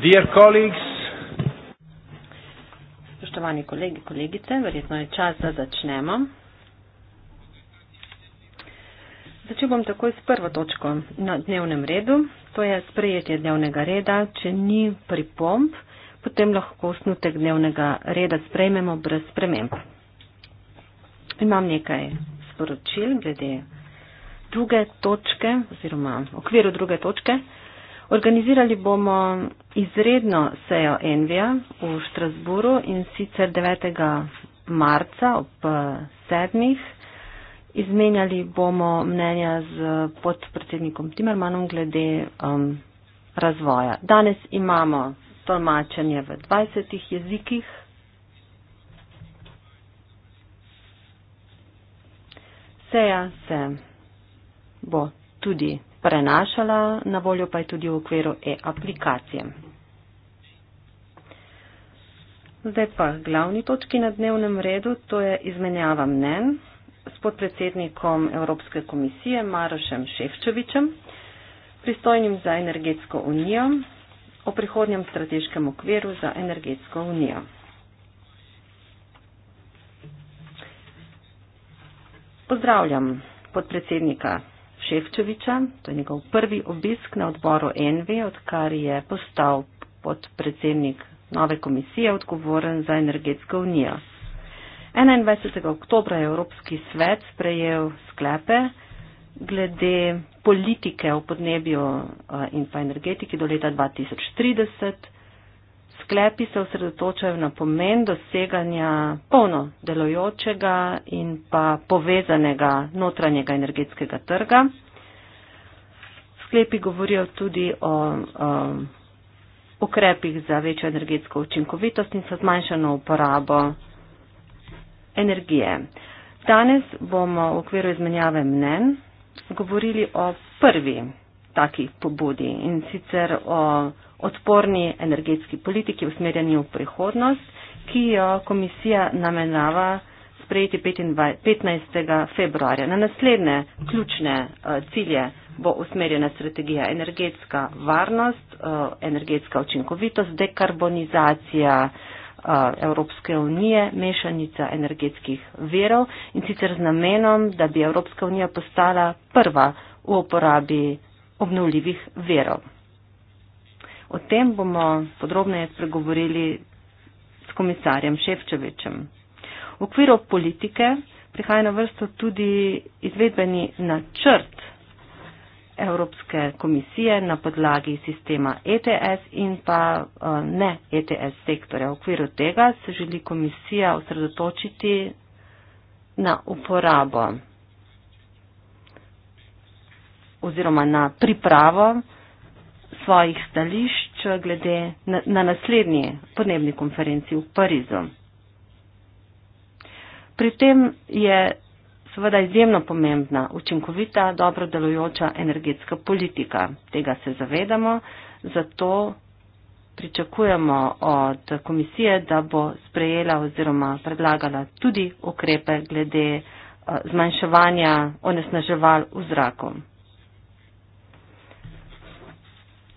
Dear colleagues, Spoštovani kolegi, kolegice, verjetno je čas, da začnemo. Začel bom takoj s prvo točko na dnevnem redu, to je sprejetje dnevnega reda. Če ni pripomp, potem lahko osnutek dnevnega reda sprejmemo brez sprememb. Imam nekaj sporočil glede druge točke oziroma okviru druge točke. Organizirali bomo izredno sejo Envija v Štrasburu in sicer 9. marca ob 7. Eh, Izmenjali bomo mnenja z podpredsednikom Timermanom glede um, razvoja. Danes imamo tolmačenje v 20 jezikih. Seja se bo tudi prenašala, na voljo pa je tudi v okviru e-aplikacije. Zdaj pa glavni točki na dnevnem redu, to je izmenjava mnen s podpredsednikom Evropske komisije Marošem Ševčevičem, pristojnim za energetsko unijo, o prihodnjem strateškem okviru za energetsko unijo. Pozdravljam podpredsednika Ševčoviča. To je njegov prvi obisk na odboru NV, odkar je postal podpredsednik nove komisije odgovoren za energetsko unijo. 21. oktober je Evropski svet sprejel sklepe glede politike o podnebju eh, in pa energetiki do leta 2030 sklepi se osredotočajo na pomen doseganja polno delojočega in pa povezanega notranjega energetskega trga. Sklepi govorijo tudi o, o ukrepih za večjo energetsko učinkovitost in za zmanjšano uporabo energije. Danes bomo v okviru izmenjave mnen govorili o prvi taki pobudi in sicer o odporni energetski politiki usmerjeni v prihodnost, ki jo komisija namenava sprejeti 15. februarja. Na naslednje ključne eh, cilje bo usmerjena strategija energetska varnost, eh, energetska učinkovitost, dekarbonizacija eh, Evropske unije, mešanica energetskih verov in sicer z namenom, da bi Evropska unija postala prva v uporabi obnovljivih verov. O tem bomo podrobneje spregovorili s komisarjem Ševčevičem. V okviru politike prihaja na vrsto tudi izvedbeni načrt Evropske komisije na podlagi sistema ETS in pa eh, ne ETS sektorja. V okviru tega se želi komisija osredotočiti na uporabo oziroma na pripravo svojih stališč glede na, na naslednji podnebni konferenci v Parizu. Pri tem je seveda izjemno pomembna, učinkovita, dobro delujoča energetska politika. Tega se zavedamo, zato pričakujemo od komisije, da bo sprejela oziroma predlagala tudi ukrepe glede eh, zmanjševanja onesnaževal v zraku.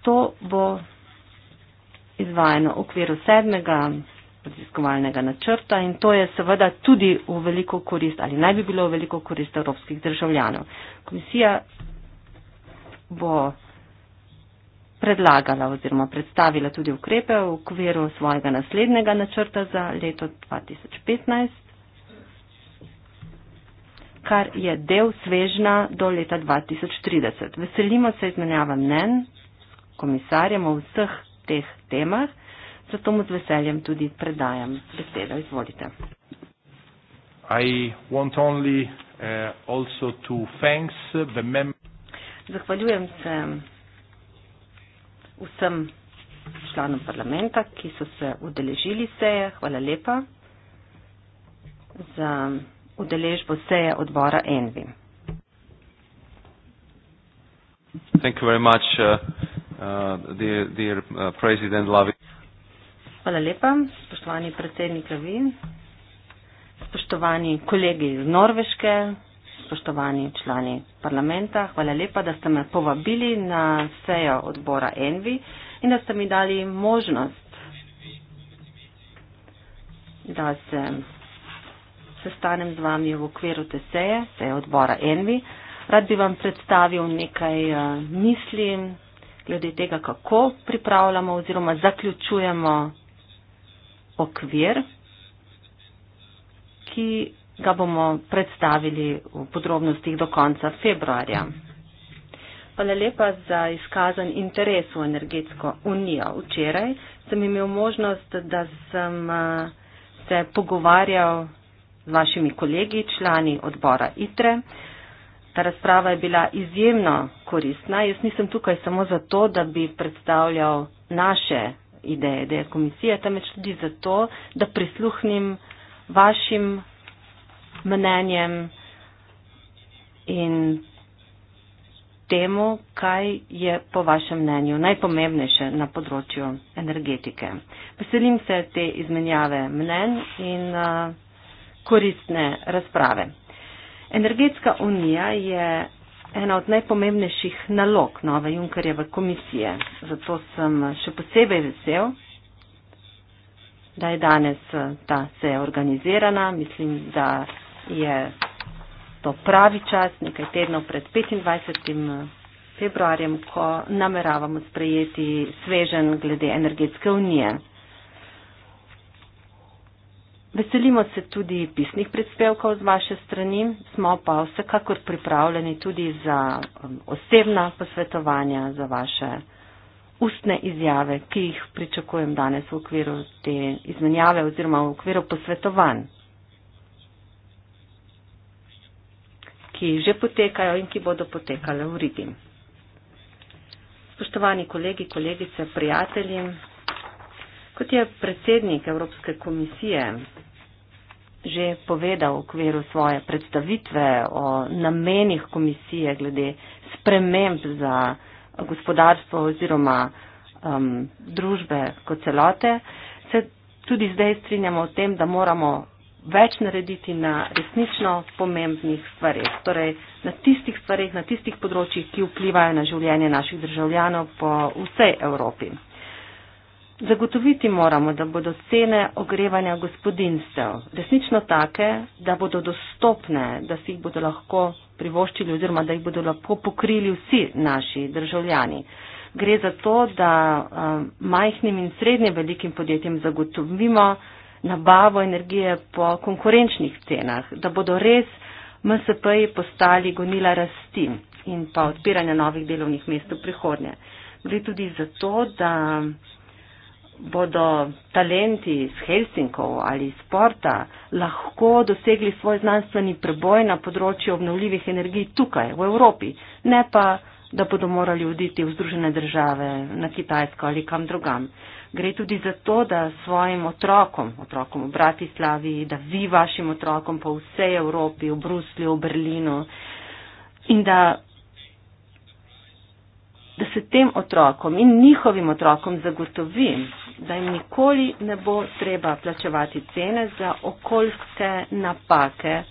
to bo izvajeno v okviru sedmega raziskovalnega načrta in to je seveda tudi v veliko korist ali naj bi bilo v veliko korist evropskih državljanov. Komisija bo predlagala oziroma predstavila tudi ukrepe v okviru svojega naslednjega načrta za leto 2015, kar je del svežna do leta 2030. Veselimo se izmenjava mnen komisarjem o vseh teh temah, zato mu z veseljem tudi predajam besedo. Izvolite. Only, uh, Zahvaljujem se vsem članom parlamenta, ki so se udeležili seje. Hvala lepa za udeležbo seje odbora Envi. Thank you very much, uh, uh, dear, dear uh, President Lavin. Hvala lepa, spoštovani predsednik Lavin, spoštovani kolegi iz Norveške, spoštovani člani parlamenta. Hvala lepa, da ste me povabili na sejo odbora Envi in da ste mi dali možnost, da se sestanem z vami v okviru te seje, seje odbora Envi. Rad bi vam predstavil nekaj uh, misli glede tega, kako pripravljamo oziroma zaključujemo okvir, ki ga bomo predstavili v podrobnostih do konca februarja. Hvala lepa za izkazan interes v energetsko unijo. Včeraj sem imel možnost, da sem eh, se pogovarjal z vašimi kolegi, člani odbora ITRE. Uh, Ta razprava je bila izjemno koristna. Jaz nisem tukaj samo zato, da bi predstavljal naše ideje, ideje komisije, temveč tudi zato, da prisluhnim vašim mnenjem in temu, kaj je po vašem mnenju najpomembnejše na področju energetike. Veselim se te izmenjave mnen in uh, koristne razprave. Energetska unija je ena od najpomembnejših nalog nove Junkarjeve komisije. Zato sem še posebej vesel, da je danes eh, ta seja organizirana. Mislim, da je to pravi čas, nekaj tednov pred 25. Eh, februarjem, ko nameravamo sprejeti svežen glede energetske unije. Veselimo se tudi pisnih predstavkov z vaše strani, smo pa vsekakor pripravljeni tudi za um, osebna posvetovanja, za vaše ustne izjave, ki jih pričakujem danes v okviru te izmenjave oziroma v okviru posvetovanj, ki že potekajo in ki bodo potekale v Rigi. Spoštovani kolegi, kolegice, prijatelji, kot je predsednik Evropske komisije že povedal v okviru svoje predstavitve o namenih komisije glede sprememb za gospodarstvo oziroma um, družbe kot celote, se tudi zdaj strinjamo o tem, da moramo več narediti na resnično pomembnih stvarih, torej na tistih stvarih, na tistih področjih, ki vplivajo na življenje naših državljanov po vsej Evropi. Zagotoviti moramo, da bodo cene ogrevanja gospodinstev resnično take, da bodo dostopne, da si jih bodo lahko privoščili oziroma da jih bodo lahko pokrili vsi naši državljani. Gre za to, da eh, majhnim in srednje velikim podjetjem zagotovimo nabavo energije po konkurenčnih cenah, da bodo res MSP-ji postali gonila rasti in pa odpiranja novih delovnih mest v prihodnje. Gre tudi za to, da bodo talenti z Helsinkov ali iz sporta lahko dosegli svoj znanstveni preboj na področju obnovljivih energij tukaj v Evropi, ne pa, da bodo morali oditi v Združene države, na Kitajsko ali kam drugam. Gre tudi za to, da svojim otrokom, otrokom v Bratislavi, da vi vašim otrokom po vsej Evropi, v Bruslju, v Berlinu in da da se tem otrokom in njihovim otrokom zagotovim, da jim nikoli ne bo treba plačevati cene za okoljske napake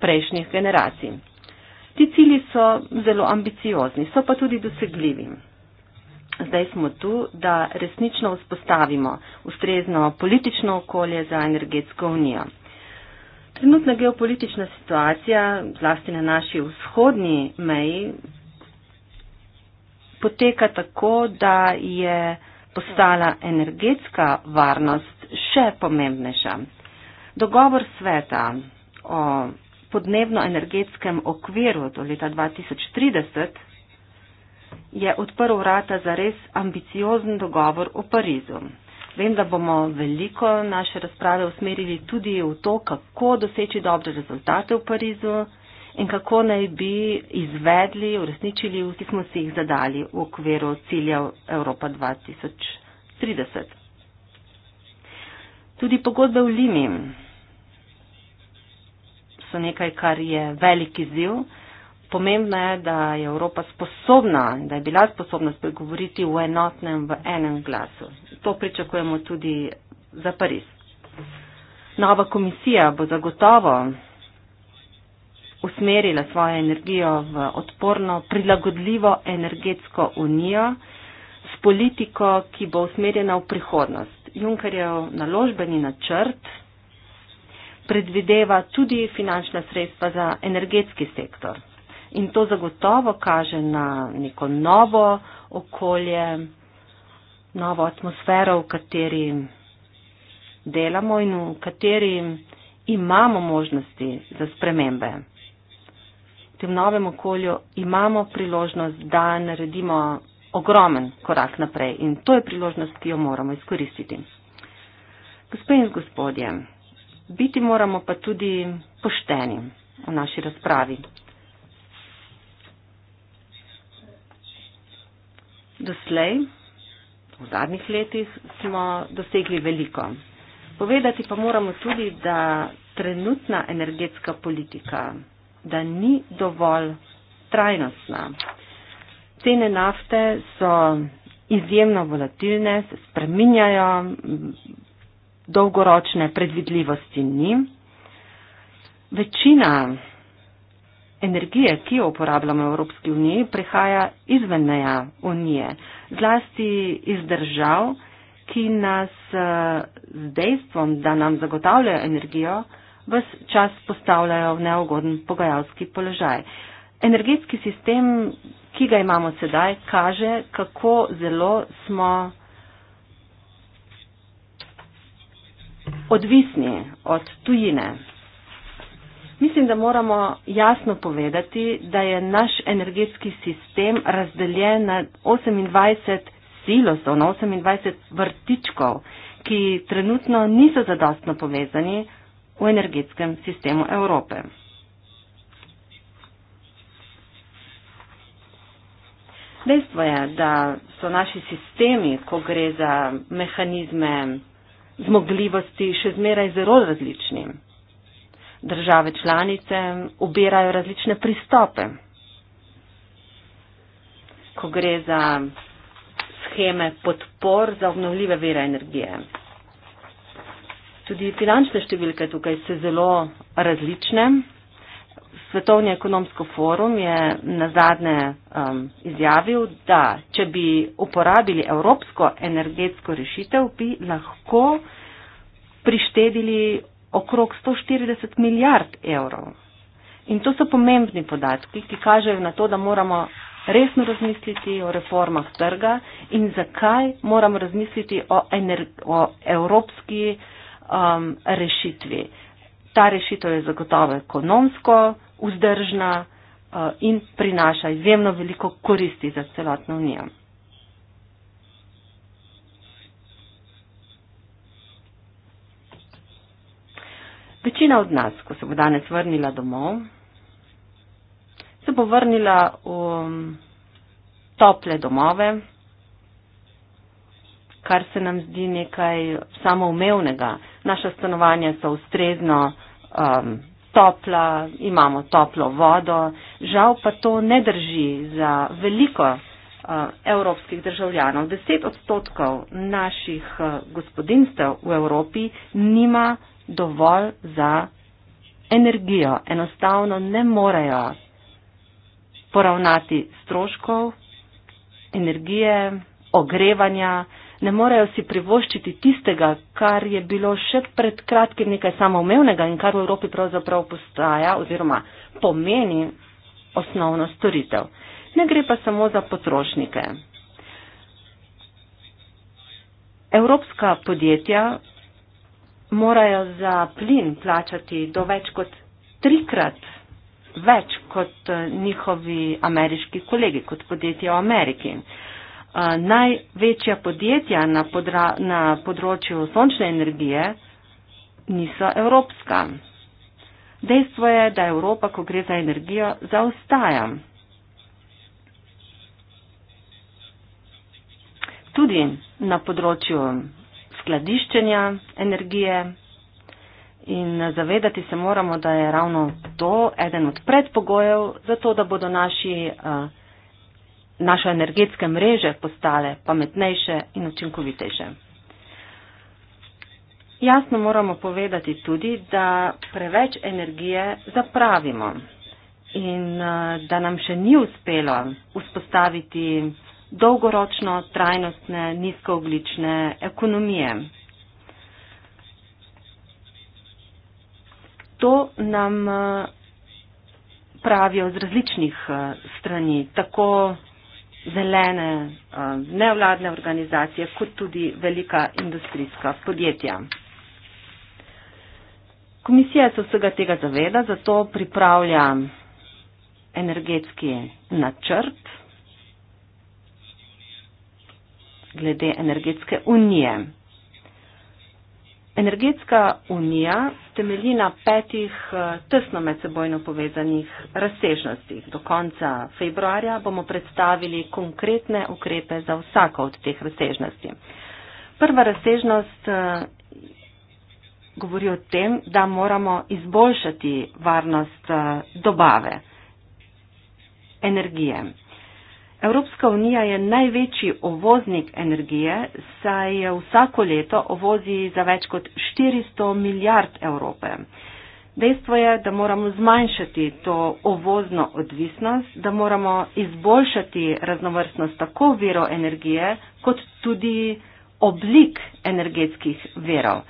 prejšnjih generacij. Ti cilji so zelo ambiciozni, so pa tudi dosegljivi. Zdaj smo tu, da resnično vzpostavimo ustrezno politično okolje za energetsko unijo. Trenutna geopolitična situacija, zlasti na naši vzhodni meji, poteka tako, da je postala energetska varnost še pomembnejša. Dogovor sveta o podnebno-energetskem okviru do leta 2030 je odprl vrata za res ambiciozen dogovor v Parizu. Vem, da bomo veliko naše razprave usmerili tudi v to, kako doseči dobre rezultate v Parizu in kako naj bi izvedli, uresničili, ki smo si jih zadali v okviru ciljev Evropa 2030. Tudi pogodbe v Limi so nekaj, kar je veliki ziv. Pomembno je, da je Evropa sposobna, da je bila sposobna spregovoriti v enotnem, v enem glasu. To pričakujemo tudi za Pariz. Nova komisija bo zagotovo usmerile svojo energijo v odporno, prilagodljivo energetsko unijo s politiko, ki bo usmerjena v prihodnost. Junkerjev naložbeni načrt predvideva tudi finančna sredstva za energetski sektor. In to zagotovo kaže na neko novo okolje, novo atmosfero, v kateri delamo in v kateri imamo možnosti za spremembe v tem novem okolju, imamo priložnost, da naredimo ogromen korak naprej in to je priložnost, ki jo moramo izkoristiti. Gospe in gospodje, biti moramo pa tudi pošteni v naši razpravi. Doslej, v zadnjih letih, smo dosegli veliko. Povedati pa moramo tudi, da trenutna energetska politika da ni dovolj trajnostna. Cene nafte so izjemno volatilne, se spreminjajo, dolgoročne predvidljivosti ni. Večina energije, ki jo uporabljamo v Evropski uniji, prihaja izven meja unije, zlasti iz držav, ki nas eh, z dejstvom, da nam zagotavljajo energijo, vas čas postavljajo v neugoden pogajalski položaj. Energetski sistem, ki ga imamo sedaj, kaže, kako zelo smo odvisni od tujine. Mislim, da moramo jasno povedati, da je naš energetski sistem razdeljen na 28 silosov, na 28 vrtičkov, ki trenutno niso zadostno povezani, v energetskem sistemu Evrope. Dejstvo je, da so naši sistemi, ko gre za mehanizme zmogljivosti, še zmeraj zelo različni. Države članice ubirajo različne pristope. Ko gre za scheme podpor za obnovljive vire energije. Tudi finančne številke tukaj so zelo različne. Svetovni ekonomski forum je nazadnje um, izjavil, da če bi uporabili evropsko energetsko rešitev, bi lahko prištedili okrog 140 milijard evrov. In to so pomembni podatki, ki kažejo na to, da moramo resno razmisliti o reformah trga in zakaj moramo razmisliti o, o evropski energetski um, rešitvi. Ta rešitev je zagotovo ekonomsko vzdržna uh, in prinaša izjemno veliko koristi za celotno unijo. Večina od nas, ko se bo danes vrnila domov, se bo vrnila v um, tople domove, kar se nam zdi nekaj samoumevnega. Naša stanovanja so ustrezno um, topla, imamo toplo vodo, žal pa to ne drži za veliko uh, evropskih državljanov. Deset odstotkov naših uh, gospodinstv v Evropi nima dovolj za energijo, enostavno ne morejo poravnati stroškov energije, ogrevanja, ne morejo si privoščiti tistega, kar je bilo še pred kratkim nekaj samoumevnega in kar v Evropi pravzaprav postaja oziroma pomeni osnovno storitev. Ne gre pa samo za potrošnike. Evropska podjetja morajo za plin plačati do več kot trikrat več kot njihovi ameriški kolegi, kot podjetja v Ameriki največja podjetja na, podra, na področju sončne energije niso evropska. Dejstvo je, da Evropa, ko gre za energijo, zaostaja. Tudi na področju skladiščenja energije in zavedati se moramo, da je ravno to eden od predpogojev za to, da bodo naši. Uh, naše energetske mreže postale pametnejše in učinkovitejše. Jasno moramo povedati tudi, da preveč energije zapravimo in eh, da nam še ni uspelo vzpostaviti dolgoročno trajnostne nizkooglične ekonomije. To nam eh, pravijo z različnih eh, strani, tako zelene eh, nevladne organizacije, kot tudi velika industrijska podjetja. Komisija se vsega tega zaveda, zato pripravlja energetski načrt glede energetske unije. Energetska unija temelji na petih eh, tesno medsebojno povezanih razsežnostih. Do konca februarja bomo predstavili konkretne ukrepe za vsako od teh razsežnosti. Prva razsežnost eh, govori o tem, da moramo izboljšati varnost eh, dobave energije. Evropska unija je največji ovoznik energije, saj je vsako leto ovozi za več kot 400 milijard Evrope. Dejstvo je, da moramo zmanjšati to ovozno odvisnost, da moramo izboljšati raznovrstnost tako vero energije, kot tudi oblik energetskih verov.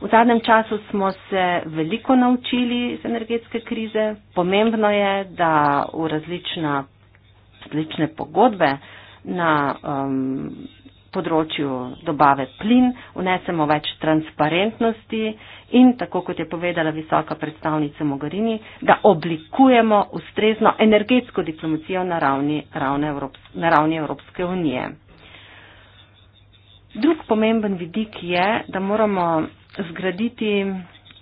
V zadnjem času smo se veliko naučili iz energetske krize. Pomembno je, da v različna slične pogodbe na um, področju dobave plin, unesemo več transparentnosti in, tako kot je povedala visoka predstavnica Mogarini, da oblikujemo ustrezno energetsko diplomacijo na ravni, ravni, Evropske, na ravni Evropske unije. Drug pomemben vidik je, da moramo zgraditi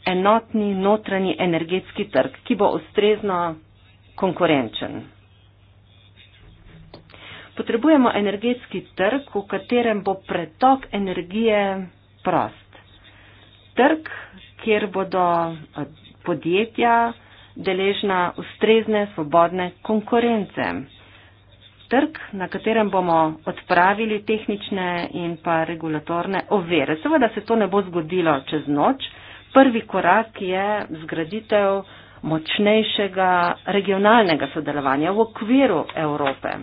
enotni notranji energetski trg, ki bo ustrezno konkurenčen. Potrebujemo energetski trg, v katerem bo pretok energije prost. Trg, kjer bodo eh, podjetja deležna ustrezne svobodne konkurence. Trg, na katerem bomo odpravili tehnične in pa regulatorne overe. Seveda se to ne bo zgodilo čez noč. Prvi korak je zgraditev močnejšega regionalnega sodelovanja v okviru Evrope.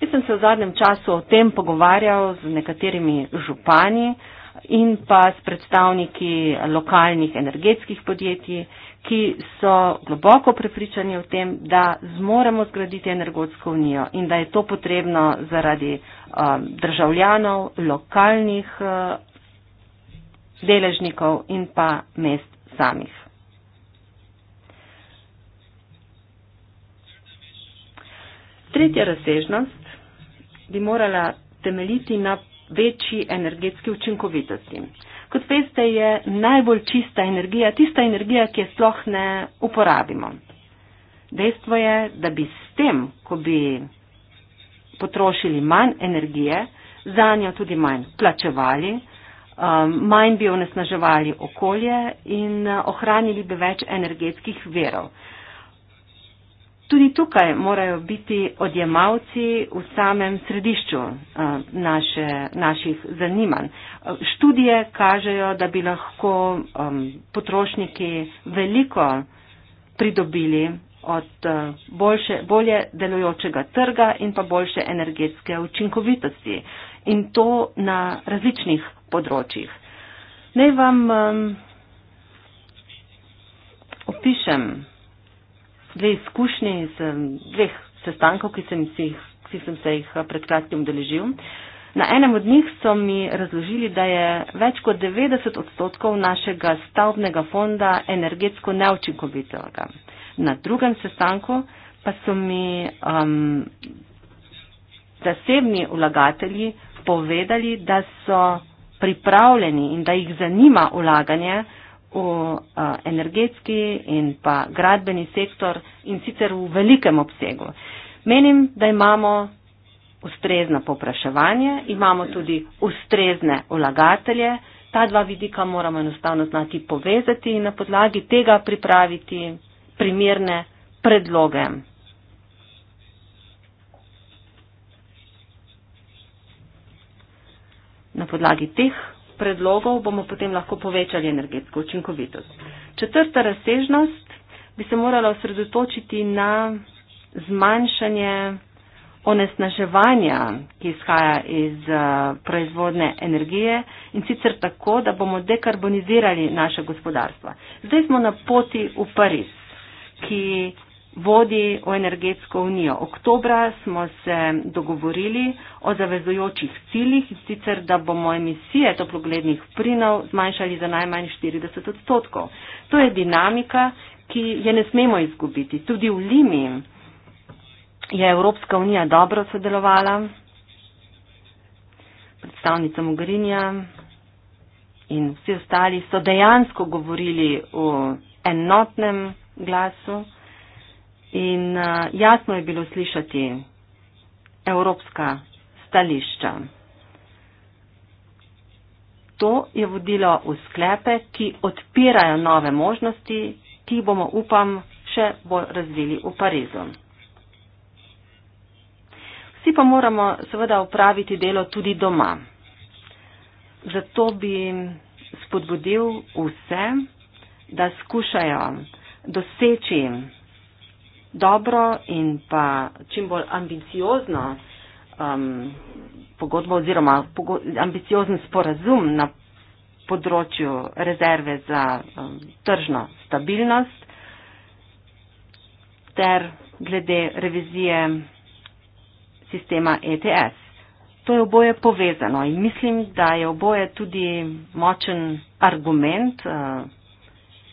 Jaz sem se v zadnjem času o tem pogovarjal z nekaterimi župani in pa s predstavniki lokalnih energetskih podjetij, ki so globoko prepričani o tem, da zmoremo zgraditi energotsko unijo in da je to potrebno zaradi um, državljanov, lokalnih uh, deležnikov in pa mest samih. Tretja razsežnost bi morala temeljiti na večji energetski učinkovitosti. Kot veste, je najbolj čista energija tista energija, ki jo sploh ne uporabimo. Dejstvo je, da bi s tem, ko bi potrošili manj energije, za njo tudi manj plačevali, um, manj bi onesnaževali okolje in uh, ohranili bi več energetskih verov. Tudi tukaj morajo biti odjemalci v samem središču eh, naše, naših zanimanj. Študije kažejo, da bi lahko potrošniki veliko pridobili od eh, boljše, bolje delujočega trga in pa boljše energetske učinkovitosti in to na različnih področjih. Naj vam opišem. Um, dve izkušnje iz eh, dveh sestankov, ki sem, si, ki sem se jih eh, pred kratkim udeležil. Na enem od njih so mi razložili, da je več kot 90 odstotkov našega stavbnega fonda energetsko neučinkovitega. Na drugem sestanku pa so mi um, zasebni vlagatelji povedali, da so pripravljeni in da jih zanima vlaganje uh, v energetski in pa gradbeni sektor in sicer v velikem obsegu. Menim, da imamo ustrezno popraševanje, imamo tudi ustrezne vlagatelje. Ta dva vidika moramo enostavno znati povezati in na podlagi tega pripraviti primerne predloge. Na podlagi teh predlogov bomo potem lahko povečali energetsko učinkovitost. Četrta razsežnost bi se morala osredotočiti na zmanjšanje onesnaževanja, ki izhaja iz eh, proizvodne energije in sicer tako, da bomo dekarbonizirali naše gospodarstva. Zdaj smo na poti v Pariz, ki vodi v energetsko unijo. Oktobra smo se dogovorili o zavezujočih ciljih, sicer da bomo emisije toplogrednih plinov zmanjšali za najmanj 40 odstotkov. To je dinamika, ki je ne smemo izgubiti. Tudi v Limi je Evropska unija dobro sodelovala, predstavnica Mogrinja in vsi ostali so dejansko govorili v enotnem glasu in eh, jasno je bilo slišati evropska stališča. To je vodilo v sklepe, ki odpirajo nove možnosti, ki bomo, upam, še bolj razvili v Parizu. Vsi pa moramo seveda upraviti delo tudi doma. Zato bi spodbudil vse, da skušajo doseči dobro in pa čim bolj ambiciozno um, pogodbo oziroma pogod, ambiciozen sporazum na področju rezerve za um, tržno stabilnost ter glede revizije sistema ETS. To je oboje povezano in mislim, da je oboje tudi močen argument, uh,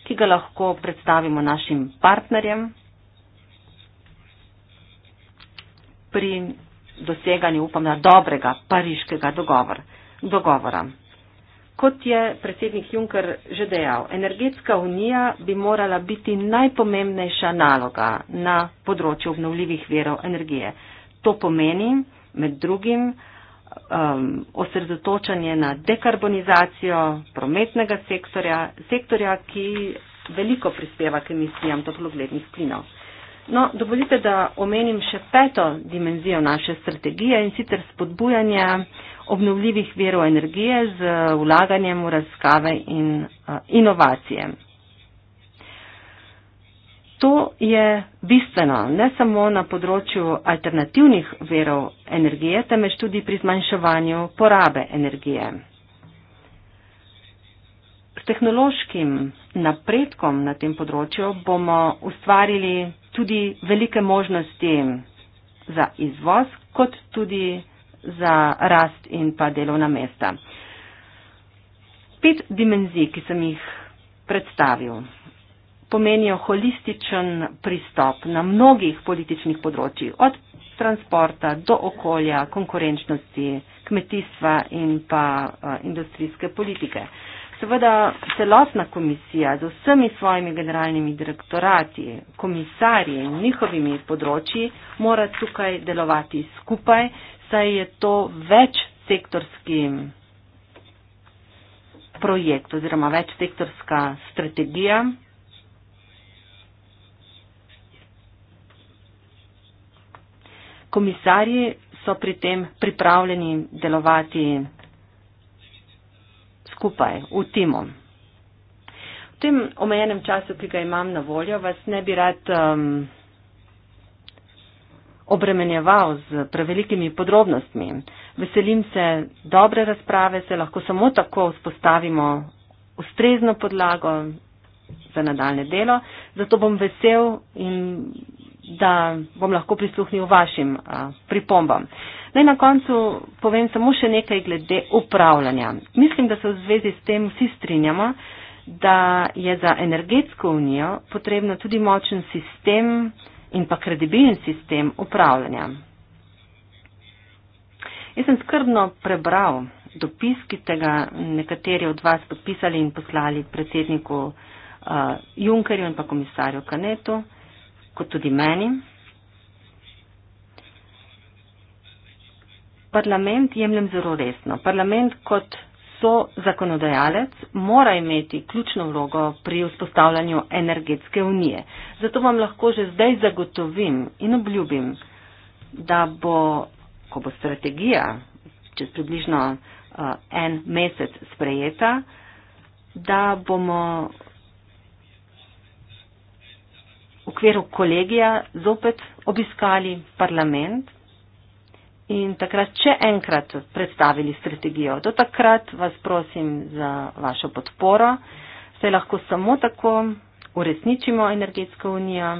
ki ga lahko predstavimo našim partnerjem pri doseganju, upam, da dobrega pariškega dogovor, dogovora. Kot je predsednik Juncker že dejal, energetska unija bi morala biti najpomembnejša naloga na področju obnovljivih verov energije. To pomeni med drugim um, osredotočanje na dekarbonizacijo prometnega sektorja, sektorja, ki veliko prispeva k emisijam toplogrednih plinov. No, dovolite, da omenim še peto dimenzijo naše strategije in sicer spodbujanje obnovljivih verov energije z vlaganjem v razkave in uh, inovacije. To je bistveno ne samo na področju alternativnih verov energije, temveč tudi pri zmanjševanju porabe energije. S tehnološkim napredkom na tem področju bomo ustvarili tudi velike možnosti za izvoz, kot tudi za rast in pa delovna mesta. Pet dimenzij, ki sem jih predstavil, pomenijo holističen pristop na mnogih političnih področjih, od transporta do okolja, konkurenčnosti, kmetijstva in pa uh, industrijske politike. Uh, seveda celotna komisija z vsemi svojimi generalnimi direktorati, komisarji in njihovimi področji mora tukaj delovati skupaj, saj je to več sektorski projekt oziroma več sektorska strategija. Komisarji so pri tem pripravljeni delovati skupaj, v timu. V tem omejenem času, ki ga imam na voljo, vas ne bi rad um, obremenjeval z prevelikimi podrobnostmi. Veselim se dobre razprave, se lahko samo tako vzpostavimo ustrezno podlago za nadaljne delo. Zato bom vesel in da bom lahko prisluhnil vašim a, pripombam. Naj na koncu povem samo še nekaj glede upravljanja. Mislim, da se v zvezi s tem vsi strinjamo, da je za energetsko unijo potrebno tudi močen sistem in pa kredibilen sistem upravljanja. Jaz sem skrbno prebral dopis, ki ste ga nekateri od vas podpisali in poslali predsedniku uh, Junkerju in pa komisarju Kanetu. Uh, kot tudi meni. Parlament jemljem zelo resno. Parlament kot so zakonodajalec mora imeti ključno vlogo pri vzpostavljanju energetske unije. Zato vam lahko že zdaj zagotovim in obljubim, da bo, ko bo strategija čez približno uh, en mesec sprejeta, da bomo okviru kolegija zopet obiskali parlament in takrat še enkrat predstavili strategijo. Do takrat vas prosim za vašo podporo, saj lahko samo tako uresničimo energetsko unijo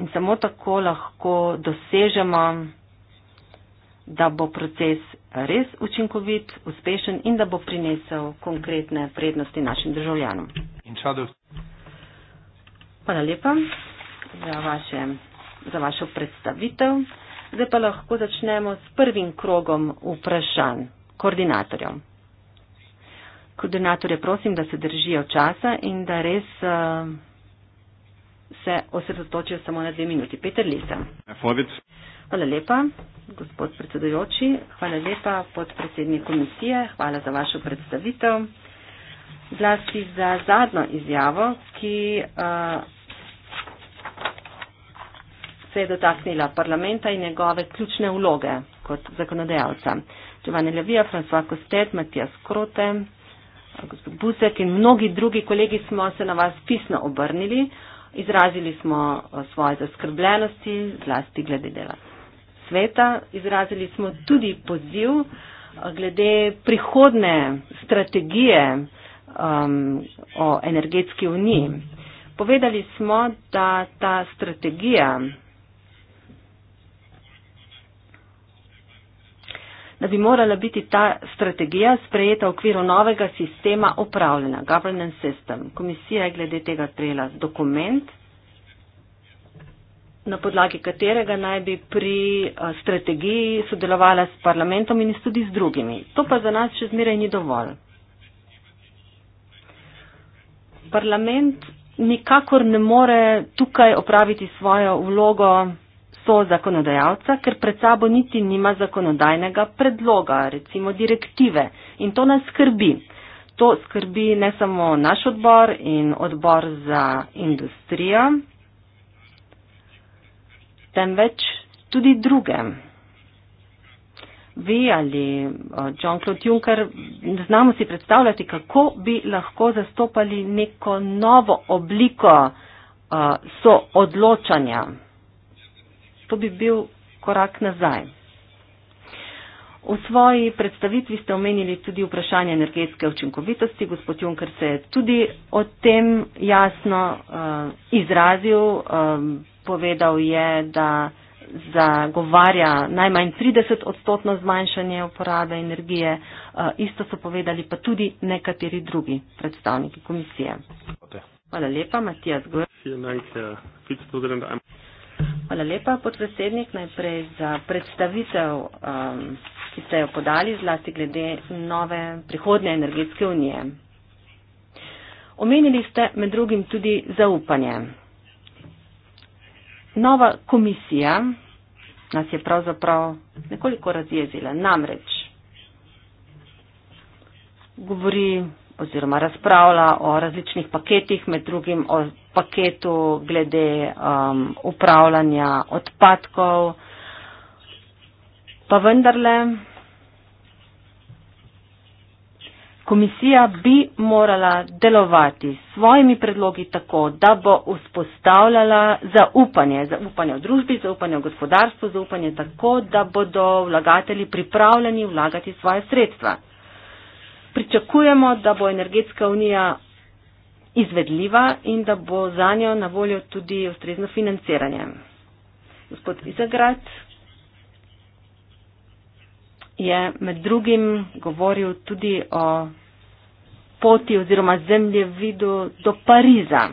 in samo tako lahko dosežemo, da bo proces res učinkovit, uspešen in da bo prinesel konkretne prednosti našim državljanom. Hvala lepa za, vaše, za vašo predstavitev. Zdaj pa lahko začnemo s prvim krogom vprašanj koordinatorjev. Koordinatorje prosim, da se držijo časa in da res uh, se osredotočijo samo na dve minuti. Peter Lisa. Hvala lepa, gospod predsedujoči. Hvala lepa, podpredsednik komisije. Hvala za vašo predstavitev. Zlasti za zadnjo izjavo, ki. Uh, se je dotaknila parlamenta in njegove ključne vloge kot zakonodajalca. Giovanni Levija, François Costet, Matijas Krote, gospod Busek in mnogi drugi kolegi smo se na vas pisno obrnili, izrazili smo eh, svoje zaskrbljenosti, zlasti glede dela sveta, izrazili smo tudi poziv eh, glede prihodne strategije um, o energetski uniji. Povedali smo, da ta strategija da bi morala biti ta strategija sprejeta v okviru novega sistema upravljanja, governance system. Komisija je glede tega sprejela dokument, na podlagi katerega naj bi pri eh, strategiji sodelovala s parlamentom in tudi z drugimi. To pa za nas še zmeraj ni dovolj. Parlament nikakor ne more tukaj opraviti svojo vlogo so zakonodajalca, ker pred sabo niti nima zakonodajnega predloga, recimo direktive. In to nas skrbi. To skrbi ne samo naš odbor in odbor za industrijo, temveč tudi druge. Vi ali eh, Jean-Claude Juncker, znamo si predstavljati, kako bi lahko zastopali neko novo obliko uh, soodločanja to bi bil korak nazaj. V svoji predstavitvi ste omenili tudi vprašanje energetske učinkovitosti. Gospod Juncker se je tudi o tem jasno uh, izrazil. Um, povedal je, da zagovarja najmanj 30 odstotno zmanjšanje uporabe energije. Uh, isto so povedali pa tudi nekateri drugi predstavniki komisije. Hvala lepa, Matija Zgor. Hvala lepa, podpredsednik, najprej za predstavitev, um, ki ste jo podali zlasti glede nove prihodnje energetske unije. Omenili ste med drugim tudi zaupanje. Nova komisija nas je pravzaprav nekoliko razjezila. Namreč govori oziroma razpravlja o različnih paketih, med drugim o paketu glede um, upravljanja odpadkov, pa vendarle komisija bi morala delovati s svojimi predlogi tako, da bo vzpostavljala zaupanje, zaupanje v družbi, zaupanje v gospodarstvu, zaupanje tako, da bodo vlagateli pripravljeni vlagati svoje sredstva. Pričakujemo, da bo energetska unija izvedljiva in da bo za njo na voljo tudi ustrezno financiranje. Gospod Izagrad je med drugim govoril tudi o poti oziroma zemljevidu do Pariza.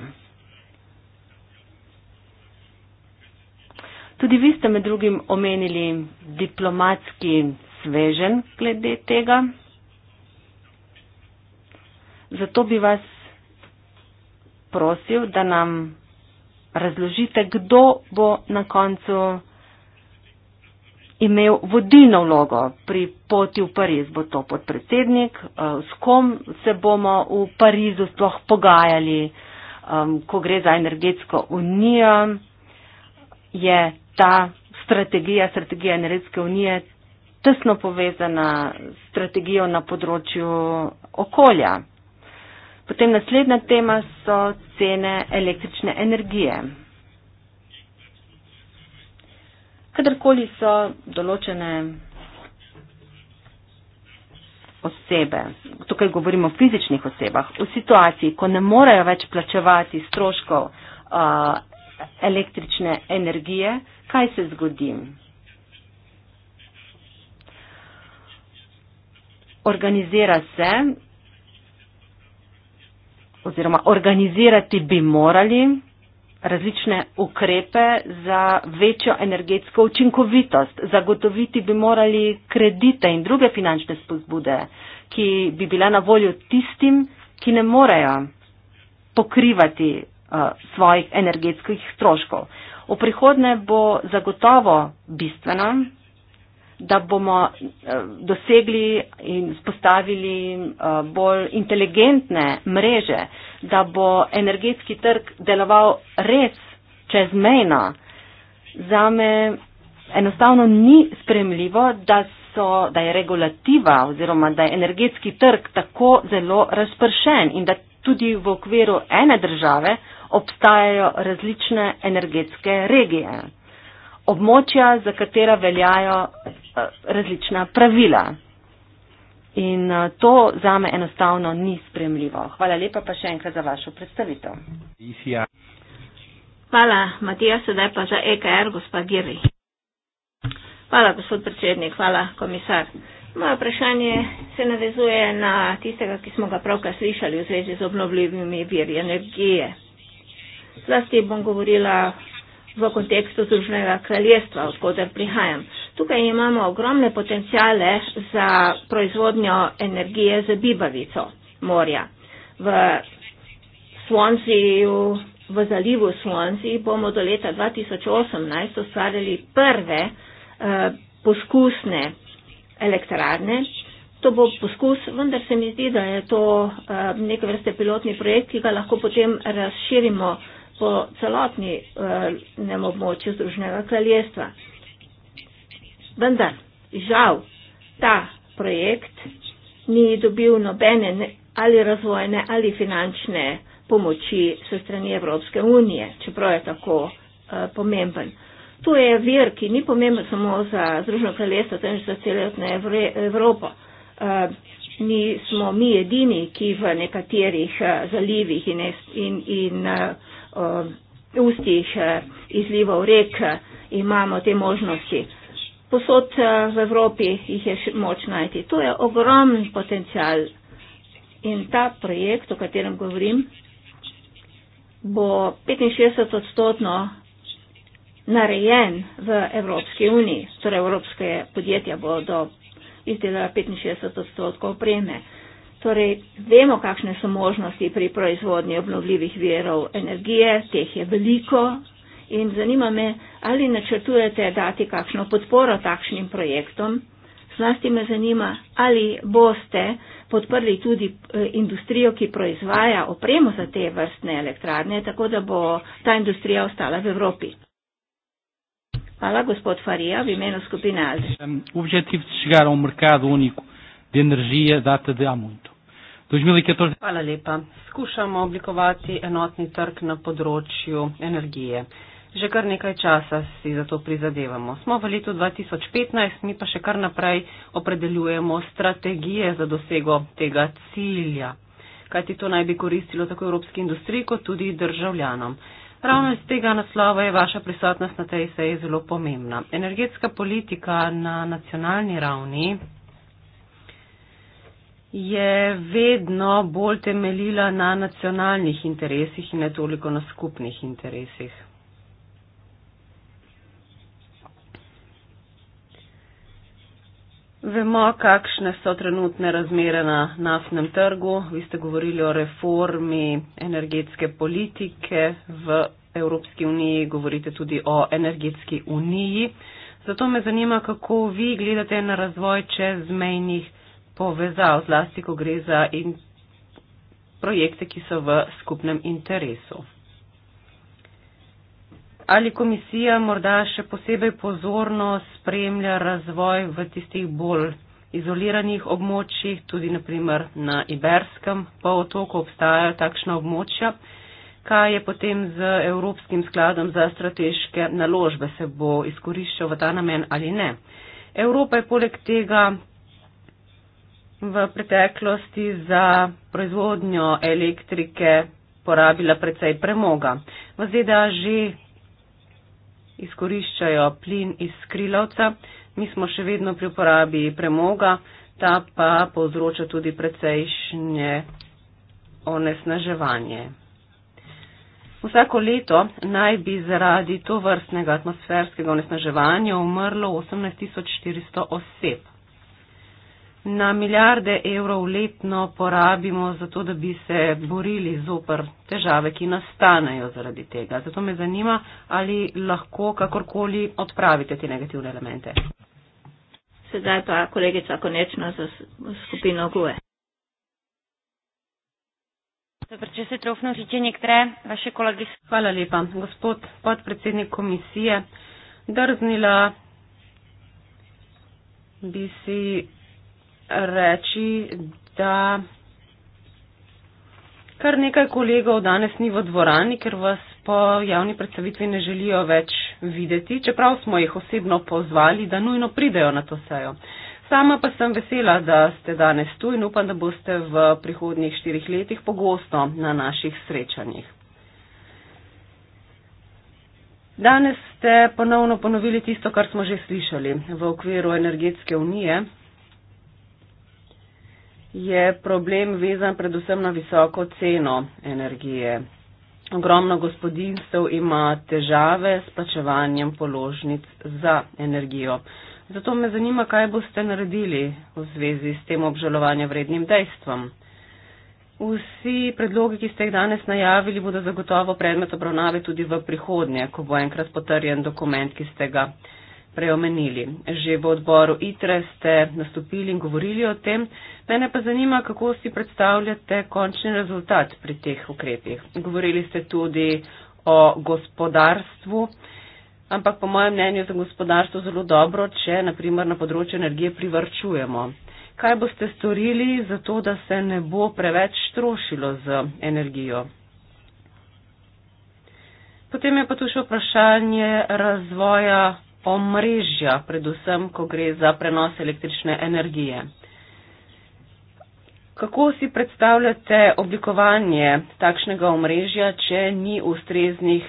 Tudi vi ste med drugim omenili diplomatski svežen glede tega. Zato bi vas prosil, da nam razložite, kdo bo na koncu imel vodilno vlogo pri poti v Pariz. Bo to podpredsednik, eh, s kom se bomo v Parizu sploh pogajali, ko gre za energetsko unijo. Je ta strategija, strategija energetske unije, tesno povezana s strategijo na področju okolja. Potem naslednja tema so cene električne energije. Kadarkoli so določene osebe, tukaj govorimo o fizičnih osebah, v situaciji, ko ne morejo več plačevati stroškov uh, električne energije, kaj se zgodi? Organizira se oziroma organizirati bi morali različne ukrepe za večjo energetsko učinkovitost. Zagotoviti bi morali kredite in druge finančne spodbude, ki bi bila na voljo tistim, ki ne morejo pokrivati uh, svojih energetskih stroškov. V prihodne bo zagotovo bistveno da bomo eh, dosegli in spostavili eh, bolj inteligentne mreže, da bo energetski trg deloval res čezmejno. Za me enostavno ni spremljivo, da, so, da je regulativa oziroma da je energetski trg tako zelo razpršen in da tudi v okviru ene države obstajajo različne energetske regije območja, za katera veljajo različna pravila. In eh, to za me enostavno ni spremljivo. Hvala lepa pa še enkrat za vašo predstavitev. Hvala, Matija, sedaj pa za EKR, gospa Giri. Hvala, gospod predsednik, hvala, komisar. Moje vprašanje se navezuje na tistega, ki smo ga pravkar slišali v zvezi z obnovljivimi viri energije. Zlasti bom govorila v kontekstu Združenega kraljestva, odkuder prihajam. Tukaj imamo ogromne potencijale za proizvodnjo energije za bibavico morja. V Swansiju, v zalivu Swansiji bomo do leta 2018 ustvarili prve eh, poskusne elektrarne. To bo poskus, vendar se mi zdi, da je to eh, neke vrste pilotni projekt, ki ga lahko potem razširimo. Eh, po celotni eh, območju Združenega kraljestva. Vendar, žal, ta projekt ni dobil nobene ali razvojne ali finančne pomoči se strani Evropske unije, čeprav je tako eh, pomemben. To je vir, ki ni pomemben samo za Združeno kraljestvo, temveč za celotno Evropo. Eh, mi smo mi edini, ki v nekaterih eh, zalivih in, in, in eh, Eh, ustih eh, izlivov rek eh, imamo te možnosti. Posod v Evropi jih je moč najti. To je ogromen potencial in ta projekt, o katerem govorim, bo 65 odstotno narejen v Evropski uniji. Torej, evropske podjetja bodo izdelala 65 odstotkov preme. Torej, vemo, kakšne so možnosti pri proizvodnji obnovljivih verov energije, teh je veliko in zanima me, ali načrtujete dati kakšno podporo takšnim projektom. Zlasti me zanima, ali boste podprli tudi eh, industrijo, ki proizvaja opremo za te vrstne elektrarne, tako da bo ta industrija ostala v Evropi. Hvala, gospod Farija, v imenu skupine Alde. Um, objetiv, da se gara v um mercado unico de energije data de há muito. 2014. E Hvala lepa. Skušamo oblikovati enotni trg na področju energije. Že kar nekaj časa si za to prizadevamo. Smo v letu 2015, mi pa še kar naprej opredeljujemo strategije za dosego tega cilja. Kaj ti to naj bi koristilo tako evropski industriji, kot tudi državljanom. Ravno iz tega naslova je vaša prisotnost na tej seji zelo pomembna. Energetska politika na nacionalni ravni je vedno bolj temeljila na nacionalnih interesih in ne toliko na skupnih interesih. Vemo, kakšne so trenutne razmere na nasnem trgu. Vi ste govorili o reformi energetske politike v Evropski uniji, govorite tudi o energetski uniji. Zato me zanima, kako vi gledate na razvoj čezmejnih povezav, zlasti ko gre za in projekte, ki so v skupnem interesu. Ali komisija morda še posebej pozorno spremlja razvoj v tistih bolj izoliranih območjih, tudi naprimer na Iberskem pa otoku obstajajo takšna območja, kaj je potem z Evropskim skladom za strateške naložbe se bo izkoriščal v ta namen ali ne. Evropa je poleg tega v preteklosti za proizvodnjo elektrike porabila precej premoga. V ZDA že izkoriščajo plin iz skrilovca, mi smo še vedno pri uporabi premoga, ta pa povzroča tudi precejšnje onesnaževanje. Vsako leto naj bi zaradi to vrstnega atmosferskega onesnaževanja umrlo 18400 oseb na milijarde evrov letno porabimo za to, da bi se borili zoper težave, ki nastanejo zaradi tega. Zato me zanima, ali lahko kakorkoli odpravite te negativne elemente. Sedaj pa kolegica konečno za skupino GUE. Dobro, če se trofno vtiče nekatere vaše kolegi. Hvala lepa, gospod podpredsednik komisije. Drznila bi si reči, da kar nekaj kolegov danes ni v dvorani, ker vas po javni predstavitvi ne želijo več videti, čeprav smo jih osebno pozvali, da nujno pridejo na to sejo. Sama pa sem vesela, da ste danes tu in upam, da boste v prihodnjih štirih letih pogosto na naših srečanjih. Danes ste ponovno ponovili tisto, kar smo že slišali v okviru energetske unije, je problem vezan predvsem na visoko ceno energije. Ogromno gospodinstv ima težave s plačevanjem položnic za energijo. Zato me zanima, kaj boste naredili v zvezi s tem obžalovanjem vrednim dejstvom. Vsi predlogi, ki ste jih danes najavili, bodo zagotovo predmet obravnave tudi v prihodnje, ko bo enkrat potrjen dokument, ki ste ga preomenili. Že v odboru ITRE ste nastopili in govorili o tem. Mene pa zanima, kako si predstavljate končni rezultat pri teh ukrepih. Govorili ste tudi o gospodarstvu, ampak po mojem mnenju je za gospodarstvo zelo dobro, če naprimer na področju energije privrčujemo. Kaj boste storili za to, da se ne bo preveč trošilo z energijo? Potem je pa tu še vprašanje razvoja omrežja, predvsem, ko gre za prenos električne energije. Kako si predstavljate oblikovanje takšnega omrežja, če ni ustreznih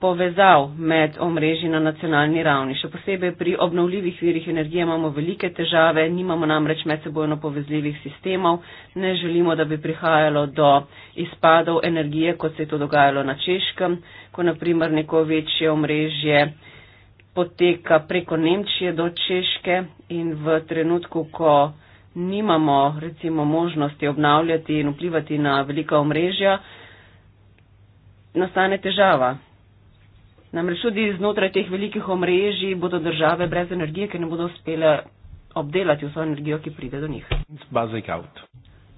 povezav med omrežji na nacionalni ravni? Še posebej pri obnovljivih virih energije imamo velike težave, nimamo namreč medsebojno povezljivih sistemov, ne želimo, da bi prihajalo do izpadov energije, kot se je to dogajalo na Češkem, ko naprimer neko večje omrežje poteka preko Nemčije do Češke in v trenutku, ko nimamo recimo možnosti obnavljati in vplivati na velika omrežja, nastane težava. Namreč tudi znotraj teh velikih omrežij bodo države brez energije, ker ne bodo uspele obdelati vso energijo, ki pride do njih.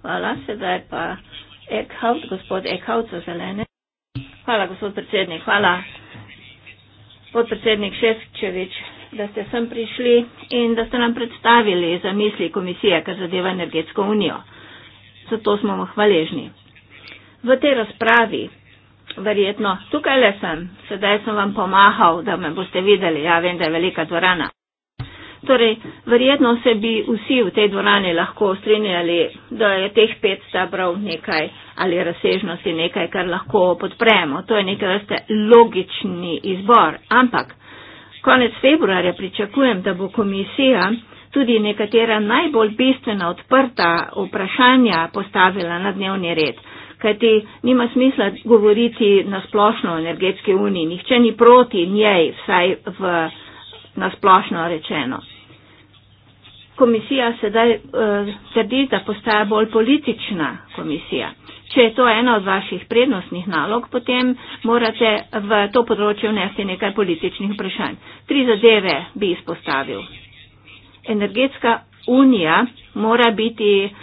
Hvala, sedaj pa Eckhout, gospod Eckhout za zelene. Hvala, gospod predsednik. Hvala podpredsednik Šefčevič, da ste sem prišli in da ste nam predstavili zamisli komisije, kar zadeva energetsko unijo. Zato smo mu hvaležni. V tej razpravi, verjetno, tukaj le sem, sedaj sem vam pomahal, da me boste videli, ja vem, da je velika dvorana. Torej, verjetno se bi vsi v tej dvorani lahko strinjali, da je teh pet stabrov nekaj ali razsežnosti nekaj, kar lahko podpremo. To je nekaj vrste logični izbor. Ampak konec februarja pričakujem, da bo komisija tudi nekatera najbolj bistvena odprta vprašanja postavila na dnevni red. Kajti nima smisla govoriti na splošno o energetski uniji. Nihče ni proti njej, vsaj v nasplošno rečeno. Komisija sedaj uh, trdi, da postaja bolj politična komisija. Če je to ena od vaših prednostnih nalog, potem morate v to področje vnesti nekaj političnih vprašanj. Tri zadeve bi izpostavil. Energetska unija mora biti uh,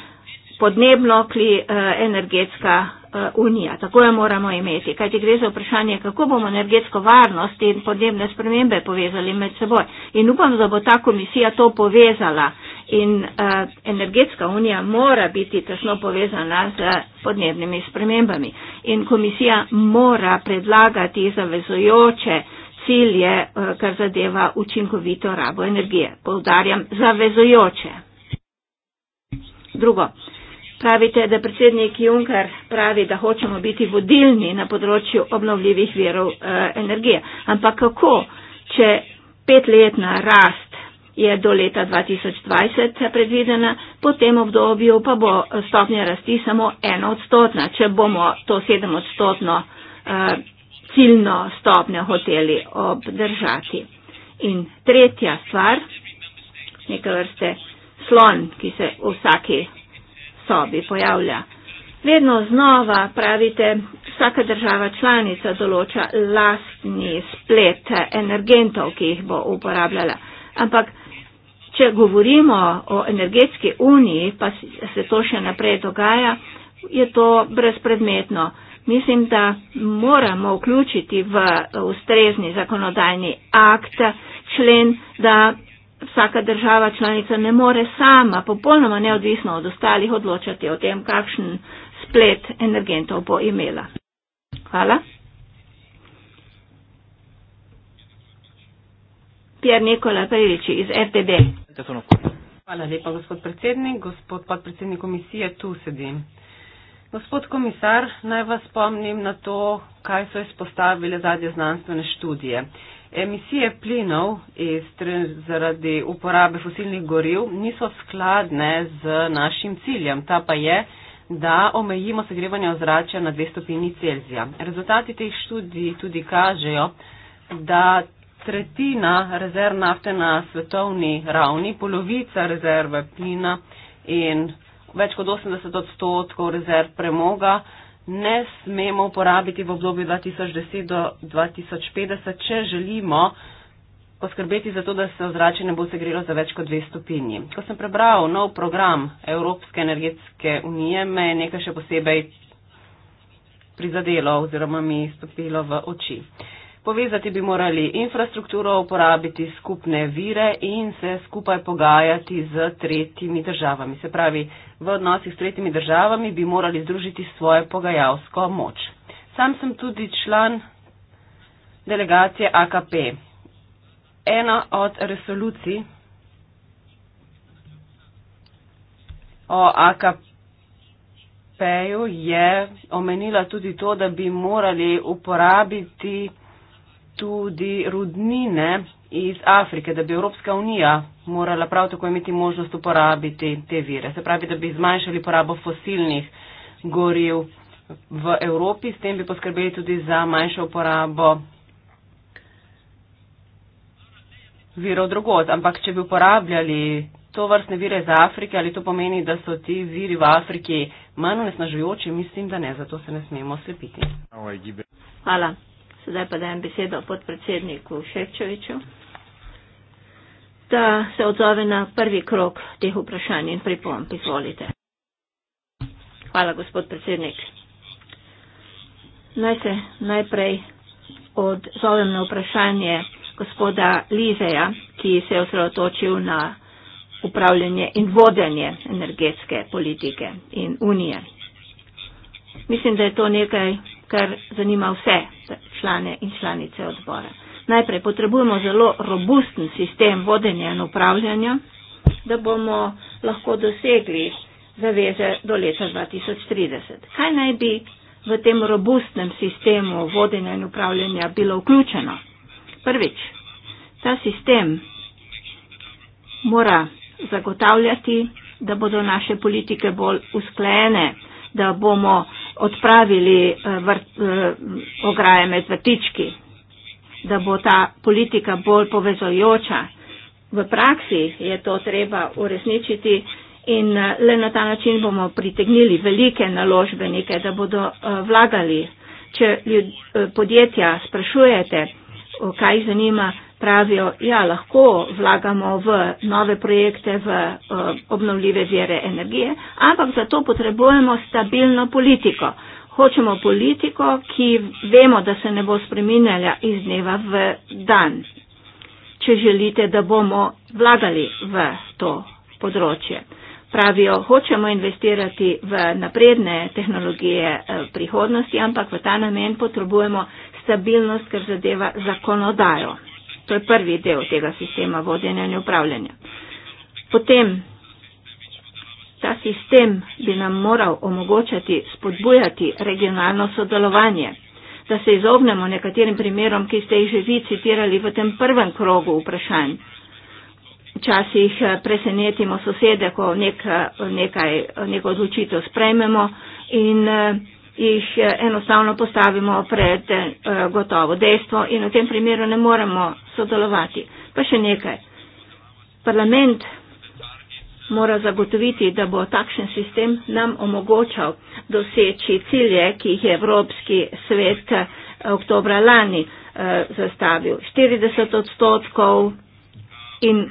podnebno kli eh, energetska eh, unija. Tako jo moramo imeti, kajti gre za vprašanje, kako bomo energetsko varnost in podnebne spremembe povezali med seboj. In upam, da bo ta komisija to povezala. In uh, energetska unija mora biti tesno povezana z podnebnimi spremembami. In komisija mora predlagati zavezojoče cilje, uh, kar zadeva učinkovito rabo energije. Poudarjam, zavezojoče. Drugo. Pravite, da predsednik Juncker pravi, da hočemo biti vodilni na področju obnovljivih verov eh, energije. Ampak kako, če petletna rast je do leta 2020 predvidena, po tem obdobju pa bo stopnja rasti samo eno odstotna, če bomo to sedem odstotno eh, ciljno stopnjo hoteli obdržati. In tretja stvar, neka vrste slon, ki se v vsaki sobi pojavlja. Vedno znova pravite, vsaka država članica določa lastni splet energentov, ki jih bo uporabljala. Ampak, če govorimo o energetski uniji, pa se to še naprej dogaja, je to brezpredmetno. Mislim, da moramo vključiti v ustrezni zakonodajni akt člen, da vsaka država članica ne more sama, popolnoma neodvisno od ostalih, odločati o tem, kakšen splet energentov bo imela. Hvala. Pier Nikola Periči iz FDD. Hvala lepa, gospod predsednik. Gospod podpredsednik komisije, tu sedim. Gospod komisar, naj vas spomnim na to, kaj so izpostavile zadnje znanstvene študije. Emisije plinov iz, zaradi uporabe fosilnih goriv niso skladne z našim ciljem. Ta pa je, da omejimo segrevanje ozračja na 2 stopinji Celzija. Rezultati teh študij tudi kažejo, da tretjina rezerv nafte na svetovni ravni, polovica rezerve plina in več kot 80 odstotkov rezerv premoga, ne smemo uporabiti v obdobju 2010 do 2050, če želimo poskrbeti za to, da se ozračje ne bo segrelo za več kot dve stopinji. Ko sem prebral nov program Evropske energetske unije, me je nekaj še posebej prizadelo oziroma mi stopilo v oči. Povezati bi morali infrastrukturo, uporabiti skupne vire in se skupaj pogajati z tretjimi državami. Se pravi, v odnosih s tretjimi državami bi morali združiti svojo pogajalsko moč. Sam sem tudi član delegacije AKP. Ena od resolucij o AKP-ju je omenila tudi to, da bi morali uporabiti tudi rudnine iz Afrike, da bi Evropska unija morala prav tako imeti možnost uporabiti te vire. Se pravi, da bi zmanjšali porabo fosilnih goriv v Evropi, s tem bi poskrbeli tudi za manjšo uporabo virov drugot. Ampak, če bi uporabljali to vrstne vire iz Afrike, ali to pomeni, da so ti viri v Afriki manj onesnažujoči, mislim, da ne, zato se ne smemo slepiti. Hvala. Zdaj pa dajem besedo podpredsedniku Šepčoviču, da se odzove na prvi krok teh vprašanj in pripomb. Izvolite. Hvala, gospod predsednik. Naj se najprej odzovem na vprašanje gospoda Lizeja, ki se je osredotočil na upravljanje in vodenje energetske politike in unije. Mislim, da je to nekaj, kar zanima vse člane in članice odbora. Najprej potrebujemo zelo robusten sistem vodenja in upravljanja, da bomo lahko dosegli zaveze do leta 2030. Kaj naj bi v tem robustnem sistemu vodenja in upravljanja bilo vključeno? Prvič, ta sistem mora zagotavljati, da bodo naše politike bolj usklajene, da bomo odpravili eh, vrt, eh, ograje med vrtički, da bo ta politika bolj povezojoča. V praksi je to treba uresničiti in eh, le na ta način bomo pritegnili velike naložbenike, da bodo vlagali. Če ljud, podjetja sprašujete, kaj jih zanima, pravijo, ja, lahko vlagamo v nove projekte, v eh, obnovljive vire energije, ampak za to potrebujemo stabilno politiko. Hočemo politiko, ki vemo, da se ne bo spreminjala iz dneva v dan, če želite, da bomo vlagali v to področje. Pravijo, hočemo investirati v napredne tehnologije eh, prihodnosti, ampak v ta namen potrebujemo stabilnost, ker zadeva zakonodajo. To je prvi del tega sistema vodenja in upravljanja. Potem, ta sistem bi nam moral omogočati spodbujati regionalno sodelovanje, da se izognemo nekaterim primerom, ki ste jih že vi citirali v tem prvem krogu vprašanj. Včasih eh, presenetimo sosede, ko nek, eh, nekaj, eh, neko odločitev sprejmemo in jih eh, enostavno postavimo pred eh, gotovo dejstvo in v tem primeru ne moremo sodelovati. Pa še nekaj. Parlament mora zagotoviti, da bo takšen sistem nam omogočal doseči cilje, ki jih je Evropski svet eh, oktobra lani zastavil. 40 odstotkov in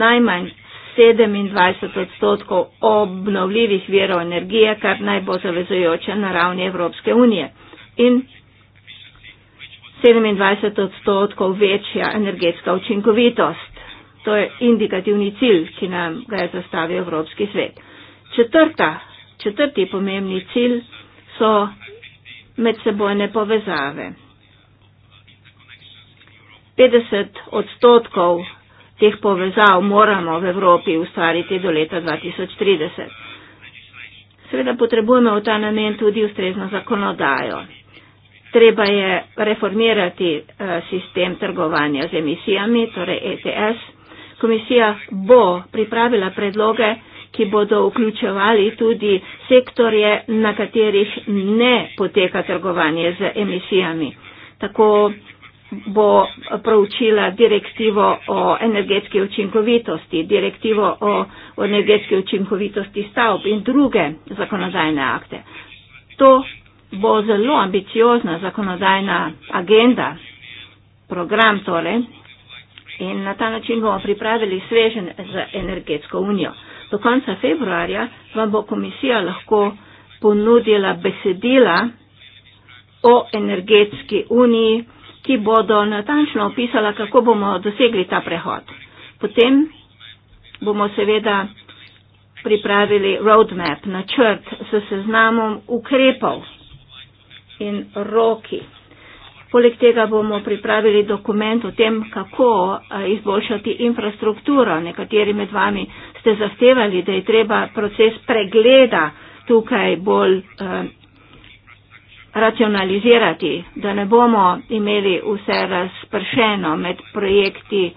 najmanj 27 odstotkov obnovljivih verov energije, kar naj bo zavezujoče na ravni Evropske unije. In 27 odstotkov večja energetska učinkovitost. To je indikativni cilj, ki nam ga je zastavil Evropski svet. Četrta, četrti pomembni cilj so medsebojne povezave. 50 odstotkov teh povezav moramo v Evropi ustvariti do leta 2030. Seveda potrebujemo v ta namen tudi ustrezno zakonodajo. Treba je reformirati eh, sistem trgovanja z emisijami, torej ETS. Komisija bo pripravila predloge, ki bodo vključevali tudi sektorje, na katerih ne poteka trgovanje z emisijami. Tako bo proučila direktivo o energetski učinkovitosti, direktivo o energetski učinkovitosti stavb in druge zakonodajne akte. To bo zelo ambiciozna zakonodajna agenda, program torej, in na ta način bomo pripravili svežen za energetsko unijo. Do konca februarja vam bo komisija lahko ponudila besedila o energetski uniji, ki bodo natančno opisala, kako bomo dosegli ta prehod. Potem bomo seveda pripravili roadmap, načrt s seznamom ukrepov in roki. Poleg tega bomo pripravili dokument o tem, kako izboljšati infrastrukturo. Nekateri med vami ste zahtevali, da je treba proces pregleda tukaj bolj racionalizirati, da ne bomo imeli vse razpršeno med projekti,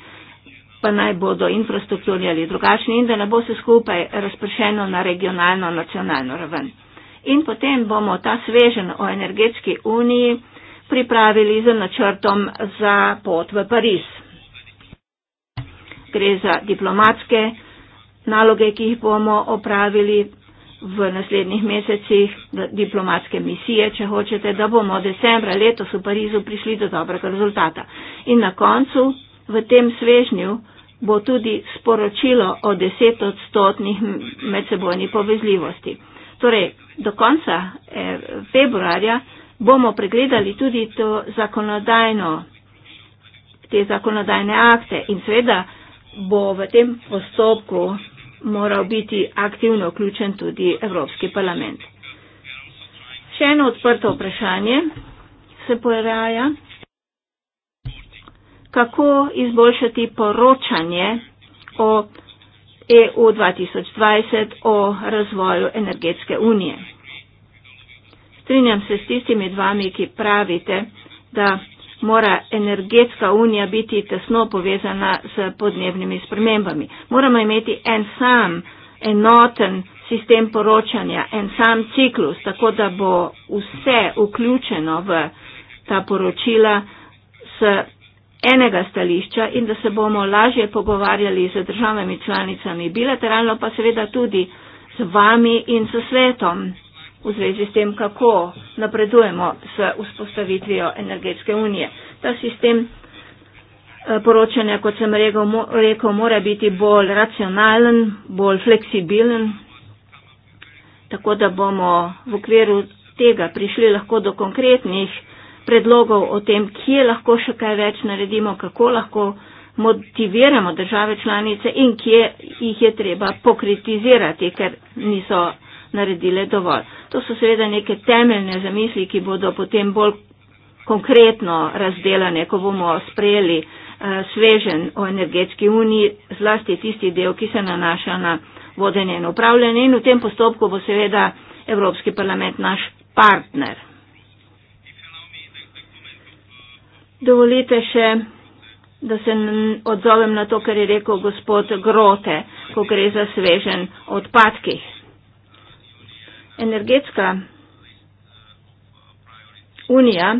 pa naj bodo infrastrukturni ali drugačni in da ne bo se skupaj razpršeno na regionalno, nacionalno raven. In potem bomo ta svežen o energetski uniji pripravili z načrtom za pot v Pariz. Gre za diplomatske naloge, ki jih bomo opravili v naslednjih mesecih diplomatske misije, če hočete, da bomo decembra letos v Parizu prišli do dobrega rezultata. In na koncu v tem svežnju bo tudi sporočilo o deset odstotnih medsebojni povezljivosti. Torej, do konca eh, februarja bomo pregledali tudi to zakonodajno, te zakonodajne akte in seveda bo v tem postopku moral biti aktivno vključen tudi Evropski parlament. Še eno odprto vprašanje se poraja, kako izboljšati poročanje o EU 2020 o razvoju energetske unije. Strinjam se s tistimi dvami, ki pravite, da mora energetska unija biti tesno povezana s podnebnimi spremembami. Moramo imeti en sam enoten sistem poročanja, en sam ciklus, tako da bo vse vključeno v ta poročila s enega stališča in da se bomo lažje pogovarjali z državami članicami, bilateralno pa seveda tudi z vami in s svetom v zvezi s tem, kako napredujemo s vzpostavitvijo energetske unije. Ta sistem eh, poročanja, kot sem rekel, rekel mora biti bolj racionalen, bolj fleksibilen, tako da bomo v okviru tega prišli lahko do konkretnih predlogov o tem, kje lahko še kaj več naredimo, kako lahko motiviramo države članice in kje jih je treba pokritizirati, ker niso naredile dovolj. To so seveda neke temeljne zamisli, ki bodo potem bolj konkretno razdelane, ko bomo sprejeli eh, svežen o energetski uniji, zlasti tisti del, ki se nanaša na vodenje in upravljanje in v tem postopku bo seveda Evropski parlament naš partner. Dovolite še, da se odzovem na to, kar je rekel gospod Grote, ko gre za svežen odpadkih energetska unija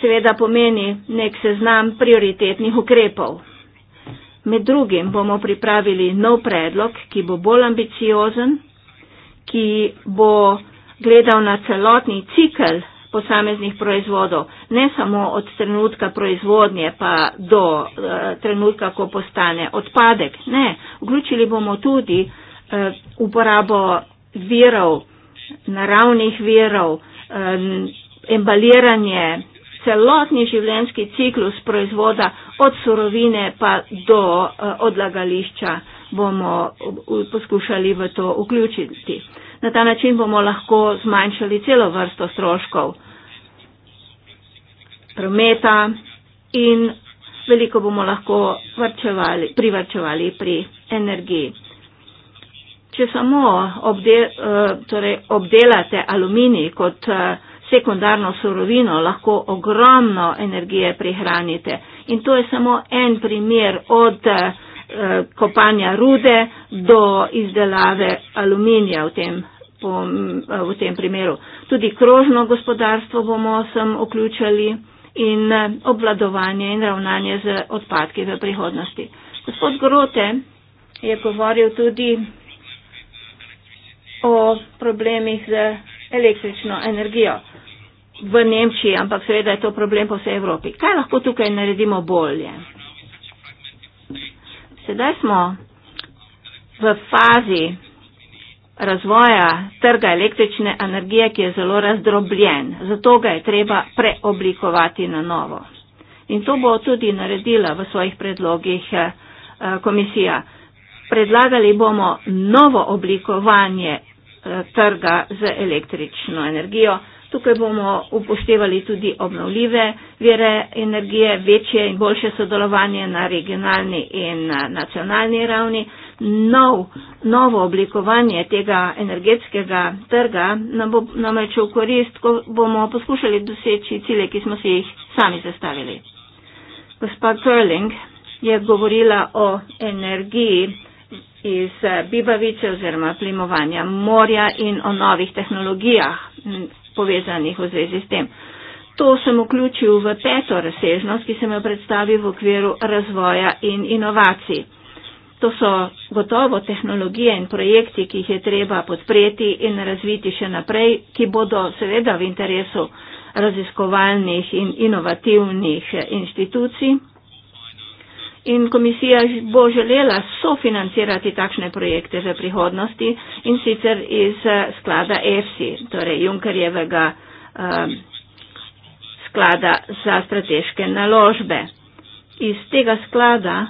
seveda pomeni nek seznam prioritetnih ukrepov. Med drugim bomo pripravili nov predlog, ki bo bolj ambiciozen, ki bo gledal na celotni cikl posameznih proizvodov, ne samo od trenutka proizvodnje pa do e, trenutka, ko postane odpadek. Ne, vključili bomo tudi e, uporabo virov, naravnih virov, um, embaliranje, celotni življenjski ciklus proizvoda od surovine pa do uh, odlagališča bomo poskušali v to vključiti. Na ta način bomo lahko zmanjšali celo vrsto stroškov prometa in veliko bomo lahko privrčevali pri energiji. Če samo obde, eh, torej obdelate aluminij kot eh, sekundarno surovino, lahko ogromno energije prihranite. In to je samo en primer od eh, kopanja rude do izdelave aluminija v tem, v tem primeru. Tudi krožno gospodarstvo bomo sem vključili in obvladovanje in ravnanje z odpadki v prihodnosti. Gospod Grote je govoril tudi o problemih z električno energijo v Nemčiji, ampak seveda je to problem po vsej Evropi. Kaj lahko tukaj naredimo bolje? Sedaj smo v fazi razvoja trga električne energije, ki je zelo razdrobljen. Zato ga je treba preoblikovati na novo. In to bo tudi naredila v svojih predlogih eh, komisija. Predlagali bomo novo oblikovanje trga z električno energijo. Tukaj bomo upoštevali tudi obnovljive vire energije, večje in boljše sodelovanje na regionalni in nacionalni ravni, nov, novo oblikovanje tega energetskega trga nam bo namreč v korist, ko bomo poskušali doseči cilje, ki smo si jih sami zastavili. Gospod Curling je govorila o energiji iz eh, bibavice oziroma plimovanja morja in o novih tehnologijah povezanih v zvezi s tem. To sem vključil v peto razsežnost, ki sem jo predstavil v okviru razvoja in inovacij. To so gotovo tehnologije in projekti, ki jih je treba podpreti in razviti še naprej, ki bodo seveda v interesu raziskovalnih in inovativnih eh, inštitucij in komisija bo želela sofinancirati takšne projekte za prihodnosti in sicer iz eh, sklada EFSI, torej Junkerjevega eh, sklada za strateške naložbe. Iz tega sklada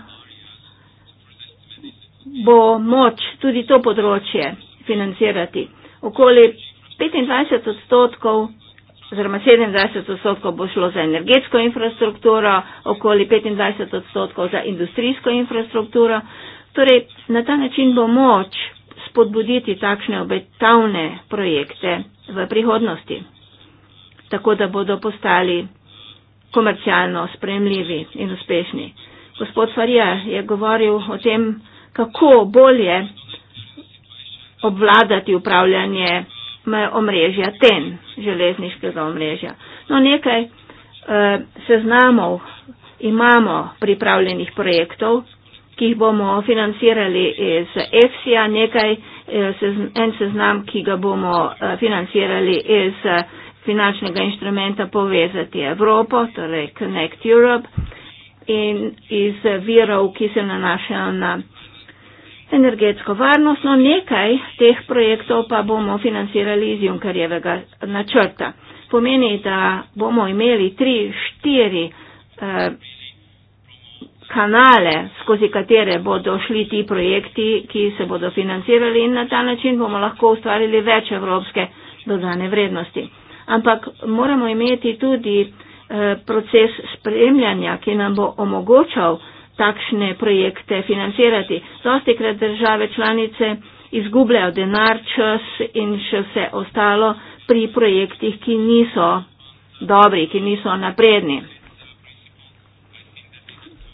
bo moč tudi to področje financirati. Okoli 25 odstotkov oziroma 27 odstotkov bo šlo za energetsko infrastrukturo, okoli 25 odstotkov za industrijsko infrastrukturo. Torej, na ta način bo moč spodbuditi takšne obetavne projekte v prihodnosti, tako da bodo postali komercialno spremljivi in uspešni. Gospod Farija je govoril o tem, kako bolje obvladati upravljanje omrežja TEN, železniškega omrežja. No, nekaj eh, seznamov imamo pripravljenih projektov, ki jih bomo financirali iz EFSI-ja, nekaj eh, sezn, en seznam, ki ga bomo eh, financirali iz eh, finančnega inštrumenta povezati Evropo, torej Connect Europe in iz virov, ki se nanašajo na energetsko varnostno, nekaj teh projektov pa bomo financirali iz Junkarjevega načrta. Pomeni, da bomo imeli tri, štiri eh, kanale, skozi katere bodo šli ti projekti, ki se bodo financirali in na ta način bomo lahko ustvarili več evropske dodane vrednosti. Ampak moramo imeti tudi eh, proces spremljanja, ki nam bo omogočal, takšne projekte financirati. Dosti krat države članice izgubljajo denar, čas in še vse ostalo pri projektih, ki niso dobri, ki niso napredni.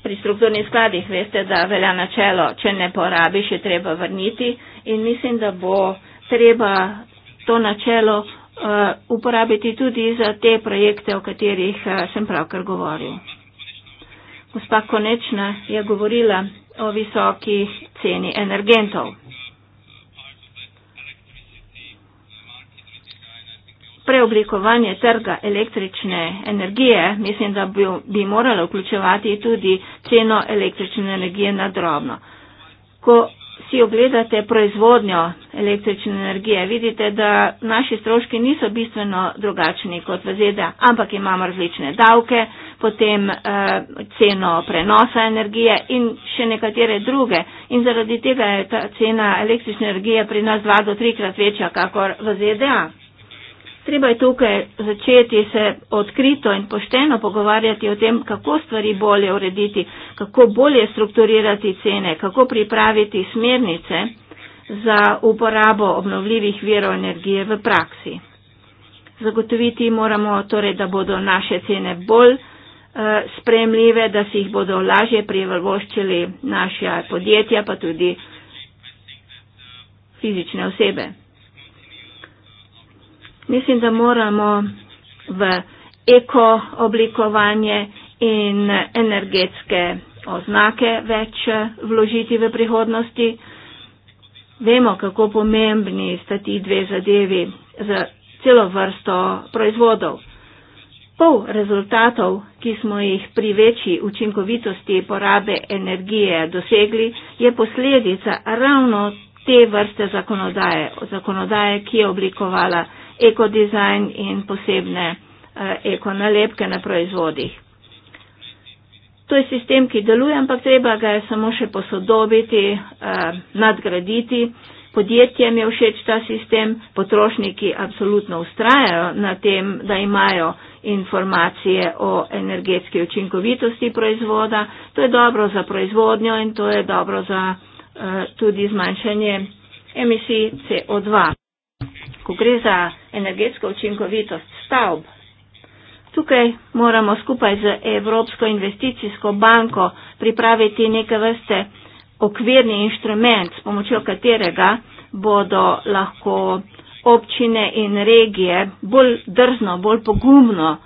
Pri strukturnih skladih veste, da velja načelo, če ne porabiš, je treba vrniti in mislim, da bo treba to načelo eh, uporabiti tudi za te projekte, o katerih eh, sem pravkar govoril. Gospa Konečna je govorila o visoki ceni energentov. Preoblikovanje trga električne energije mislim, da bi, bi moralo vključevati tudi ceno električne energije na drobno. Ko si ogledate proizvodnjo električne energije, vidite, da naši stroški niso bistveno drugačni kot v ZDA, ampak imamo različne davke, potem eh, ceno prenosa energije in še nekatere druge. In zaradi tega je ta cena električne energije pri nas dva do trikrat večja, kakor v ZDA. Treba je tukaj začeti se odkrito in pošteno pogovarjati o tem, kako stvari bolje urediti, kako bolje strukturirati cene, kako pripraviti smernice za uporabo obnovljivih virov energije v praksi. Zagotoviti moramo torej, da bodo naše cene bolj eh, spremljive, da si jih bodo lažje privoščili naše podjetja, pa tudi fizične osebe. Mislim, da moramo v eko oblikovanje in energetske oznake več vložiti v prihodnosti. Vemo, kako pomembni sta ti dve zadevi za celo vrsto proizvodov. Pol rezultatov, ki smo jih pri večji učinkovitosti porabe energije dosegli, je posledica ravno te vrste zakonodaje, zakonodaje, ki je oblikovala eko dizajn in posebne eh, eko nalepke na proizvodih. To je sistem, ki deluje, ampak treba ga je samo še posodobiti, eh, nadgraditi. Podjetjem je všeč ta sistem, potrošniki absolutno ustrajajo na tem, da imajo informacije o energetski učinkovitosti proizvoda. To je dobro za proizvodnjo in to je dobro za eh, tudi zmanjšanje emisij CO2 ko gre za energetsko učinkovitost stavb. Tukaj moramo skupaj z Evropsko investicijsko banko pripraviti neke vrste okvirni inštrument, s pomočjo katerega bodo lahko občine in regije bolj drzno, bolj pogumno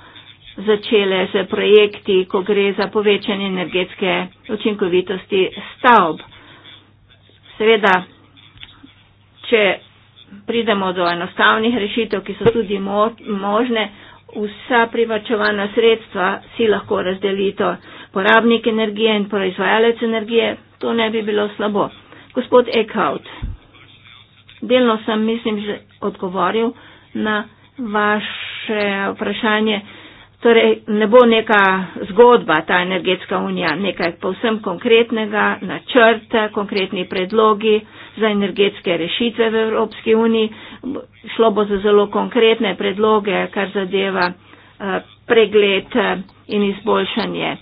začele z projekti, ko gre za povečanje energetske učinkovitosti stavb. Seveda, če pridemo do enostavnih rešitev, ki so tudi mo možne, vsa privačovana sredstva si lahko razdelito porabnik energije in proizvajalec energije, to ne bi bilo slabo. Gospod Eckhout, delno sem, mislim, že odgovoril na vaše vprašanje. Torej, ne bo neka zgodba ta energetska unija, nekaj povsem konkretnega, načrt, konkretni predlogi za energetske rešitve v Evropski uniji. Šlo bo za zelo konkretne predloge, kar zadeva eh, pregled eh, in izboljšanje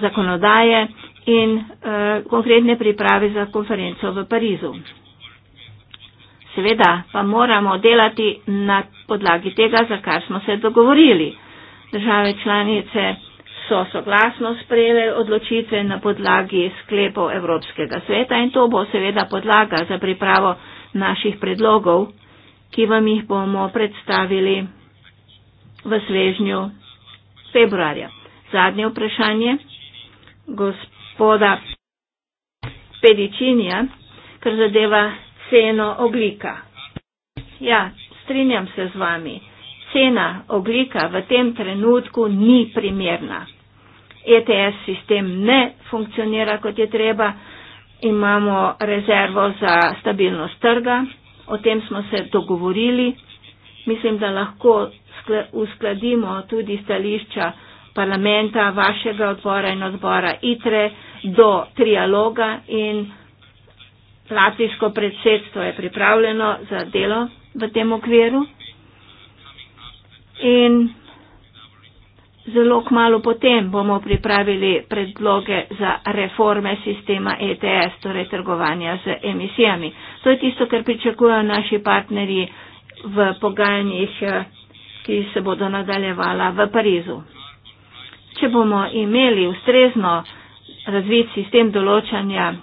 zakonodaje in eh, konkretne priprave za konferenco v Parizu. Seveda pa moramo delati na podlagi tega, za kar smo se dogovorili. Države članice so soglasno sprejele odločitve na podlagi sklepov Evropskega sveta in to bo seveda podlaga za pripravo naših predlogov, ki vam jih bomo predstavili v svežnju februarja. Zadnje vprašanje gospoda Pedičinja, kar zadeva ceno oglika. Ja, strinjam se z vami cena oglika v tem trenutku ni primerna. ETS sistem ne funkcionira, kot je treba. Imamo rezervo za stabilnost trga, o tem smo se dogovorili. Mislim, da lahko uskladimo tudi stališča parlamenta, vašega odbora in odbora ITRE do trialoga in latvijsko predsedstvo je pripravljeno za delo v tem okviru in zelo kmalo potem bomo pripravili predloge za reforme sistema ETS, torej trgovanja z emisijami. To je tisto, kar pričakujejo naši partnerji v pogajanjih, eh, ki se bodo nadaljevala v Parizu. Če bomo imeli ustrezno razvit sistem določanja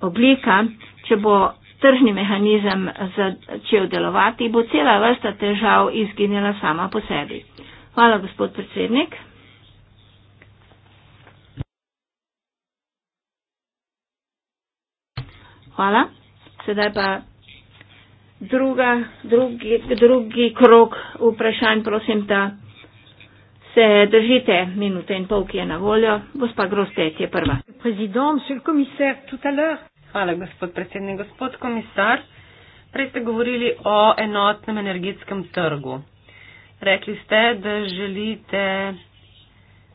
oblika, če bo tržni mehanizem začel delovati, bo cela vrsta težav izginila sama po sebi. Hvala, gospod predsednik. Hvala. Sedaj pa druga, drugi, drugi krok vprašanj, prosim, da se držite minute in pol, ki je na voljo. Gospa Grostet je prva. Prezident, monsieur le commissaire, tout à l'heure. Hvala, gospod predsednik. Gospod komisar, prej ste govorili o enotnem energetskem trgu. Rekli ste, da želite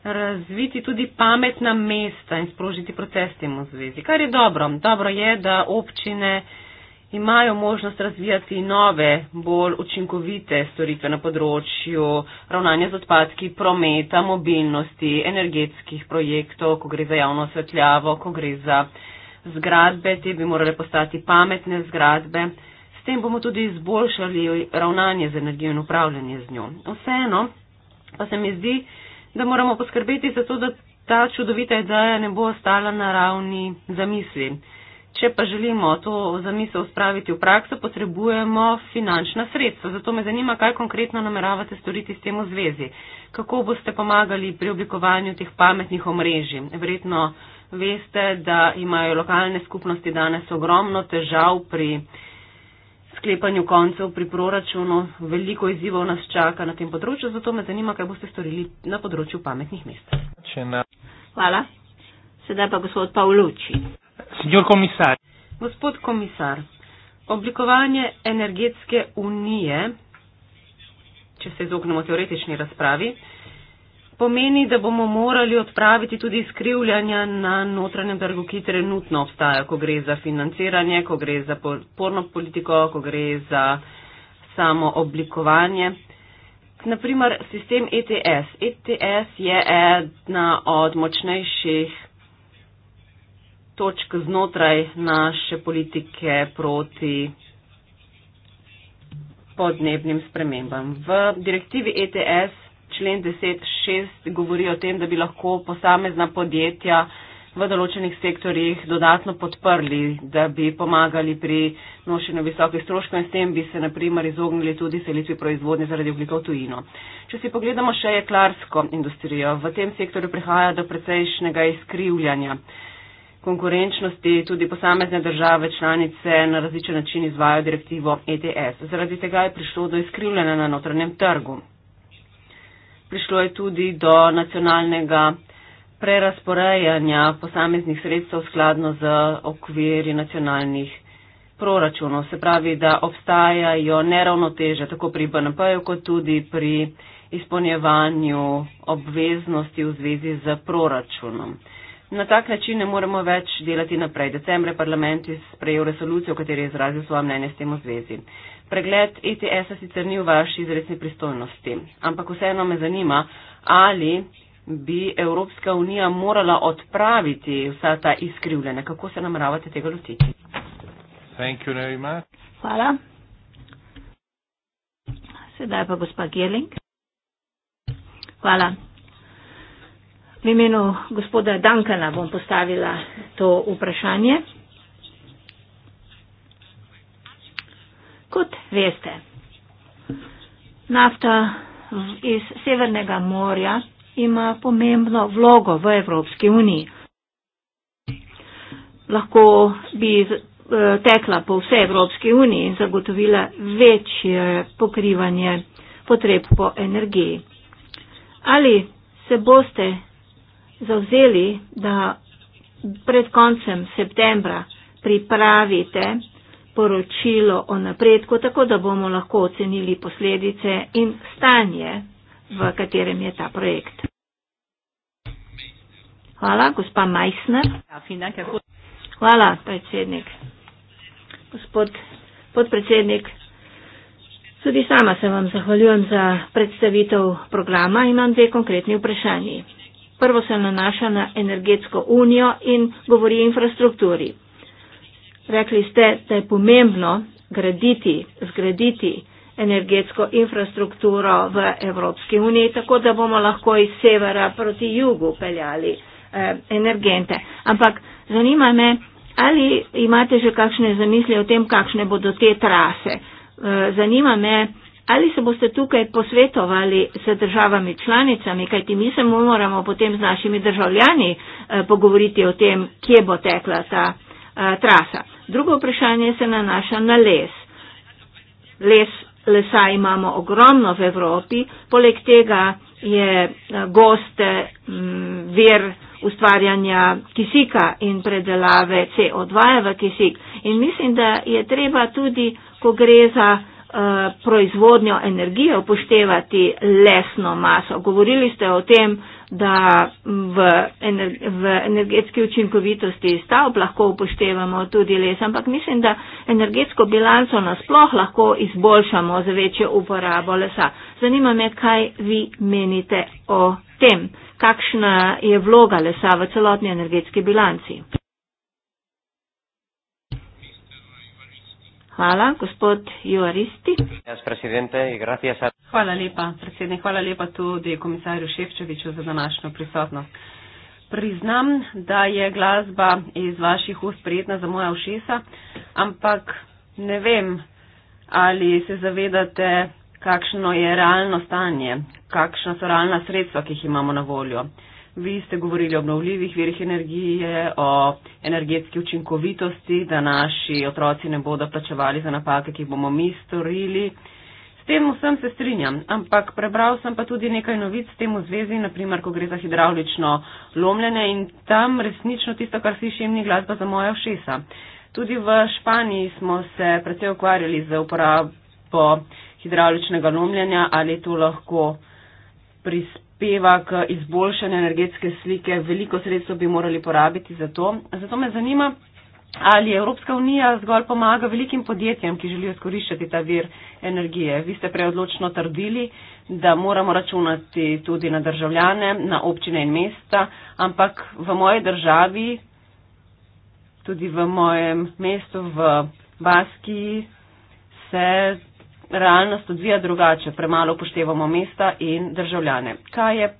razviti tudi pametna mesta in sprožiti proces temu zvezi, kar je dobro. Dobro je, da občine imajo možnost razvijati nove, bolj učinkovite storitve na področju ravnanja z odpadki, prometa, mobilnosti, energetskih projektov, ko gre za javno osvetljavo, ko gre za. Uh, zgradbe, te bi morale postati pametne zgradbe. S tem bomo tudi izboljšali ravnanje z energijo in upravljanje z njo. Vseeno pa se mi zdi, da moramo poskrbeti za to, da ta čudovita ideja ne bo ostala na ravni zamisli. Če pa želimo to zamisel spraviti v prakso, potrebujemo finančna sredstva. Zato me zanima, kaj konkretno nameravate storiti s tem v zvezi. Kako boste pomagali pri oblikovanju teh pametnih omrežij? Vredno veste, da imajo lokalne skupnosti danes ogromno težav pri sklepanju koncev, pri proračunu. Veliko izzivov nas čaka na tem področju, zato me zanima, kaj boste storili na področju pametnih mest. Hvala. Sedaj pa gospod Pavluči. Signor komisar. Gospod komisar, oblikovanje energetske unije, če se izognemo teoretični razpravi, pomeni, da bomo morali odpraviti tudi skrivljanja na notranjem trgu, ki trenutno obstaja, ko gre za financiranje, ko gre za porno politiko, ko gre za samo oblikovanje. Naprimer, sistem ETS. ETS je ena od močnejših točk znotraj naše politike proti podnebnim spremembam. V direktivi ETS člen 10.6 govori o tem, da bi lahko posamezna podjetja v določenih sektorjih dodatno podprli, da bi pomagali pri nošenju visokih stroškov in s tem bi se naprimer izognili tudi selitvi proizvodnje zaradi ugljikov tujino. Če si pogledamo še jeklarsko industrijo, v tem sektorju prihaja do precejšnjega izkrivljanja konkurenčnosti, tudi posamezne države članice na različen način izvajo direktivo ETS. Zaradi tega je prišlo do izkrivljanja na notranjem trgu prišlo je tudi do nacionalnega prerasporejanja posameznih sredstev skladno z okviri nacionalnih proračunov. Se pravi, da obstajajo neravnoteže tako pri BNP-ju kot tudi pri izpolnjevanju obveznosti v zvezi z proračunom. Na tak način ne moremo več delati naprej. Decembre parlament je sprejel resolucijo, v kateri je izrazil svoje mnenje s tem v zvezi. Pregled ETS-a sicer ni v vaši izredni pristojnosti, ampak vseeno me zanima, ali bi Evropska unija morala odpraviti vsa ta izkrivljena. Kako se nameravate tega lotiti? Hvala. Sedaj pa gospa Gerling. Hvala. V imenu gospoda Dankana bom postavila to vprašanje. Kot veste, nafta iz Severnega morja ima pomembno vlogo v Evropski uniji. Lahko bi eh, tekla po vse Evropski uniji in zagotovila večje pokrivanje potreb po energiji. Ali se boste zavzeli, da pred koncem septembra pripravite poročilo o napredku, tako da bomo lahko ocenili posledice in stanje, v katerem je ta projekt. Hvala, gospa Majsner. Ja, Hvala, predsednik. Gospod podpredsednik, tudi sama se vam zahvaljujem za predstavitev programa in imam dve konkretni vprašanji. Prvo se nanaša na energetsko unijo in govori o infrastrukturi. Rekli ste, da je pomembno graditi, zgraditi energetsko infrastrukturo v Evropski uniji, tako da bomo lahko iz severa proti jugu peljali eh, energente. Ampak zanima me, ali imate že kakšne zamisli o tem, kakšne bodo te trase. Eh, zanima me, ali se boste tukaj posvetovali s državami članicami, kajti mi se moramo potem z našimi državljani eh, pogovoriti o tem, kje bo tekla ta eh, trasa. Drugo vprašanje se nanaša na les. les. Lesa imamo ogromno v Evropi, poleg tega je eh, goste eh, vir ustvarjanja kisika in predelave CO2 v kisik. In mislim, da je treba tudi, ko gre za uh, proizvodnjo energije, upoštevati lesno maso. Govorili ste o tem, uh, da v, ener, v energetski učinkovitosti stavb lahko upoštevamo tudi les, ampak mislim, da energetsko bilanco nasploh lahko izboljšamo za večjo uporabo lesa. Zanima me, kaj vi menite o tem, kakšna je vloga lesa v celotni energetski bilanci. Hvala, gospod Juaristi. Hvala lepa, predsednik. Hvala lepa tudi komisarju Ševčeviču za današnjo prisotnost. Priznam, da je glasba iz vaših ust prijetna za moja ušesa, ampak ne vem, ali se zavedate, kakšno je realno stanje, kakšna so realna sredstva, ki jih imamo na voljo. Vi ste govorili o obnovljivih virih energije, o energetski učinkovitosti, da naši otroci ne bodo plačevali za napake, ki bomo mi storili. S tem vsem se strinjam, ampak prebral sem pa tudi nekaj novic s tem v zvezi, naprimer, ko gre za hidraulično lomljenje in tam resnično tisto, kar slišim, ni glasba za moja všesa. Tudi v Španiji smo se predvsej ukvarjali z uporabo hidrauličnega lomljenja, ali to lahko prispeva prispeva k izboljšanju energetske slike, veliko sredstvo bi morali porabiti za to. Zato me zanima, ali Evropska unija zgolj pomaga velikim podjetjem, ki želijo skoriščati ta vir energije. Vi ste preodločno trdili, da moramo računati tudi na državljane, na občine in mesta, ampak v moji državi, tudi v mojem mestu, v Baskiji, se realnost odvija drugače, premalo upoštevamo mesta in državljane. Kaj je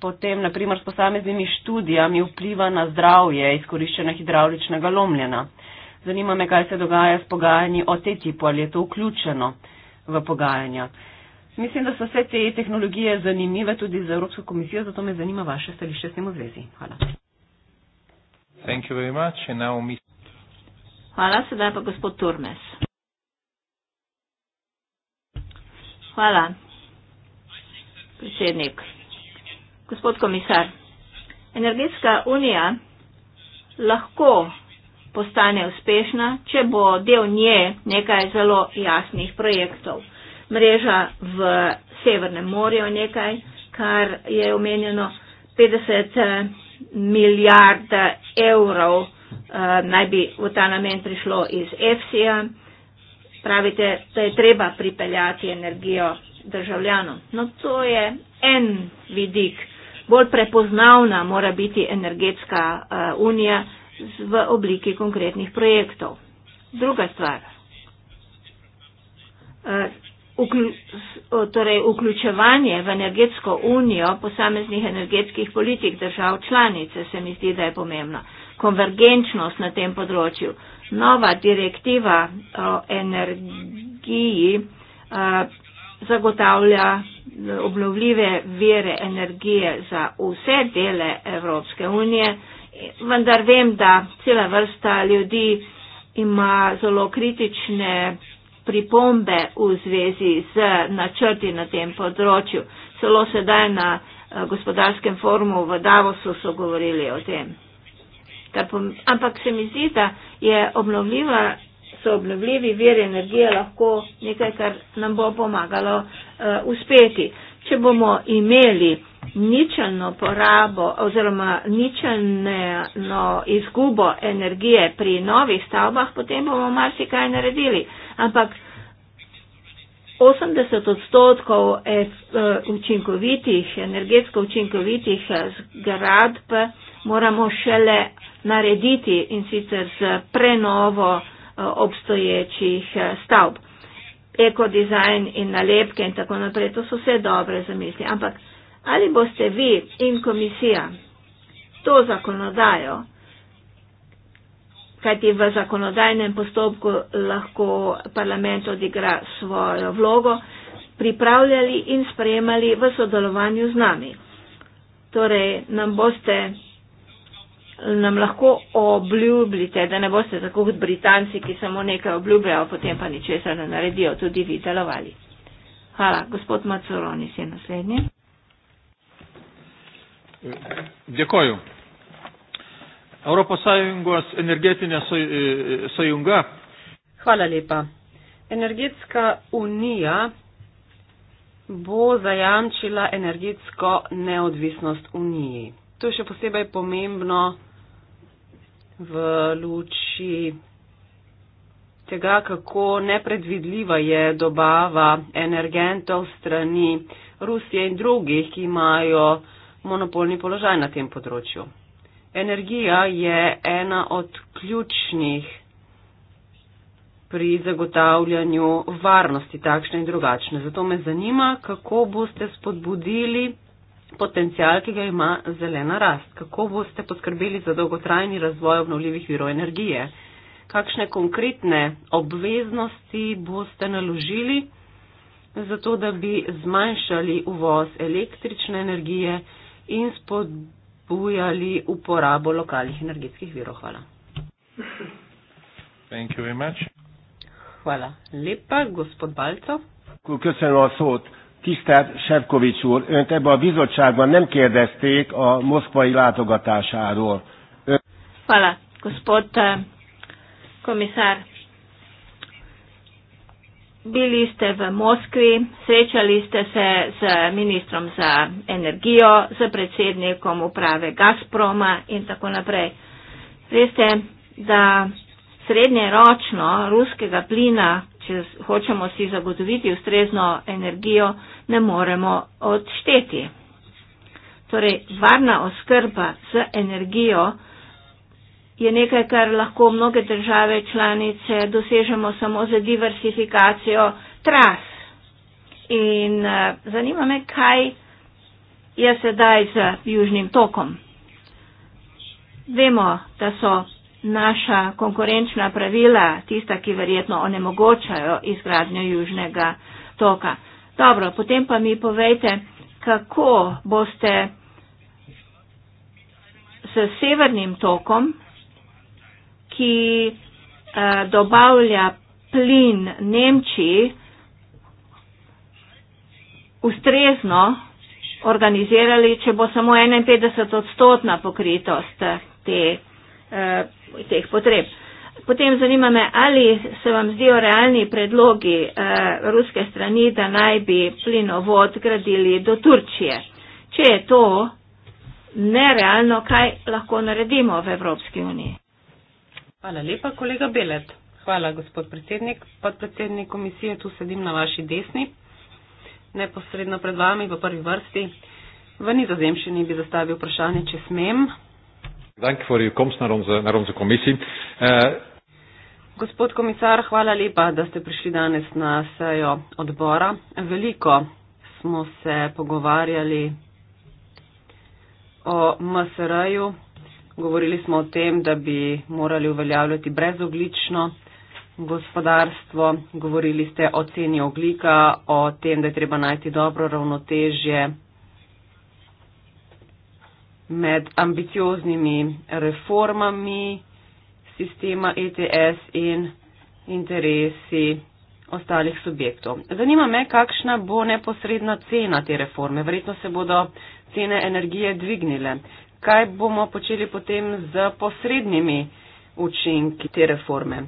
potem, naprimer, s posameznimi študijami vpliva na zdravje izkoriščena hidravličnega lomljena? Zanima me, kaj se dogaja s pogajanji o tej tipu, ali je to vključeno v pogajanja. Mislim, da so vse te tehnologije zanimive tudi za Evropsko komisijo, zato me zanima vaše stališče s tem v zvezi. Hvala. Hvala, sedaj pa gospod Turmes. Hvala, predsednik. Gospod komisar, energetska unija lahko postane uspešna, če bo del nje nekaj zelo jasnih projektov. Mreža v Severnem morju je nekaj, kar je omenjeno 50 eh, milijard eh, evrov, eh, naj bi v ta namen prišlo iz EFSI-ja. Eh, pravite, da je treba pripeljati energijo državljanom. No, to je en vidik. Bolj prepoznavna mora biti energetska uh, unija v obliki konkretnih projektov. Druga stvar. Eh, torej, vključevanje v energetsko unijo posameznih energetskih politik držav članice se mi zdi, da je pomembno. Konvergenčnost na tem področju nova direktiva o energiji eh, zagotavlja obnovljive vire energije za vse dele Evropske unije, vendar vem, da cela vrsta ljudi ima zelo kritične pripombe v zvezi z načrti na tem področju. Celo sedaj na eh, gospodarskem forumu v Davosu so govorili o tem pom, ampak se mi zdi, da je obnovljiva, so obnovljivi vir energije lahko nekaj, kar nam bo pomagalo uh, uspeti. Če bomo imeli ničelno porabo oziroma ničelno izgubo energije pri novih stavbah, potem bomo marsikaj naredili. Ampak 80 odstotkov eh, eh, učinkovitih, energetsko učinkovitih zgradb, uh, moramo šele narediti in sicer z prenovo eh, obstoječih eh, stavb. Eko dizajn in nalepke in tako naprej, to so vse dobre zamisli. Ampak ali boste vi in komisija to zakonodajo, kajti v zakonodajnem postopku lahko parlament odigra svojo vlogo, pripravljali in sprejemali v sodelovanju z nami. Torej, nam boste nam lahko obljubite, da ne boste tako kot Britanci, ki samo nekaj obljubljajo, potem pa ničesar ne naredijo, tudi vi delovali. Hvala. Gospod Macoroni, si naslednji. Dėkoju. ES energetinė e, sąjunga. Hvala lepa. Energetska unija bo zajamčila energetsko neodvisnost uniji. To je še posebej pomembno v luči tega, kako nepredvidljiva je dobava energentov strani Rusije in drugih, ki imajo monopolni položaj na tem področju. Energija je ena od ključnih pri zagotavljanju varnosti takšne in drugačne. Zato me zanima, kako boste spodbudili potencial, ki ga ima zelena rast? Kako boste poskrbeli za dolgotrajni razvoj obnovljivih virov energije? Kakšne konkretne obveznosti boste naložili za to, da bi zmanjšali uvoz električne energije in spodbujali uporabo lokalnih energetskih virov? Hvala. Hvala lepa, gospod Balco. Kaj se je nas odprl? Tisztelt Sefkovics úr, önt ebbe a bizottságban nem kérdezték a moszkvai látogatásáról. Ön... Fala, gospod eh, komisár. Byli ste v Moskvi, srečali ste se z ministrom za energijo, z predsednikom uprave Gazproma in tako naprej. Veste, da srednjeročno ruskega plina če hočemo si zagotoviti ustrezno energijo, ne moremo odšteti. Torej, varna oskrba z energijo je nekaj, kar lahko mnoge države članice dosežemo samo z diversifikacijo tras. In eh, zanima me, kaj je sedaj z južnim tokom. Vemo, da so naša konkurenčna pravila, tista, ki verjetno onemogočajo izgradnjo južnega toka. Dobro, potem pa mi povejte, kako boste s severnim tokom, ki eh, dobavlja plin Nemčiji, ustrezno organizirali, če bo samo 51 odstotna pokritost te. Eh, teh potreb. Potem zanima me, ali se vam zdijo realni predlogi eh, ruske strani, da naj bi plinovod gradili do Turčije. Če je to nerealno, kaj lahko naredimo v Evropski uniji? Hvala lepa, kolega Belet. Hvala, gospod predsednik. Podpredsednik komisije, tu sedim na vaši desni, neposredno pred vami v prvi vrsti. V nizozemščini bi zastavil vprašanje, če smem. Dank voor uw komst naar onze, naar onze commissie. Uh, Gospod komisar, hvala lepa, da ste prišli danes na sejo odbora. Veliko smo se pogovarjali o MSR-ju. Govorili smo o tem, da bi morali uveljavljati brezoglično gospodarstvo. Govorili ste o ceni oglika, o tem, da je treba najti dobro ravnotežje med ambicioznimi reformami sistema ETS in interesi ostalih subjektov. Zanima me, kakšna bo neposredna cena te reforme. Verjetno se bodo cene energije dvignile. Kaj bomo počeli potem z posrednimi učinki te reforme?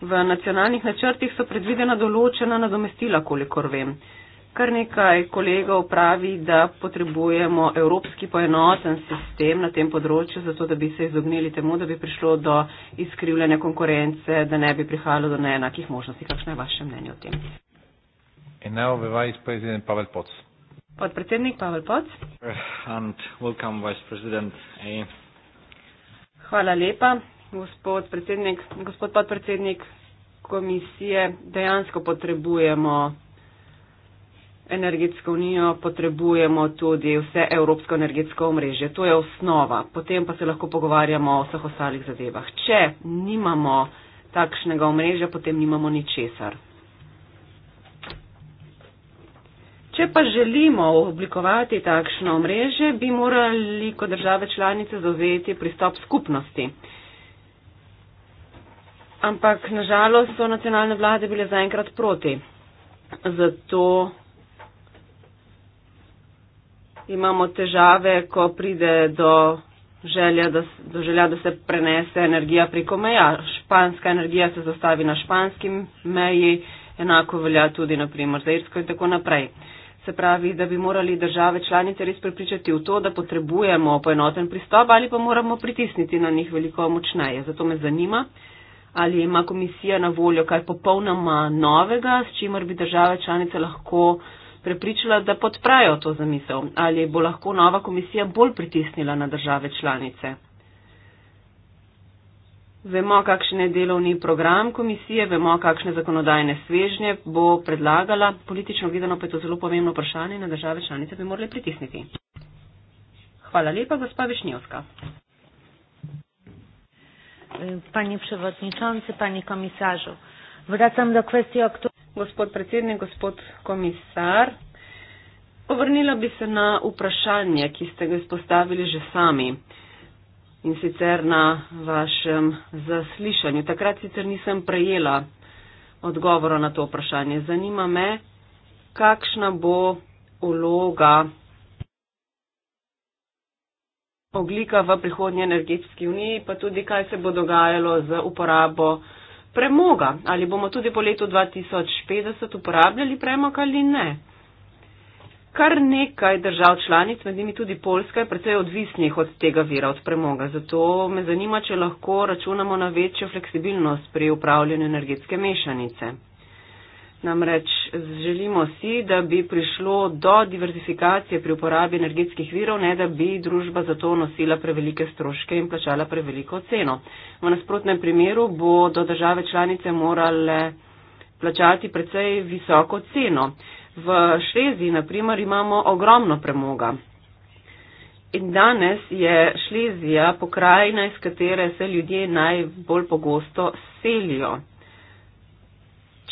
V nacionalnih načrtih so predvidena določena nadomestila, kolikor vem. Kar nekaj kolegov pravi, da potrebujemo evropski poenoten sistem na tem področju, zato da bi se izognili temu, da bi prišlo do izkrivljene konkurence, da ne bi prihajalo do neenakih možnosti. Kakšno je vaše mnenje o tem? In zdaj bo vice predsednik Pavel Poc. Podpredsednik Pavel Poc. Welcome, hey. Hvala lepa, gospod predsednik. Gospod podpredsednik komisije, dejansko potrebujemo energetsko unijo potrebujemo tudi vse evropsko energetsko omrežje. To je osnova. Potem pa se lahko pogovarjamo o vseh ostalih zadevah. Če nimamo takšnega omrežja, potem nimamo ničesar. Če pa želimo oblikovati takšno omrežje, bi morali kot države članice zauzeti pristop skupnosti. Ampak nažalost so nacionalne vlade bile zaenkrat proti. Zato imamo težave, ko pride do želja, da, do želja, da se prenese energija preko meja. Španska energija se zastavi na španskim meji, enako velja tudi naprimer za Irsko in tako naprej. Se pravi, da bi morali države članice res prepričati v to, da potrebujemo poenoten pristop ali pa moramo pritisniti na njih veliko močneje. Zato me zanima, ali ima komisija na voljo kaj popolnoma novega, s čimer bi države članice lahko uh, prepričala, da podprajo to zamisel ali bo lahko nova komisija bolj pritisnila na države članice. Vemo, kakšen je delovni program komisije, vemo, kakšne zakonodajne svežnje bo predlagala. Politično gledano pa je to zelo pomembno vprašanje in na države članice bi morali pritisniti. Hvala lepa, gospa Višnjevska. Pani predsednica, pani komisar, vračam do kvestije aktualnosti gospod predsednik, gospod komisar. Povrnila bi se na vprašanje, ki ste ga izpostavili že sami in sicer na vašem zaslišanju. Takrat sicer nisem prejela odgovora na to vprašanje. Zanima me, kakšna bo uloga oglika v prihodnji energetski uniji, pa tudi kaj se bo dogajalo z uporabo premoga, ali bomo tudi po letu 2050 uporabljali premog ali ne. Kar nekaj držav članic, med njimi tudi Poljska, je precej odvisnih od tega vira, od premoga. Zato me zanima, če lahko računamo na večjo fleksibilnost pri upravljanju energetske mešanice. Namreč želimo si, da bi prišlo do diversifikacije pri uporabi energetskih virov, ne da bi družba za to nosila prevelike stroške in plačala preveliko ceno. V nasprotnem primeru bodo države članice morale plačati precej visoko ceno. V Šlezi, naprimer, imamo ogromno premoga. In danes je Šlezija pokrajina, iz katere se ljudje najbolj pogosto selijo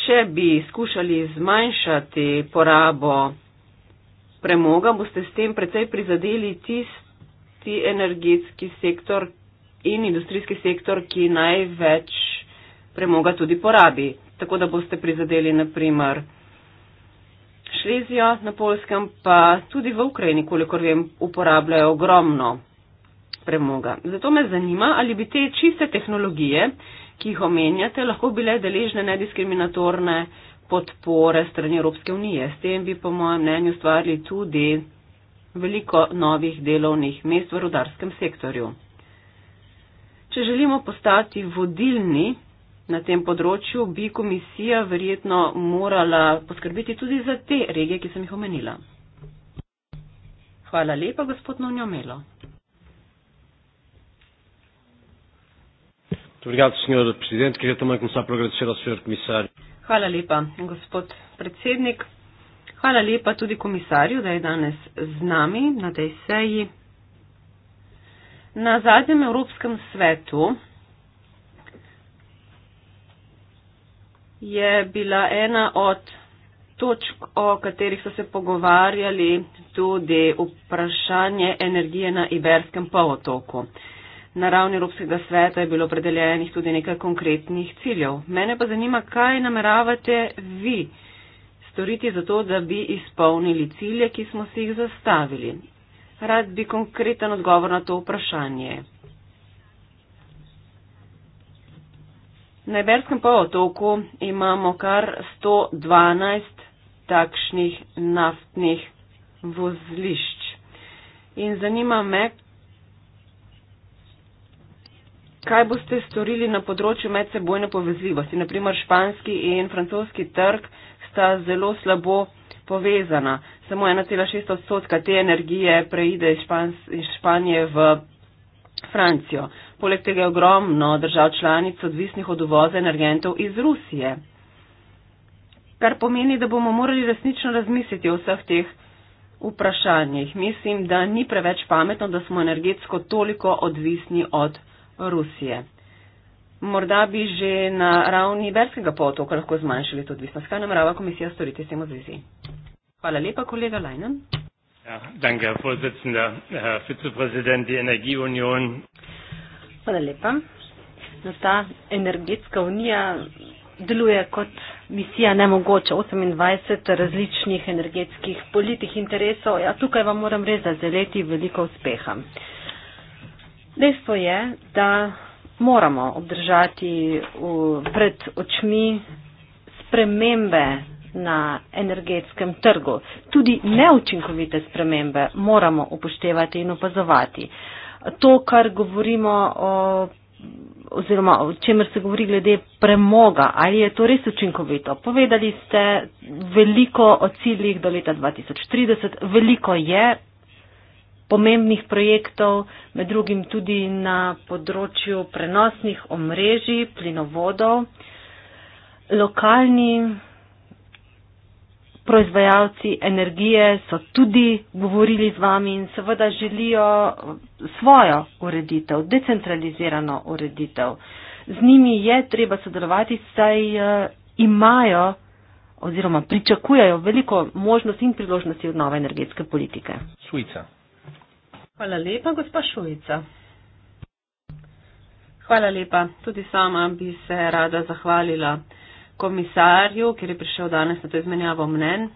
če bi skušali zmanjšati porabo premoga, boste s tem precej prizadeli tisti energetski sektor in industrijski sektor, ki največ premoga tudi porabi. Tako da boste prizadeli naprimer Šlezijo na Polskem, pa tudi v Ukrajini, kolikor vem, uporabljajo ogromno premoga. Zato me zanima, ali bi te čiste tehnologije, ki jih omenjate, lahko bile deležne nediskriminatorne podpore strani Evropske unije. S tem bi, po mojem mnenju, stvarili tudi veliko novih delovnih mest v rudarskem sektorju. Če želimo postati vodilni na tem področju, bi komisija verjetno morala poskrbeti tudi za te regije, ki sem jih omenila. Hvala lepa, gospod Novnjo Melo. Muito obrigado, Sr. Presidente. Queria também começar por agradecer ao Sr. Comissário. Hvala lepa, gospod predsednik. Hvala lepa tudi komisarju, da je danes z nami na tej seji. Na zadnjem Evropskem svetu je bila ena od točk, o katerih so se pogovarjali, tudi vprašanje energije na Iberskem polotoku. Na ravni Evropskega sveta je bilo predeljenih tudi nekaj konkretnih ciljev. Mene pa zanima, kaj nameravate vi storiti za to, da bi izpolnili cilje, ki smo si jih zastavili. Rad bi konkreten odgovor na to vprašanje. Na Iberskem polotoku imamo kar 112 takšnih naftnih vozlišč. In zanima me, kaj boste storili na področju medsebojne povezljivosti. Naprimer, španski in francoski trg sta zelo slabo povezana. Samo 1,6 odstotka te energije preide iz, Špans iz Španije v Francijo. Poleg tega je ogromno držav članic odvisnih od uvoza energentov iz Rusije. Kar pomeni, da bomo morali resnično razmisliti o vseh teh vprašanjih. Mislim, da ni preveč pametno, da smo energetsko toliko odvisni od Rusije. Morda bi že na ravni Berskega potoka lahko zmanjšali to odvisnost. Kaj namerava komisija storiti s tem v zvezi? Hvala lepa, kolega Lajnen. Ja, danke, predsednik, vicepresident Energije Unije. Hvala lepa. No, ta energetska unija deluje kot misija nemogoče 28 različnih energetskih politik interesov. Ja, tukaj vam moram res zazeleti veliko uspeha. Dejstvo je, da moramo obdržati v, pred očmi spremembe na energetskem trgu. Tudi neučinkovite spremembe moramo upoštevati in opazovati. To, kar govorimo o oziroma o čemer se govori glede premoga, ali je to res učinkovito. Povedali ste veliko o ciljih do leta 2030, veliko je, pomembnih projektov, med drugim tudi na področju prenosnih omrežij, plinovodov. Lokalni proizvajalci energije so tudi govorili z vami in seveda želijo svojo ureditev, decentralizirano ureditev. Z njimi je treba sodelovati, saj eh, imajo oziroma pričakujejo veliko možnosti in priložnosti od nove energetske politike. Švica. Hvala lepa, gospa Šujica. Hvala lepa. Tudi sama bi se rada zahvalila komisarju, ker je prišel danes na to izmenjavo mnen.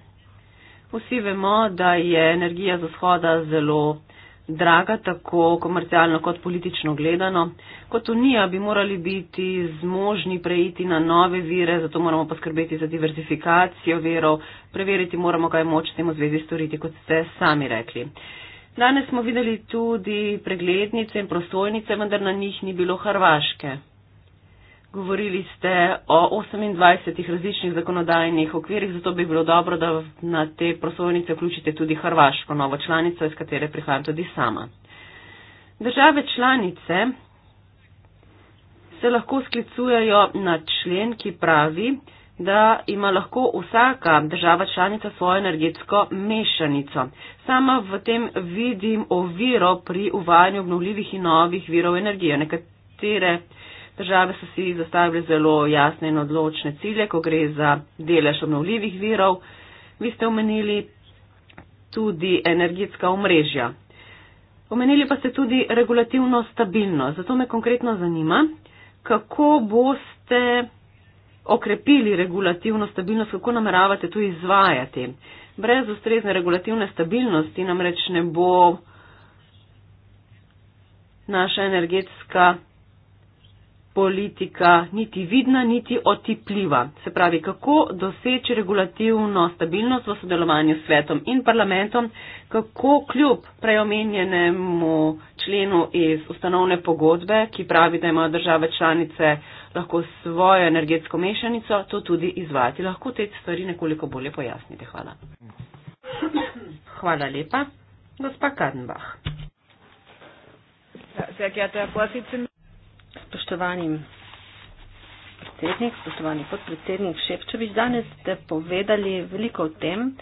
Vsi vemo, da je energija za shoda zelo draga, tako komercialno kot politično gledano. Kot unija bi morali biti zmožni preiti na nove vire, zato moramo poskrbeti za diversifikacijo verov, preveriti moramo, kaj moč temu zvezi storiti, kot ste sami rekli. Uh, Danes smo videli tudi preglednice in prosojnice, vendar na njih ni bilo Hrvaške. Govorili ste o 28 različnih zakonodajnih okvirih, zato bi bilo dobro, da na te prosojnice vključite tudi Hrvaško, novo članico, iz katere prihajam tudi sama. Države članice se lahko sklicujejo na člen, ki pravi, da ima lahko vsaka država članica svojo energetsko mešanico. Sama v tem vidim oviro pri uvajanju obnovljivih in novih virov energije. Nekatere države so si zastavile zelo jasne in odločne cilje, ko gre za delež obnovljivih virov. Vi ste omenili tudi energetska omrežja. Omenili pa ste tudi regulativno stabilnost. Zato me konkretno zanima, kako boste okrepili regulativno stabilnost, kako nameravate to izvajati. Brez ustrezne regulativne stabilnosti namreč ne bo naša energetska politika niti vidna, niti otipljiva. Se pravi, kako doseči regulativno stabilnost v sodelovanju s svetom in parlamentom, kako kljub preomenjenemu členu iz ustanovne pogodbe, ki pravi, da imajo države članice lahko svojo energetsko mešanico to tudi izvajati. Lahko te stvari nekoliko bolje pojasnite. Hvala. Hvala lepa. Gospa Kadenbach. Ja, spoštovani predsednik, spoštovani podpredsednik Šepčevič, danes ste povedali veliko o tem,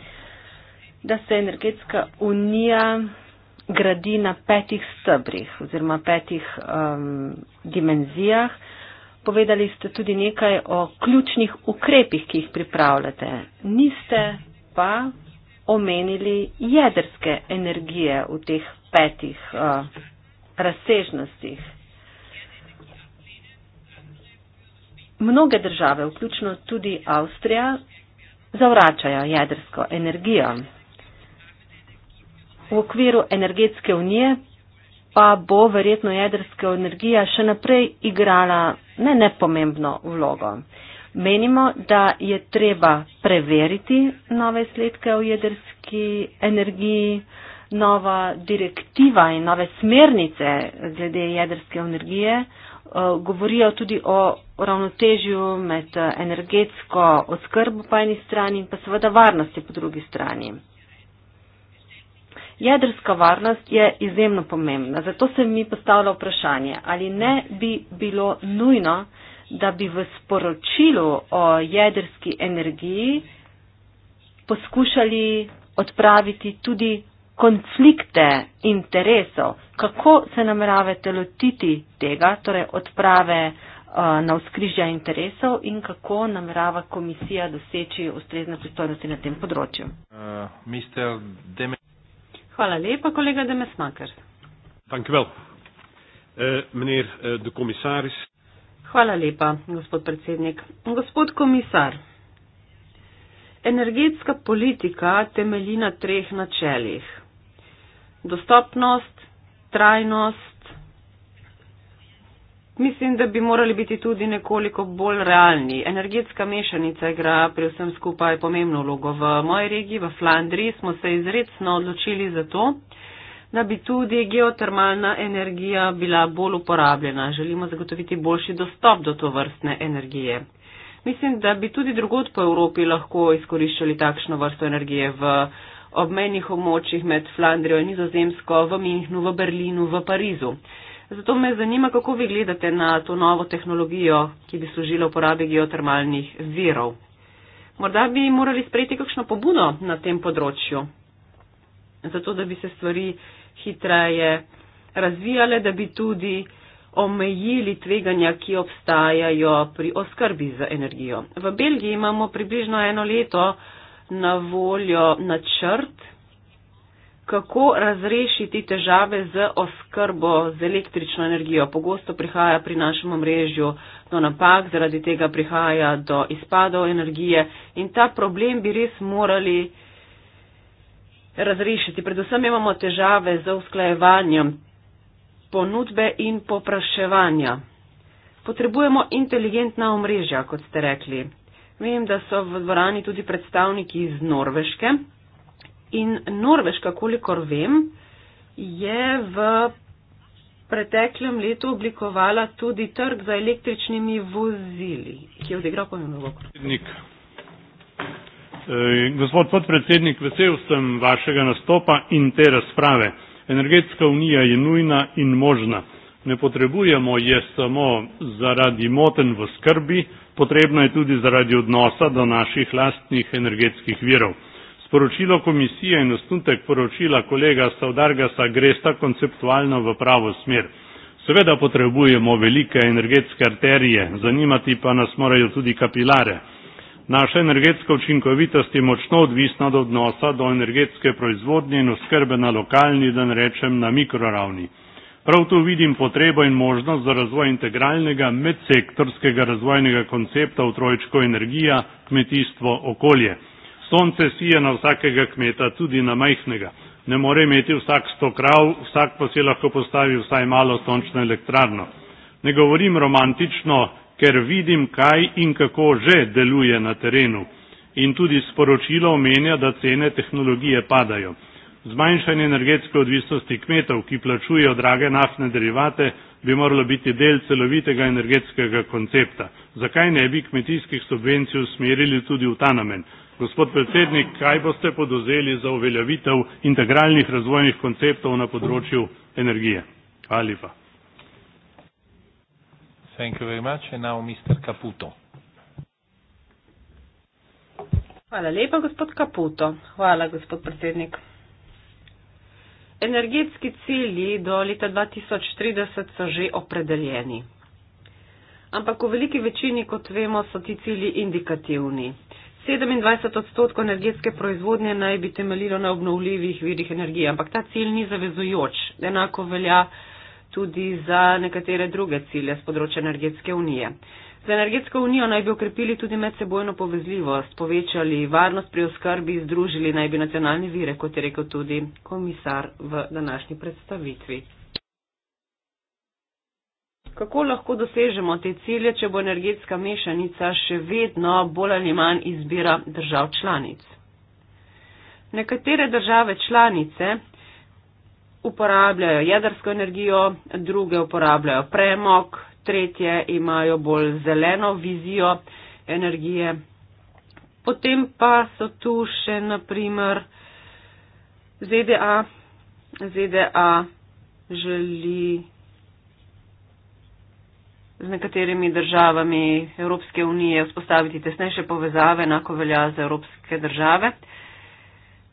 da se energetska unija gradi na petih stebrih oziroma petih um, dimenzijah. Povedali ste tudi nekaj o ključnih ukrepih, ki jih pripravljate. Niste pa omenili jedrske energije v teh petih uh, razsežnostih. Mnoge države, vključno tudi Avstrija, zavračajo jedrsko energijo. V okviru energetske unije pa bo verjetno jedrska energija še naprej igrala ne nepomembno vlogo. Menimo, da je treba preveriti nove sledke v jedrski energiji, nova direktiva in nove smernice glede jedrske energije eh, govorijo tudi o ravnotežju med energetsko oskrbo po eni strani in pa seveda varnosti po drugi strani. Jedrska varnost je izjemno pomembna, zato se mi postavlja vprašanje, ali ne bi bilo nujno, da bi v sporočilu o jedrski energiji poskušali odpraviti tudi konflikte interesov. Kako se nameravate lotiti tega, torej odprave uh, na vzkrižja interesov in kako namerava komisija doseči ustrezne pristojnosti na tem področju? Uh, Hvala lepa, kolega Demesmaker. Dank u wel. Uh, meneer uh, de commissaris. Hvala lepa, gospod predsednik. Gospod komisar, energetska politika temelji na treh načeljih. Dostopnost, trajnost Mislim, da bi morali biti tudi nekoliko bolj realni. Energetska mešanica igra pri vsem skupaj pomembno vlogo. V moji regiji, v Flandriji, smo se izredno odločili za to, da bi tudi geotermalna energija bila bolj uporabljena. Želimo zagotoviti boljši dostop do to vrstne energije. Mislim, da bi tudi drugod po Evropi lahko izkoriščali takšno vrsto energije v obmejnih območjih med Flandrijo in Nizozemsko, v Minhnu, v Berlinu, v Parizu. Zato me zanima, kako vi gledate na to novo tehnologijo, ki bi služila uporabi geotermalnih virov. Morda bi morali sprejeti kakšno pobudo na tem področju, zato da bi se stvari hitreje razvijale, da bi tudi omejili tveganja, ki obstajajo pri oskrbi z energijo. V Belgiji imamo približno eno leto na voljo načrt kako razrešiti težave z oskrbo z električno energijo. Pogosto prihaja pri našem omrežju do napak, zaradi tega prihaja do izpadov energije in ta problem bi res morali razrešiti. Predvsem imamo težave z usklajevanjem ponudbe in popraševanja. Potrebujemo inteligentna omrežja, kot ste rekli. Vem, da so v dvorani tudi predstavniki iz Norveške. In Norveška, kolikor vem, je v preteklem letu oblikovala tudi trg za električnimi vozili, ki je odigral pomembno vlogo. Eh, gospod podpredsednik, vesel sem vašega nastopa in te razprave. Energetska unija je nujna in možna. Ne potrebujemo je samo zaradi moten v skrbi, potrebna je tudi zaradi odnosa do naših lastnih energetskih virov. Sporočilo komisije in osnutek poročila kolega Saudargasa gresta konceptualno v pravo smer. Seveda potrebujemo velike energetske arterije, zanimati pa nas morajo tudi kapilare. Naša energetska učinkovitost je močno odvisna od odnosa do energetske proizvodnje in oskrbe na lokalni, da ne rečem na mikroravni. Prav tu vidim potrebo in možnost za razvoj integralnega medsektorskega razvojnega koncepta v trojčko energija, kmetijstvo, okolje sonce sije na vsakega kmeta, tudi na majhnega. Ne more imeti vsak sto krav, vsak pa si lahko postavi vsaj malo sončno elektrarno. Ne govorim romantično, ker vidim, kaj in kako že deluje na terenu. In tudi sporočilo omenja, da cene tehnologije padajo. Zmanjšanje energetske odvisnosti kmetov, ki plačujejo drage naftne derivate, bi moralo biti del celovitega energetskega koncepta. Zakaj ne bi kmetijskih subvencij usmerili tudi v ta namen? Gospod predsednik, kaj boste poduzeli za uveljavitev integralnih razvojnih konceptov na področju energije? Hvala lepa. Hvala lepa, gospod Kaputo. Hvala, gospod predsednik. Energetski cilji do leta 2030 so že opredeljeni. Ampak v veliki večini, kot vemo, so ti cilji indikativni. 27 odstotkov energetske proizvodnje naj bi temeljilo na obnovljivih virih energije, ampak ta cilj ni zavezujoč. Enako velja tudi za nekatere druge cilje z področja energetske unije. Za energetsko unijo naj bi okrepili tudi medsebojno povezljivost, povečali varnost pri oskrbi, združili naj bi nacionalni vire, kot je rekel tudi komisar v današnji predstavitvi. Kako lahko dosežemo te cilje, če bo energetska mešanica še vedno bolj ali manj izbira držav članic? Nekatere države članice uporabljajo jedrsko energijo, druge uporabljajo premog, tretje imajo bolj zeleno vizijo energije. Potem pa so tu še naprimer ZDA. ZDA želi z nekaterimi državami Evropske unije vzpostaviti tesnejše povezave, enako velja za evropske države.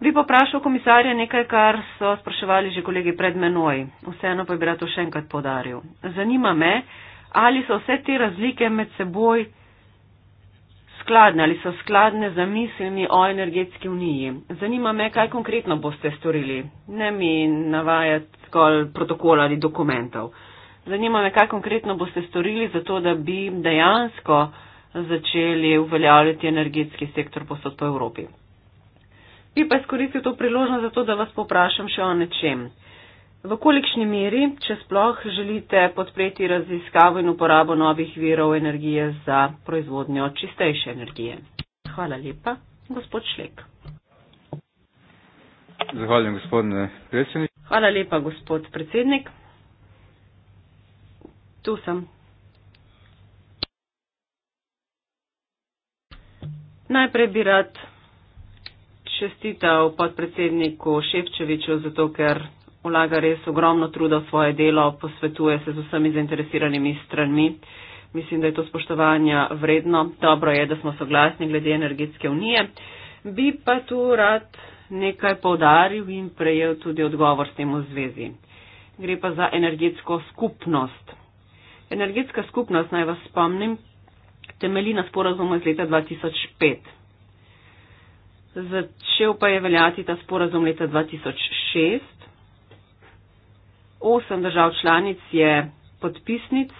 Bi pa vprašal komisarja nekaj, kar so spraševali že kolegi pred menoj. Vseeno pa bi rad to še enkrat podaril. Zanima me, ali so vse te razlike med seboj skladne, ali so skladne za mislimi o energetski uniji. Zanima me, kaj konkretno boste storili. Ne mi navajati zgolj protokola ali dokumentov. Zanima me, kaj konkretno boste storili za to, da bi dejansko začeli uveljavljati energetski sektor posod po Evropi. Bi pa izkoristil to priložnost za to, da vas poprašam še o nečem. V kolikšni meri, če sploh želite podpreti raziskavo in uporabo novih virov energije za proizvodnjo čistejše energije? Hvala lepa, gospod Šlek. Zahvaljujem, gospodine predsednik. Hvala lepa, gospod predsednik. Tu sem. Najprej bi rad čestital podpredsedniku Ševčeviču, zato ker vlaga res ogromno truda v svoje delo, posvetuje se z vsemi zainteresiranimi stranmi. Mislim, da je to spoštovanja vredno. Dobro je, da smo soglasni glede energetske unije. Bi pa tu rad nekaj povdaril in prejel tudi odgovor s tem v zvezi. Gre pa za energetsko skupnost. Energetska skupnost, naj vas spomnim, temeli na sporazumu iz leta 2005. Začel pa je veljati ta sporazum leta 2006. Osem držav članic je podpisnic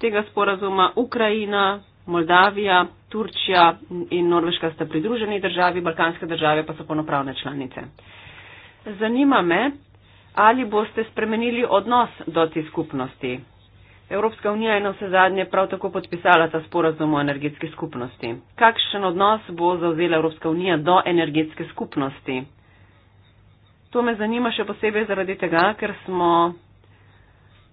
tega sporazuma. Ukrajina, Moldavija, Turčija in Norveška sta pridruženi državi, balkanske države pa so ponopravne članice. Zanima me, ali boste spremenili odnos do te skupnosti, Evropska unija je na vse zadnje prav tako podpisala ta sporazum o energetski skupnosti. Kakšen odnos bo zauzela Evropska unija do energetske skupnosti? To me zanima še posebej zaradi tega, ker smo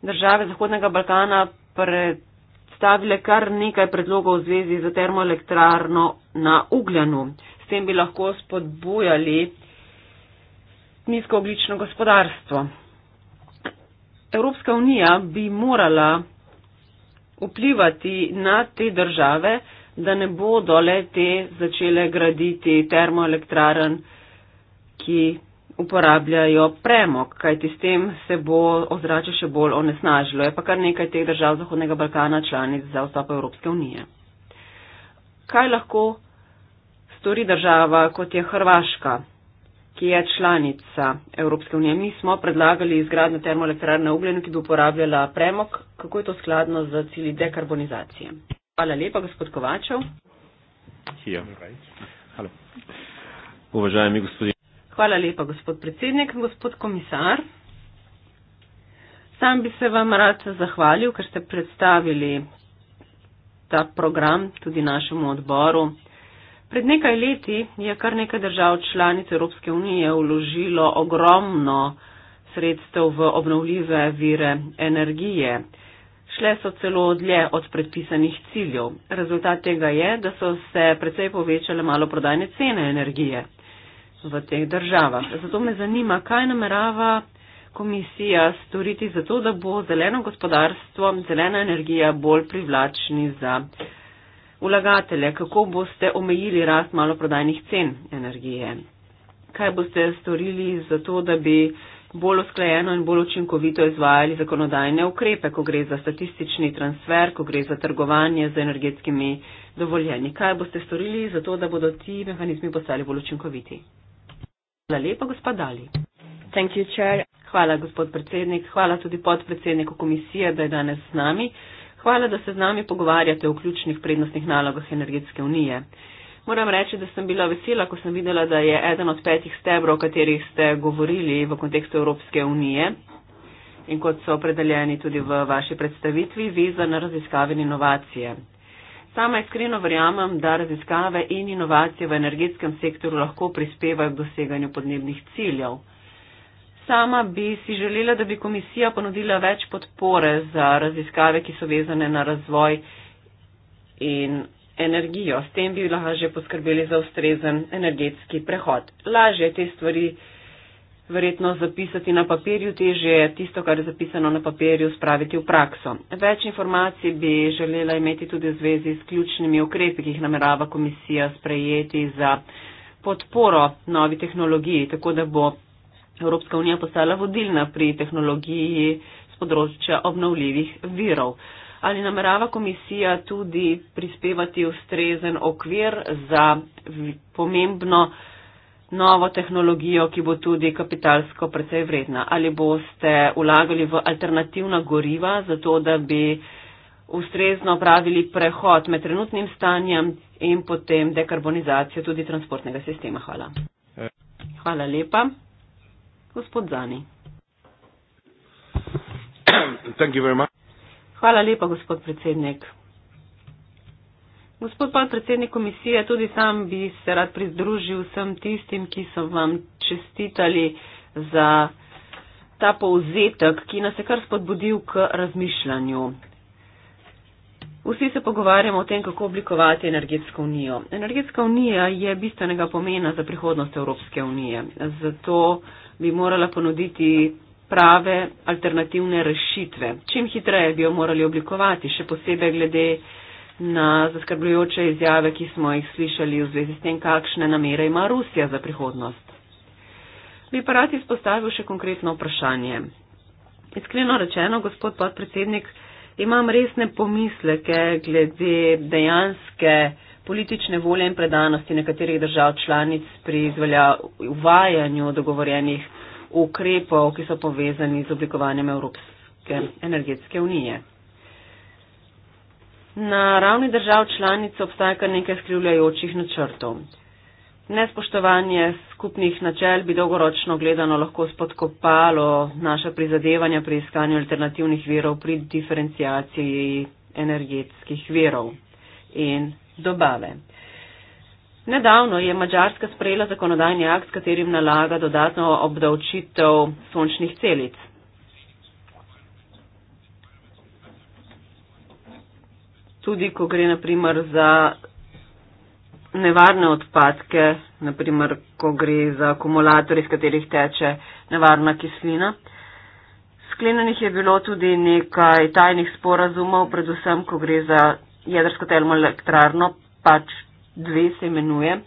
države Zahodnega Balkana predstavile kar nekaj predlogov v zvezi z termoelektrarno na Ugljanu. S tem bi lahko spodbujali nizkooglično gospodarstvo. Evropska unija bi morala vplivati na te države, da ne bodo le te začele graditi termoelektraren, ki uporabljajo premog, kajti s tem se bo ozračje še bolj onesnažilo. Je pa kar nekaj teh držav Zahodnega Balkana članic za vstop Evropske unije. Kaj lahko stori država kot je Hrvaška? ki je članica Evropske unije. Mi smo predlagali izgradnjo termoelektrarne ugljen, ki bi uporabljala premog. Kako je to skladno z cilji dekarbonizacije? Hvala lepa, gospod Kovačev. Uvažajem, Hvala lepa, gospod predsednik, gospod komisar. Sam bi se vam rad zahvalil, ker ste predstavili ta program tudi našemu odboru. Pred nekaj leti je kar nekaj držav članic Evropske unije vložilo ogromno sredstev v obnovljive vire energije. Šle so celo dlje od predpisanih ciljev. Rezultat tega je, da so se precej povečale malo prodajne cene energije v teh državah. Zato me zanima, kaj namerava komisija storiti za to, da bo zeleno gospodarstvo, zelena energija bolj privlačni za. Vlagatelje, kako boste omejili rast maloprodajnih cen energije? Kaj boste storili za to, da bi bolj usklajeno in bolj učinkovito izvajali zakonodajne ukrepe, ko gre za statistični transfer, ko gre za trgovanje z energetskimi dovoljenji? Kaj boste storili za to, da bodo ti mehanizmi postali bolj učinkoviti? Hvala lepa, gospod Dali. Hvala, gospod predsednik. Hvala tudi podpredsedniku komisije, da je danes z nami. Hvala, da se z nami pogovarjate o ključnih prednostnih nalogah energetske unije. Moram reči, da sem bila vesela, ko sem videla, da je eden od petih stebrov, o katerih ste govorili v kontekstu Evropske unije in kot so opredeljeni tudi v vaši predstavitvi, viza na raziskave in inovacije. Sama iskreno verjamem, da raziskave in inovacije v energetskem sektoru lahko prispevajo k doseganju podnebnih ciljev sama bi si želela, da bi komisija ponudila več podpore za raziskave, ki so vezane na razvoj in energijo. S tem bi lahko že poskrbeli za ustrezen energetski prehod. Lažje je te stvari verjetno zapisati na papirju, teže je tisto, kar je zapisano na papirju, spraviti v prakso. Več informacij bi želela imeti tudi v zvezi s ključnimi ukrepi, ki jih namerava komisija sprejeti za podporo novi tehnologiji, tako da bo Evropska unija postala vodilna pri tehnologiji z področja obnovljivih virov. Ali namerava komisija tudi prispevati ustrezen okvir za pomembno novo tehnologijo, ki bo tudi kapitalsko precej vredna? Ali boste vlagali v alternativna goriva, zato da bi ustrezno pravili prehod med trenutnim stanjem in potem dekarbonizacijo tudi transportnega sistema? Hvala. Eh. Hvala lepa gospod Zani. Hvala lepa, gospod predsednik. Gospod podpredsednik komisije, tudi sam bi se rad pridružil vsem tistim, ki so vam čestitali za ta povzetek, ki nas je kar spodbudil k razmišljanju. Vsi se pogovarjamo o tem, kako oblikovati energetsko unijo. Energetska unija je bistvenega pomena za prihodnost Evropske unije. Zato bi morala ponuditi prave alternativne rešitve. Čim hitreje bi jo morali oblikovati, še posebej glede na zaskrbljujoče izjave, ki smo jih slišali v zvezi s tem, kakšne namere ima Rusija za prihodnost. Bi pa rad izpostavil še konkretno vprašanje. Iskreno rečeno, gospod podpredsednik, imam resne pomisleke glede dejanske politične volje in predanosti nekaterih držav članic pri izvajanju dogovorjenih ukrepov, ki so povezani z oblikovanjem Evropske energetske unije. Na ravni držav članic obstaja kar nekaj skrivljajočih načrtov. Nespoštovanje skupnih načel bi dolgoročno gledano lahko spodkopalo naša prizadevanja pri iskanju alternativnih virov pri diferencijaciji energetskih virov in dobave. Nedavno je Mačarska sprejela zakonodajni akt, s katerim nalaga dodatno obdavčitev sončnih celic. Tudi, ko gre naprimer za nevarne odpadke, naprimer, ko gre za akumulatorje, iz katerih teče nevarna kislina. Sklenjenih je bilo tudi nekaj tajnih sporazumov, predvsem, ko gre za jedrsko termoelektrarno, pač dve se imenuje.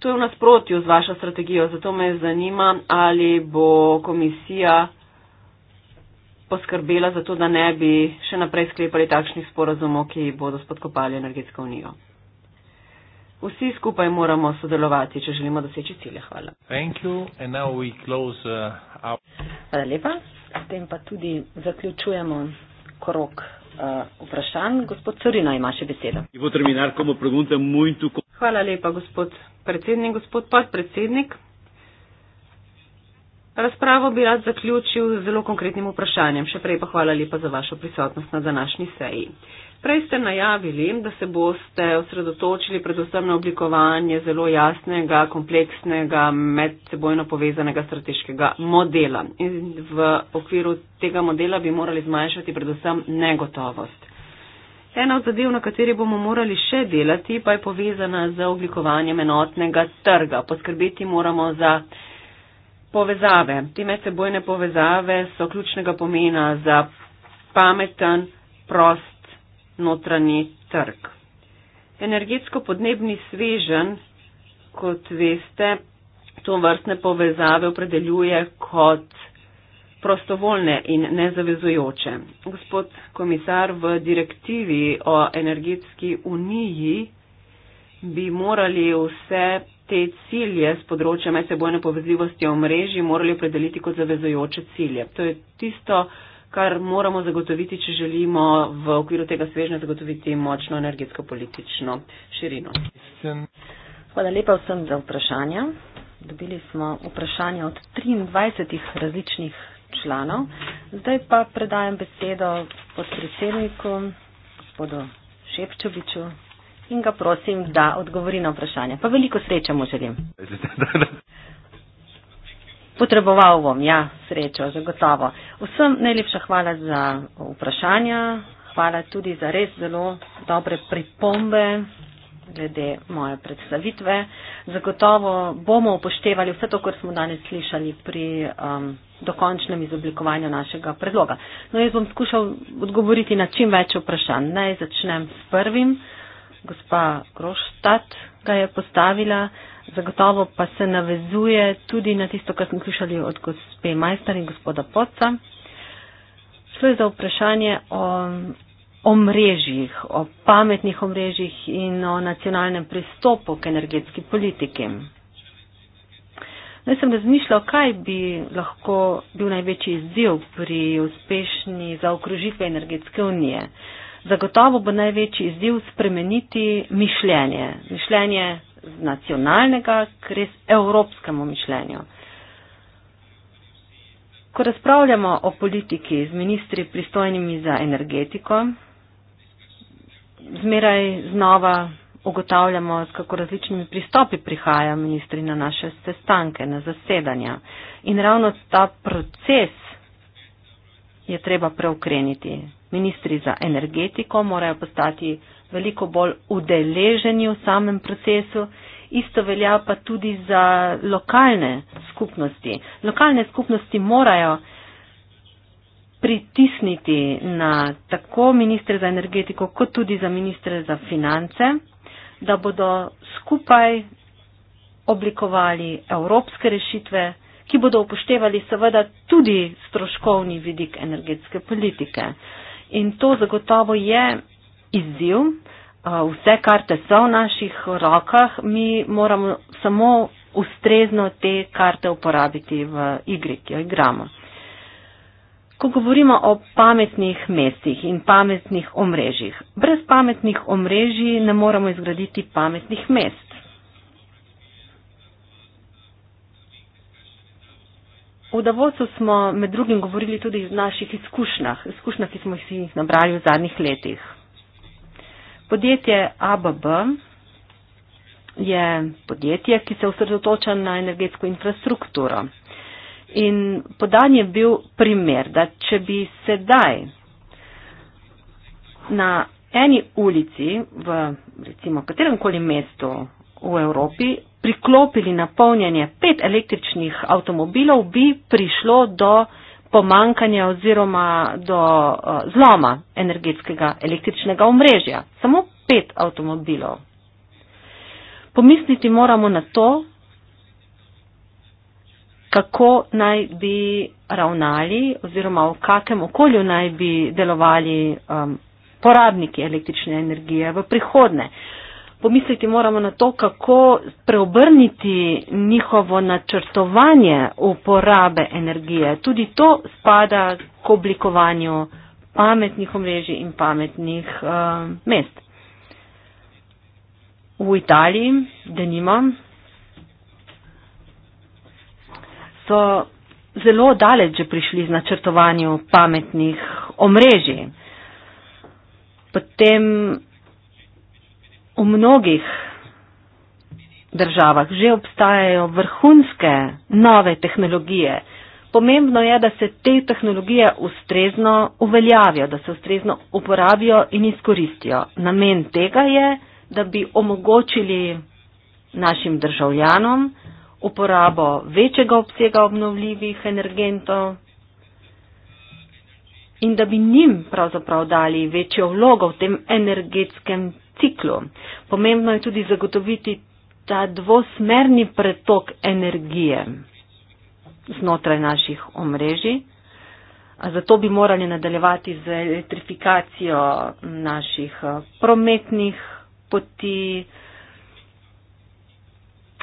To je v nasprotju z vašo strategijo, zato me zanima, ali bo komisija poskrbela za to, da ne bi še naprej sklepali takšnih sporazumov, ki bodo spodkopali energetsko unijo. Vsi skupaj moramo sodelovati, če želimo doseči cilje. Hvala. Uh, Hvala lepa. S tem pa tudi zaključujemo krok. Eh, vprašanj. Gospod Sorina ima še besedo. Hvala lepa, gospod predsednik, gospod podpredsednik. Razpravo bi rad zaključil z zelo konkretnim vprašanjem. Še prej pa hvala lepa za vašo prisotnost na današnji seji. Uh, Prej ste najavili, da se boste osredotočili predvsem na oblikovanje zelo jasnega, kompleksnega, medsebojno povezanega strateškega modela. In v okviru tega modela bi morali zmanjšati predvsem negotovost. Ena od zadev, na kateri bomo morali še delati, pa je povezana z oblikovanjem enotnega trga. Poskrbeti moramo za povezave. Te medsebojne povezave so ključnega pomena za pameten, prost notranji trg. Energetsko-podnebni svežen, kot veste, to vrstne povezave opredeljuje kot prostovoljne in nezavezujoče. Gospod komisar, v direktivi o energetski uniji bi morali vse te cilje z področja medsebojne povezljivosti omrežji morali opredeliti kot zavezujoče cilje. To je tisto, kar moramo zagotoviti, če želimo v okviru tega svežnja zagotoviti močno energetsko-politično širino. Hvala lepa vsem za vprašanja. Dobili smo vprašanja od 23 različnih članov. Zdaj pa predajam besedo podpredsedniku, gospodu Šepčoviču in ga prosim, da odgovori na vprašanje. Pa veliko sreče mu želim. Potreboval bom, ja, srečo, zagotovo. Vsem najlepša hvala za vprašanja, hvala tudi za res zelo dobre pripombe glede moje predstavitve. Zagotovo bomo upoštevali vse to, kar smo danes slišali pri um, dokončnem izoblikovanju našega predloga. No, jaz bom skušal odgovoriti na čim več vprašanj. Naj začnem s prvim. Gospa Groštat ga je postavila zagotovo pa se navezuje tudi na tisto, kar smo slišali od gospe Majstar in gospoda Poca. Šlo je za vprašanje o o mrežjih, o pametnih omrežjih in o nacionalnem pristopu k energetski politiki. Naj no, sem razmišljal, kaj bi lahko bil največji izziv pri uspešni zaokrožitvi energetske unije. Zagotovo bo največji izziv spremeniti mišljenje. Mišljenje z nacionalnega k res evropskemu mišljenju. Ko razpravljamo o politiki z ministri pristojnimi za energetiko, zmeraj znova ugotavljamo, s kako različnimi pristopi prihajajo ministri na naše sestanke, na zasedanja. In ravno ta proces je treba preukreniti. Ministri za energetiko morajo postati veliko bolj udeleženi v samem procesu. Isto velja pa tudi za lokalne skupnosti. Lokalne skupnosti morajo pritisniti na tako ministre za energetiko, kot tudi za ministre za finance, da bodo skupaj oblikovali evropske rešitve, ki bodo upoštevali seveda tudi stroškovni vidik energetske politike. In to zagotovo je izziv. Vse karte so v naših rokah, mi moramo samo ustrezno te karte uporabiti v igri, ki jo igramo. Ko govorimo o pametnih mestih in pametnih omrežjih, brez pametnih omrežij ne moramo izgraditi pametnih mest. V Davosu smo med drugim govorili tudi o naših izkušnjah, izkušnjah, ki smo jih nabrali v zadnjih letih. Podjetje ABB je podjetje, ki se osredotoča na energetsko infrastrukturo. In podan je bil primer, da če bi sedaj na eni ulici v recimo kateremkoli mestu v Evropi priklopili napolnjanje pet električnih avtomobilov, bi prišlo do pomankanja oziroma do eh, zloma energetskega električnega omrežja. Samo pet avtomobilov. Pomisliti moramo na to, kako naj bi ravnali oziroma v kakem okolju naj bi delovali um, porabniki električne energije v prihodnje. Uh, pomisliti moramo na to, kako preobrniti njihovo načrtovanje uporabe energije. Tudi to spada k oblikovanju pametnih omrežij in pametnih uh, mest. V Italiji, da nimam, so zelo daleč že prišli z načrtovanju pametnih omrežij. Potem V mnogih državah že obstajajo vrhunske nove tehnologije. Pomembno je, da se te tehnologije ustrezno uveljavijo, da se ustrezno uporabijo in izkoristijo. Namen tega je, da bi omogočili našim državljanom uporabo večjega obsega obnovljivih energentov in da bi njim pravzaprav dali večjo vlogo v tem energetskem ciklu. Pomembno je tudi zagotoviti ta dvosmerni pretok energije znotraj naših omrežij. Zato bi morali nadaljevati z elektrifikacijo naših eh, prometnih poti,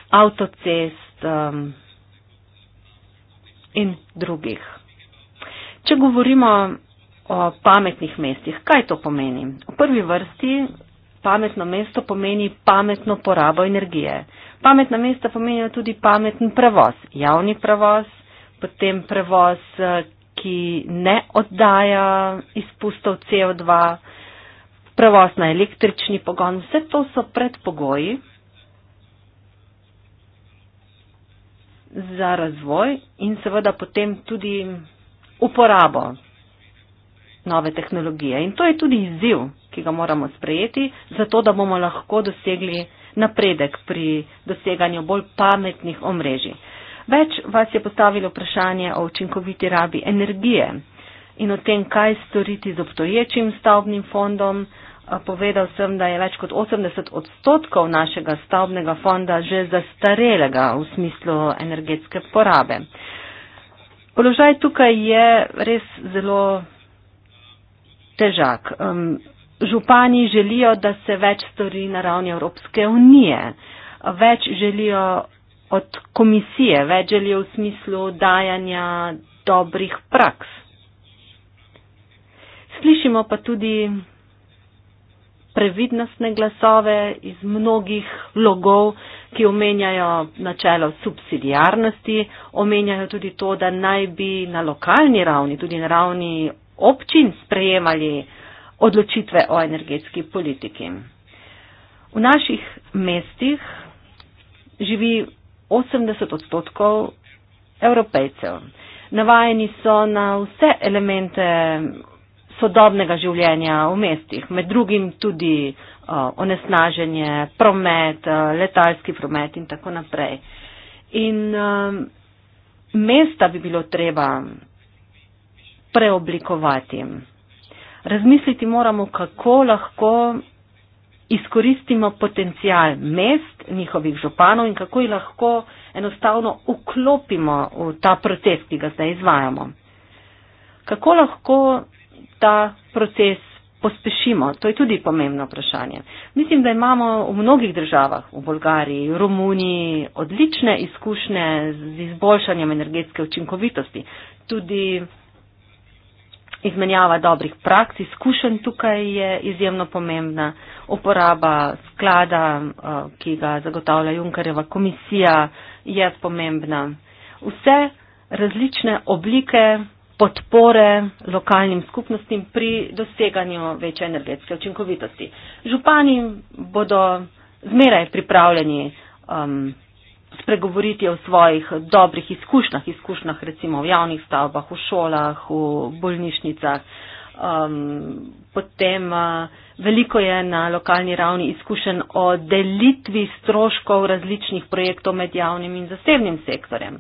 avtocest in drugih. Če govorimo o pametnih mestih, kaj to pomeni? V prvi vrsti pametno mesto pomeni pametno porabo energije. Pametna mesta pomenijo tudi pameten prevoz, javni prevoz, potem prevoz, eh, ki ne oddaja izpustov CO2, prevoz na električni pogon. Vse to so predpogoji za razvoj in seveda potem tudi uporabo nove tehnologije. In to je tudi izziv, ki ga moramo sprejeti, zato da bomo lahko dosegli napredek pri doseganju bolj pametnih omrežij. Več vas je postavilo vprašanje o učinkoviti rabi energije in o tem, kaj storiti z obstoječim stavbnim fondom. Povedal sem, da je več kot 80 odstotkov našega stavbnega fonda že zastarelega v smislu energetske porabe. Položaj tukaj je res zelo težak. Um, župani želijo, da se več stori na ravni Evropske unije, več želijo od komisije, več želijo v smislu dajanja dobrih praks. Slišimo pa tudi previdnostne glasove iz mnogih logov, ki omenjajo načelo subsidijarnosti, omenjajo tudi to, da naj bi na lokalni ravni, tudi na ravni občin sprejemali odločitve o energetski politiki. V naših mestih živi 80 odstotkov evropejcev. Navajeni so na vse elemente sodobnega življenja v mestih, med drugim tudi uh, onesnaženje, promet, uh, letalski promet in tako naprej. In um, mesta bi bilo treba preoblikovati. Razmisliti moramo, kako lahko izkoristimo potencial mest, njihovih županov in kako jih lahko enostavno uklopimo v ta proces, ki ga zdaj izvajamo. Kako lahko ta proces pospešimo? To je tudi pomembno vprašanje. Mislim, da imamo v mnogih državah, v Bolgariji, v Romuniji, odlične izkušnje z izboljšanjem energetske učinkovitosti. Tudi izmenjava dobrih praks, izkušenj tukaj je izjemno pomembna, uporaba sklada, eh, ki ga zagotavlja Junkareva komisija, je pomembna. Vse različne oblike podpore lokalnim skupnostim pri doseganju večje energetske učinkovitosti. Župani bodo zmeraj pripravljeni. Um, spregovoriti o svojih dobrih izkušnjah, izkušnjah recimo v javnih stavbah, v šolah, v bolnišnicah. Um, potem uh, veliko je na lokalni ravni izkušen o delitvi stroškov različnih projektov med javnim in zasebnim sektorjem.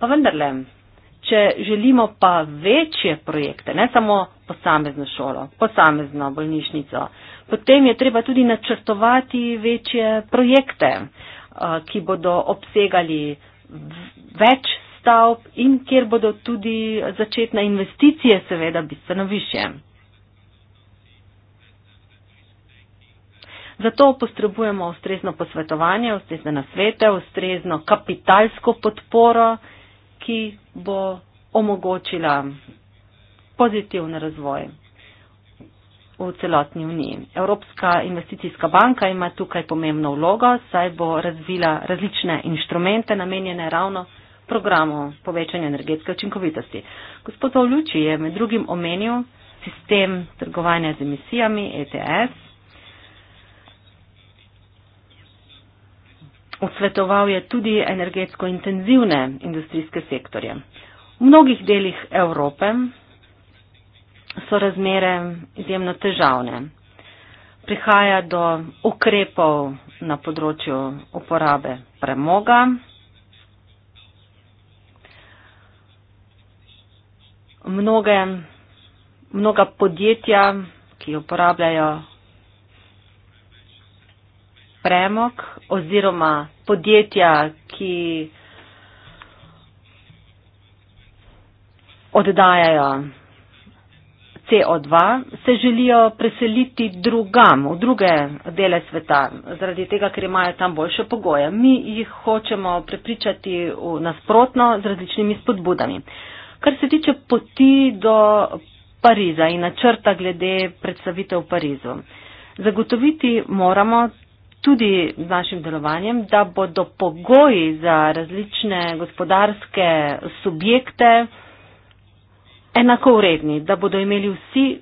Pa vendarle, če želimo pa večje projekte, ne samo posamezno šolo, posamezno bolnišnico, potem je treba tudi načrtovati večje projekte. Eh, ki bodo obsegali več stavb in kjer bodo tudi začetne investicije seveda bistveno više. Zato potrebujemo ustrezno posvetovanje, ustrezne nasvete, ustrezno kapitalsko podporo, ki bo omogočila pozitivni razvoj v celotni uniji. Evropska investicijska banka ima tukaj pomembno vlogo, saj bo razvila različne inštrumente namenjene ravno programu povečanja energetske učinkovitosti. Gospod Ovljuči je med drugim omenil sistem trgovanja z emisijami ETS. Osvetoval je tudi energetsko intenzivne industrijske sektorje. V mnogih delih Evrope so razmere izjemno težavne. Prihaja do ukrepov na področju uporabe premoga. Mnoge, mnoga podjetja, ki uporabljajo premog oziroma podjetja, ki oddajajo CO2, se želijo preseliti drugam, v druge dele sveta, zaradi tega, ker imajo tam boljše pogoje. Mi jih hočemo prepričati v nasprotno z različnimi spodbudami. Kar se tiče poti do Pariza in načrta glede predstavitev v Parizu, zagotoviti moramo tudi z našim delovanjem, da bodo pogoji za različne gospodarske subjekte, enako vredni, da bodo imeli vsi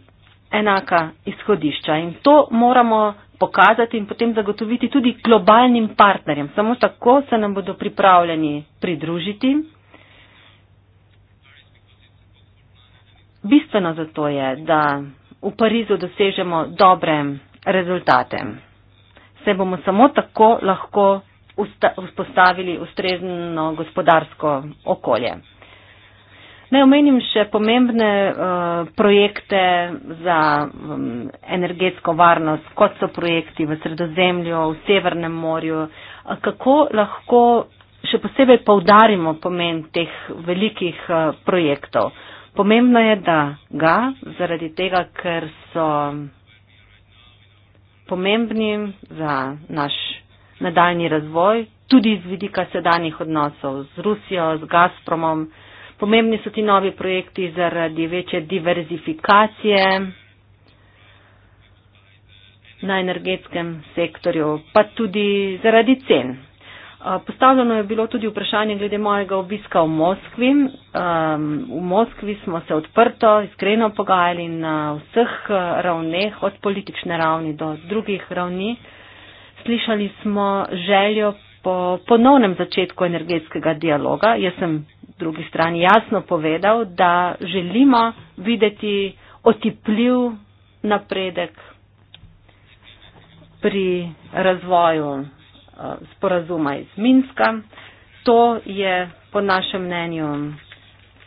enaka izhodišča. In to moramo pokazati in potem zagotoviti tudi globalnim partnerjem. Samo tako se nam bodo pripravljeni pridružiti. Bistveno zato je, da v Parizu dosežemo dobre rezultate. Se bomo samo tako lahko vzpostavili ustrezno gospodarsko okolje. Naj omenim še pomembne uh, projekte za um, energetsko varnost, kot so projekti v Sredozemlju, v Severnem morju. Eh, kako lahko še posebej povdarimo pomen teh velikih uh, projektov? Pomembno je, da ga zaradi tega, ker so pomembni za naš nadaljni razvoj, tudi iz vidika sedanjih odnosov z Rusijo, z Gazpromom. Pomembni so ti novi projekti zaradi večje diverzifikacije na energetskem sektorju, pa tudi zaradi cen. Postavljeno je bilo tudi vprašanje glede mojega obiska v Moskvi. V Moskvi smo se odprto, iskreno pogajali na vseh eh, ravneh, od politične ravni do drugih ravni. Slišali smo željo po ponovnem začetku energetskega dialoga. Jaz sem drugi strani jasno povedal, da želimo videti otipljiv napredek pri razvoju eh, sporazuma iz Minska. To je po našem mnenju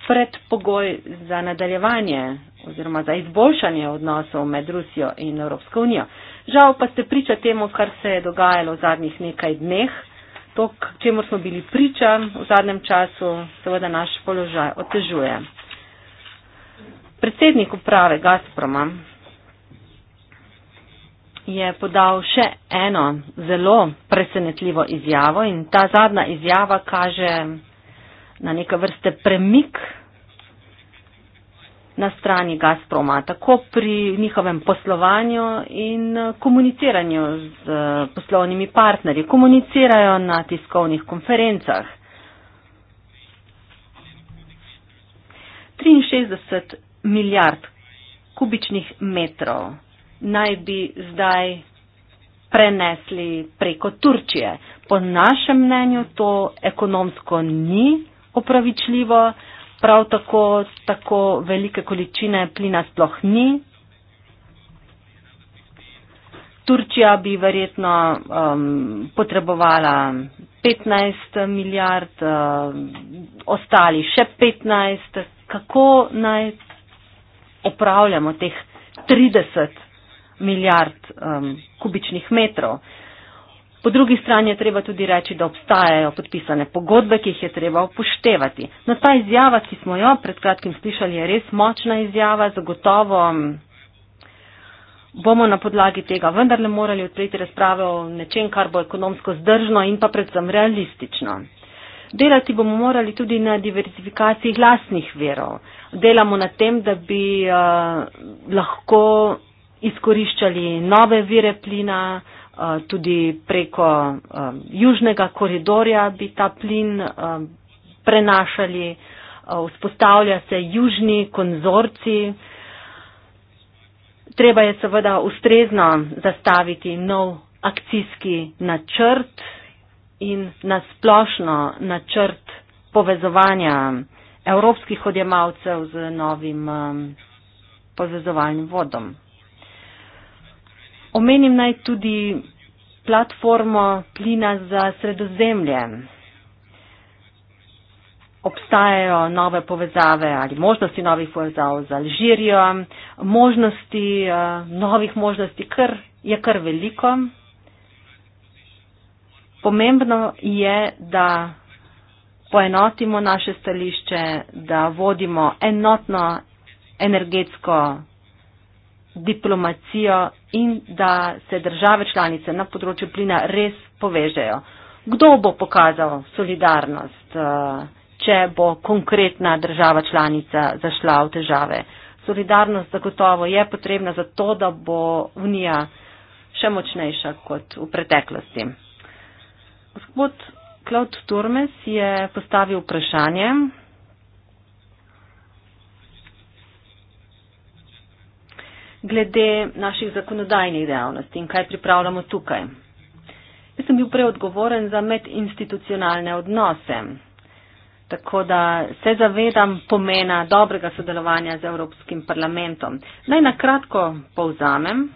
predpogoj za nadaljevanje oziroma za izboljšanje odnosov med Rusijo in Evropsko unijo. Žal pa ste priča temu, kar se je dogajalo v zadnjih nekaj dneh to, čemu smo bili priča v zadnjem času, seveda naš položaj otežuje. Predsednik uprave Gazproma je podal še eno zelo presenetljivo izjavo in ta zadnja izjava kaže na neke vrste premik na strani Gazproma, tako pri njihovem poslovanju in eh, komuniciranju z eh, poslovnimi partnerji. Komunicirajo na tiskovnih konferencah. 63 milijard kubičnih metrov naj bi zdaj prenesli preko Turčije. Po našem mnenju to ekonomsko ni opravičljivo, prav tako, tako velike količine plina sploh ni. Turčija bi verjetno um, potrebovala 15 milijard, uh, ostali še 15. Kako naj opravljamo teh 30 milijard um, kubičnih metrov? Uh, Po drugi strani je treba tudi reči, da obstajajo podpisane pogodbe, ki jih je treba upoštevati. No, ta izjava, ki smo jo pred kratkim slišali, je res močna izjava. Zagotovo mm, bomo na podlagi tega vendarle morali odpreti razprave o nečem, kar bo ekonomsko zdržno in pa predvsem realistično. Delati bomo morali tudi na diverzifikaciji lasnih verov. Delamo na tem, da bi uh, lahko izkoriščali nove vire plina. Eh, tudi preko eh, južnega koridorja bi ta plin eh, prenašali, vzpostavlja se južni konzorci. Treba je seveda ustrezno zastaviti nov akcijski načrt in nasplošno načrt povezovanja evropskih odjemalcev z novim povezovalnim vodom. Omenim naj tudi platformo plina za sredozemlje. Obstajajo nove povezave ali možnosti novih povezav z Alžirijo, možnosti, eh, novih možnosti kar, je kar veliko. Pomembno je, da poenotimo naše stališče, da vodimo enotno energetsko diplomacijo in da se države članice na področju plina res povežejo. Kdo bo pokazal solidarnost, eh, če bo konkretna država članica zašla v težave? Solidarnost zagotovo je potrebna za to, da bo Unija še močnejša kot v preteklosti. Gospod Klaud Turmes je postavil vprašanje. glede naših zakonodajnih dejavnosti in kaj pripravljamo tukaj. Jaz sem bil preodgovoren za medinstitucionalne odnose, tako da se zavedam pomena dobrega sodelovanja z Evropskim parlamentom. Naj nakratko povzamem.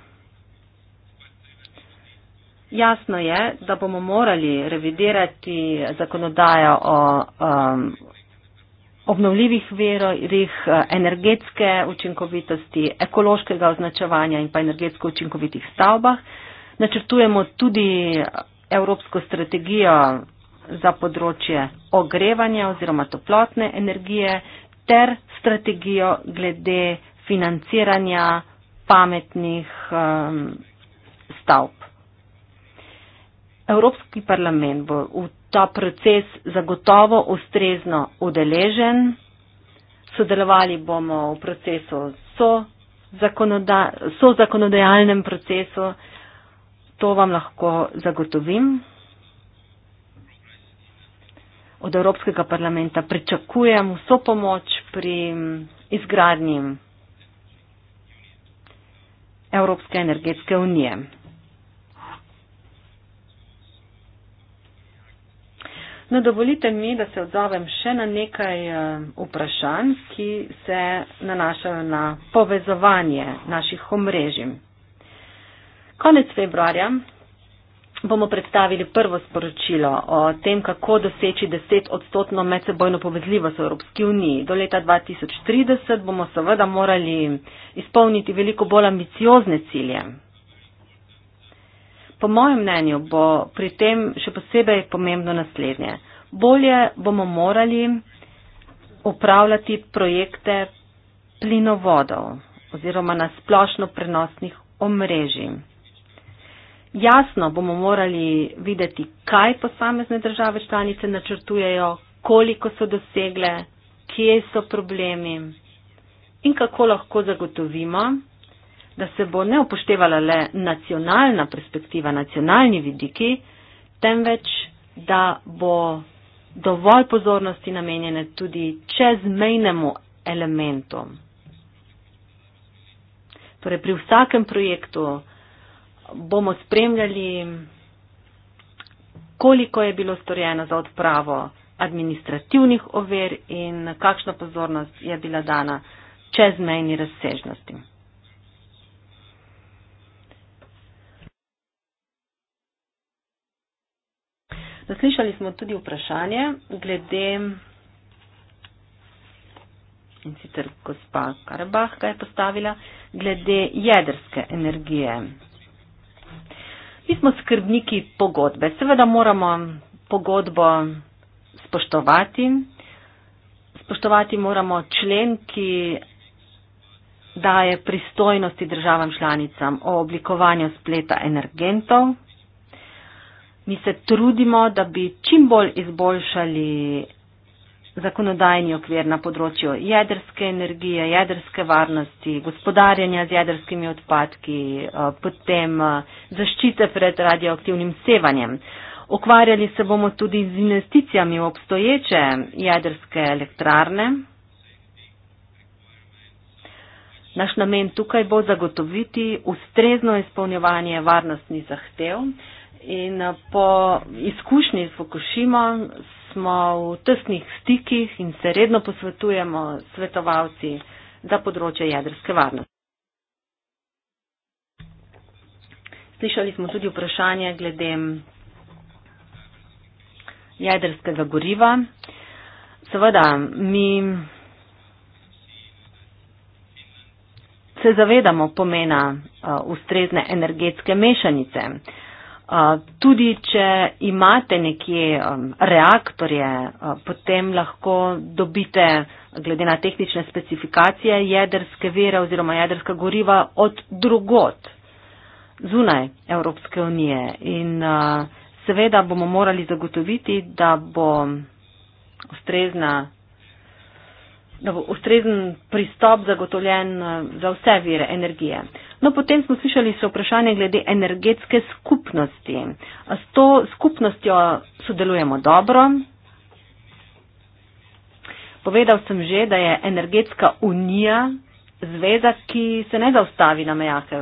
Jasno je, da bomo morali revidirati zakonodajo o um, obnovljivih verojih, eh, energetske učinkovitosti, ekološkega označevanja in pa energetsko učinkovitih stavbah. Načrtujemo tudi evropsko strategijo za področje ogrevanja oziroma toplotne energije ter strategijo glede financiranja pametnih um, stavb. Evropski parlament bo v ta proces zagotovo ustrezno udeležen. Sodelovali bomo v procesu so, zakonoda, so zakonodajalnem procesu, to vam lahko zagotovim. Od Evropskega parlamenta pričakujem vso pomoč pri izgradnji Evropske energetske unije. No, dovolite mi, da se odzovem še na nekaj eh, vprašanj, ki se nanašajo na povezovanje naših omrežij. Konec februarja bomo predstavili prvo sporočilo o tem, kako doseči 10 odstotno medsebojno povezljivost v Evropski uniji. Do leta 2030 bomo seveda morali izpolniti veliko bolj ambiciozne cilje. Po mojem mnenju bo pri tem še posebej pomembno naslednje. Bolje bomo morali upravljati projekte plinovodov oziroma na splošno prenosnih omrežij. Jasno bomo morali videti, kaj posamezne države članice načrtujejo, koliko so dosegle, kje so problemi in kako lahko zagotovimo, da se bo ne upoštevala le nacionalna perspektiva, nacionalni vidiki, temveč da bo dovolj pozornosti namenjene tudi čezmejnemu elementu. Torej, pri vsakem projektu bomo spremljali, koliko je bilo storjeno za odpravo administrativnih ovir in kakšna pozornost je bila dana čezmejni razsežnosti. Zaslišali smo tudi vprašanje glede in sicer gospa Karabah ga je postavila, glede jedrske energije. Mi smo skrbniki pogodbe. Seveda moramo pogodbo spoštovati. Spoštovati moramo člen, ki daje pristojnosti državam članicam o oblikovanju spleta energentov, Mi se trudimo, da bi čim bolj izboljšali zakonodajni okvir na področju jedrske energije, jedrske varnosti, gospodarjanja z jedrskimi odpadki, eh, potem eh, zaščite pred radioaktivnim sevanjem. Okvarjali se bomo tudi z investicijami v obstoječe jedrske elektrarne. Naš namen tukaj bo zagotoviti ustrezno izpolnjevanje varnostnih zahtev. In eh, po izkušnji s Fukushima smo v tesnih stikih in se redno posvetujemo svetovalci za področje jedrske varnosti. Slišali smo tudi vprašanje glede jedrskega goriva. Seveda, mi se zavedamo pomena eh, ustrezne energetske mešanice. Tudi, če imate nekje um, reaktorje, potem lahko dobite, glede na tehnične specifikacije, jedrske vere oziroma jedrska goriva od drugot zunaj Evropske unije. In seveda bomo morali zagotoviti, da bo ustrezna da bo no, ustrezen pristop zagotovljen eh, za vse vire energije. No, potem smo slišali se vprašanje glede energetske skupnosti. S to skupnostjo sodelujemo dobro. Povedal sem že, da je energetska unija zveza, ki se ne zaustavi na mejah eh,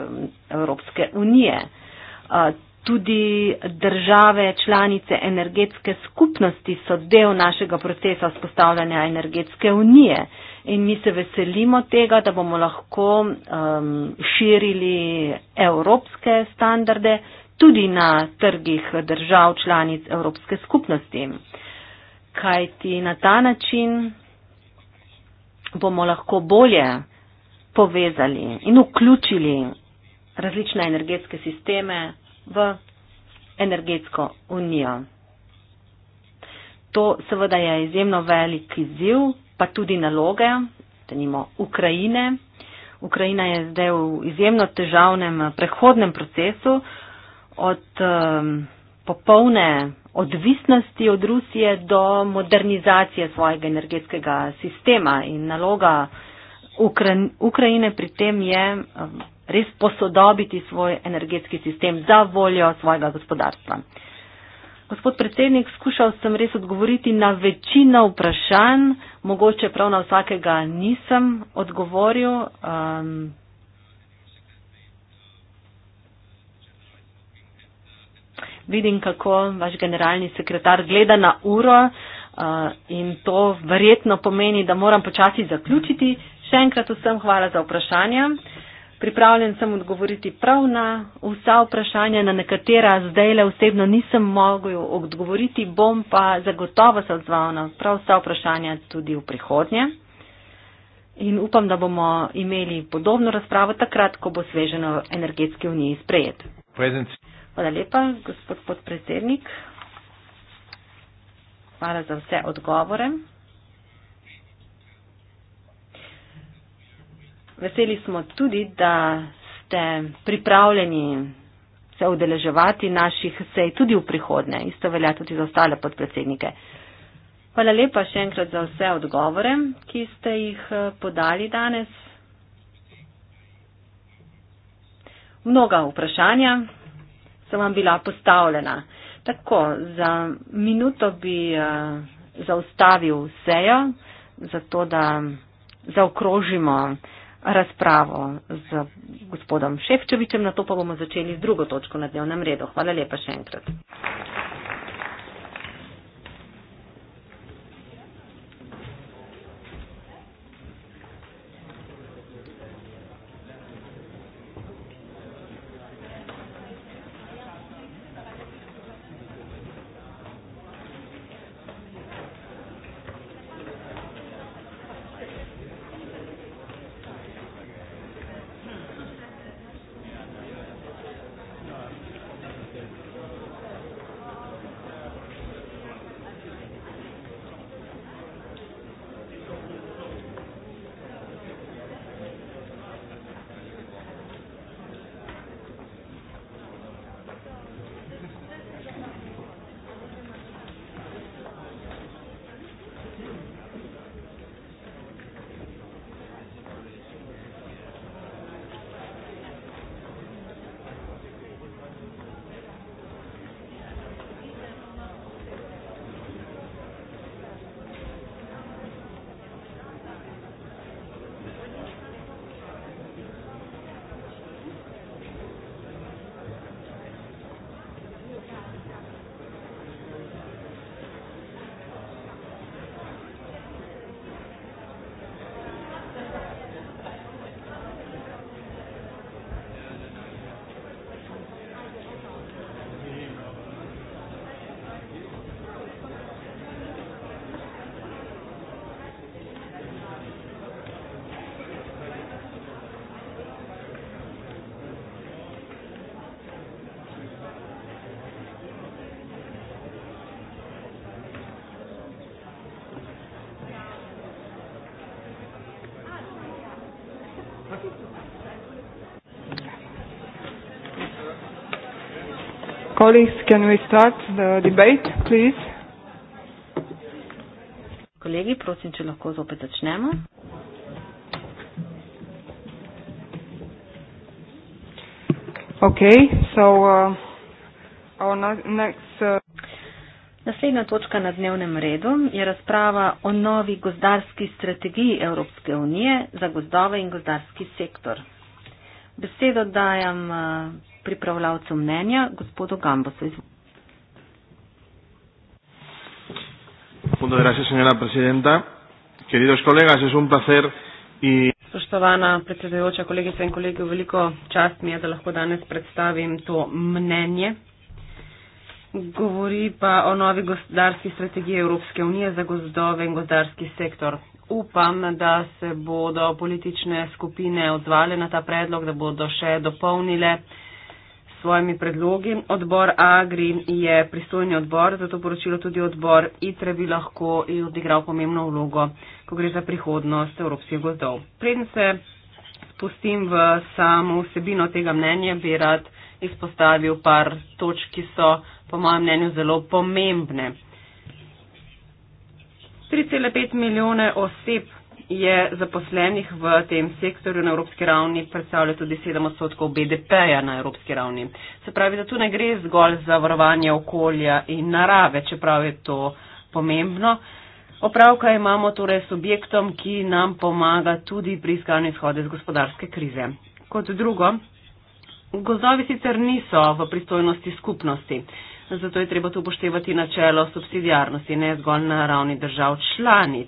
Evropske unije. Tudi države članice energetske skupnosti so del našega procesa spostavljanja energetske unije in mi se veselimo tega, da bomo lahko um, širili evropske standarde tudi na trgih držav članic evropske skupnosti. Kaj ti na ta način bomo lahko bolje povezali in vključili različne energetske sisteme, v energetsko unijo. To seveda je izjemno velik izziv, pa tudi naloge, da nimo Ukrajine. Ukrajina je zdaj v izjemno težavnem eh, prehodnem procesu od um, popolne odvisnosti od Rusije do modernizacije svojega energetskega sistema in naloga Ukrajine pri tem je ehm, res posodobiti svoj energetski sistem za voljo svojega gospodarstva. Gospod predsednik, skušal sem res odgovoriti na večino vprašanj, mogoče prav na vsakega nisem odgovoril. Um, vidim, kako vaš generalni sekretar gleda na uro uh, in to verjetno pomeni, da moram počasi zaključiti. Še enkrat vsem hvala za vprašanje pripravljen sem odgovoriti prav na vsa vprašanja, na nekatera zdaj le osebno nisem mogel odgovoriti, bom pa zagotovo se odzval na prav vsa vprašanja tudi v prihodnje. In upam, da bomo imeli podobno razpravo takrat, ko bo sveženo v energetski uniji sprejet. Presence. Hvala lepa, gospod podpredsednik. Hvala za vse odgovore. Veseli smo tudi, da ste pripravljeni se udeleževati naših sej tudi v prihodnje. Isto velja tudi za ostale podpredsednike. Hvala lepa še enkrat za vse odgovore, ki ste jih eh, podali danes. Mnoga vprašanja so vam bila postavljena. Tako, za minuto bi eh, zaustavil sejo, zato da zaokrožimo razpravo z gospodom Ševčevičem, na to pa bomo začeli z drugo točko na dnevnem redu. Hvala lepa še enkrat. Colleagues, can we start the debate, please? Kolegi, prosim, če lahko zopet začnemo. Okay, so uh, our next uh Naslednja točka na dnevnem redu je razprava o novi gozdarski strategiji Evropske unije za gozdove in gozdarski sektor. Besedo dajem eh, pripravljavcu mnenja, gospodu Gambosu. Spoštovana predsedujoča, kolegice in kolegi, veliko čast mi je, da lahko danes predstavim to mnenje Govori pa o novi gospodarski strategiji Evropske unije za gozdove in gozdarski sektor. Upam, da se bodo politične skupine odzvale na ta predlog, da bodo še dopolnile svojimi predlogi. Odbor Agri je pristojni odbor, zato poročilo tudi odbor ITRE bi lahko odigral pomembno vlogo, ko gre za prihodnost evropskih gozdov. Preden se spustim v samo vsebino tega mnenja, bi rad izpostavil par točk, ki so po mojem mnenju zelo pomembne. 3,5 milijone oseb je zaposlenih v tem sektorju na evropski ravni, predstavlja tudi 7 odstotkov BDP-ja na evropski ravni. Se pravi, da tu ne gre zgolj za varovanje okolja in narave, čeprav je to pomembno. Opravka imamo torej s objektom, ki nam pomaga tudi pri iskanju izhode iz gospodarske krize. Kot drugo, gozdovi sicer niso v pristojnosti skupnosti zato je treba tu upoštevati načelo subsidijarnosti, ne zgolj na ravni držav članic.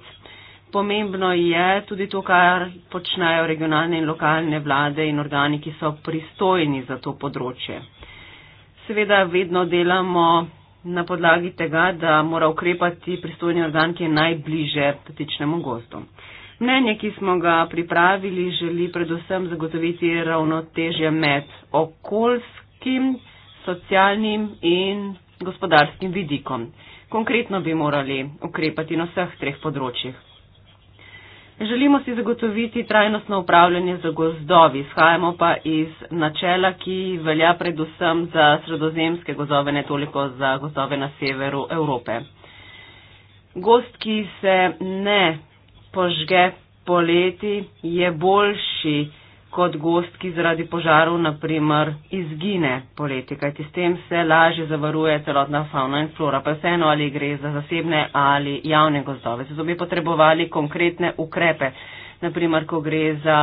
Pomembno je tudi to, kar počnejo regionalne in lokalne vlade in organi, ki so pristojni za to področje. Seveda vedno delamo na podlagi tega, da mora ukrepati pristojni organ, ki je najbliže petičnemu gostu. Mnenje, ki smo ga pripravili, želi predvsem zagotoviti ravnotežje med okoljskim socialnim in gospodarskim vidikom. Konkretno bi morali ukrepati na vseh treh področjih. Želimo si zagotoviti trajnostno upravljanje z gozdovi, shajamo pa iz načela, ki velja predvsem za sredozemske gozove, ne toliko za gozove na severu Evrope. Gost, ki se ne požge poleti, je boljši kot gost, ki zaradi požarov, naprimer, izgine poleti, kajti s tem se lažje zavaruje celotna fauna in flora. Pa vseeno, ali gre za zasebne ali javne gozdove. Zato bi potrebovali konkretne ukrepe, naprimer, ko gre za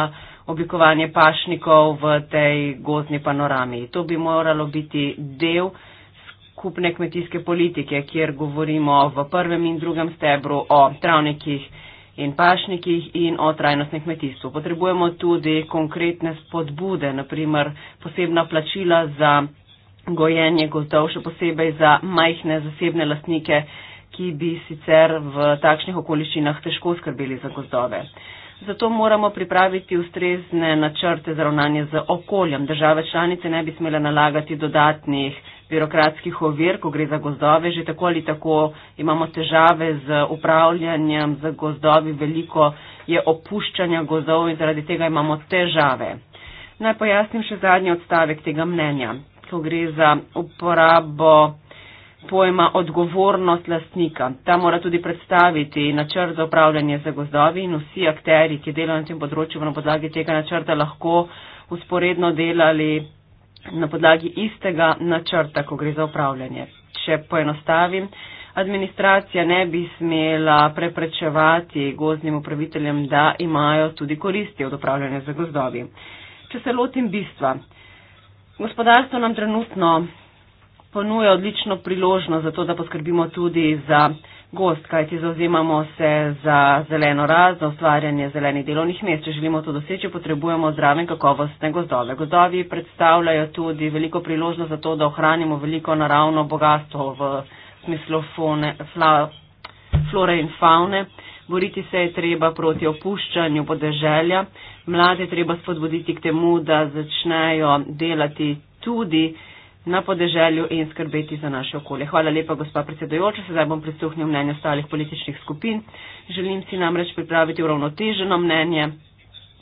oblikovanje pašnikov v tej gozdni panorami. To bi moralo biti del skupne kmetijske politike, kjer govorimo v prvem in drugem stebru o travnikih, in pašnikih in o trajnostnem kmetijstvu. Potrebujemo tudi konkretne spodbude, naprimer posebna plačila za gojenje gozdov, še posebej za majhne zasebne lastnike, ki bi sicer v takšnih okoliščinah težko skrbeli za gozdove. Zato moramo pripraviti ustrezne načrte za ravnanje z okoljem. Države članice ne bi smele nalagati dodatnih birokratskih ovir, ko gre za gozdove, že tako ali tako imamo težave z upravljanjem z gozdovi, veliko je opuščanja gozdov in zaradi tega imamo težave. Naj pojasnim še zadnji odstavek tega mnenja, ko gre za uporabo pojma odgovornost lastnika. Ta mora tudi predstaviti načrt za upravljanje z gozdovi in vsi akteri, ki delajo na tem področju, bodo na podlagi tega načrta lahko usporedno delali na podlagi istega načrta, ko gre za upravljanje. Če poenostavim, administracija ne bi smela preprečevati gozdnim upraviteljem, da imajo tudi koristi od upravljanja za gozdovi. Če se lotim bistva, gospodarstvo nam trenutno ponuja odlično priložnost za to, da poskrbimo tudi za gost, kajti zauzemamo se za zeleno raz, za ustvarjanje zelenih delovnih mest. Če želimo to doseči, potrebujemo zdrave in kakovostne gozdove. Gozdovi predstavljajo tudi veliko priložnost za to, da ohranimo veliko naravno bogatstvo v smislu fone, fla, flore in faune. Boriti se je treba proti opuščanju podeželja. Mlade treba spodbuditi k temu, da začnejo delati tudi na podeželju in skrbeti za naše okolje. Hvala lepa, gospa predsedojoča. Sedaj bom prisluhnil mnenje ostalih političnih skupin. Želim si namreč pripraviti uravnoteženo mnenje,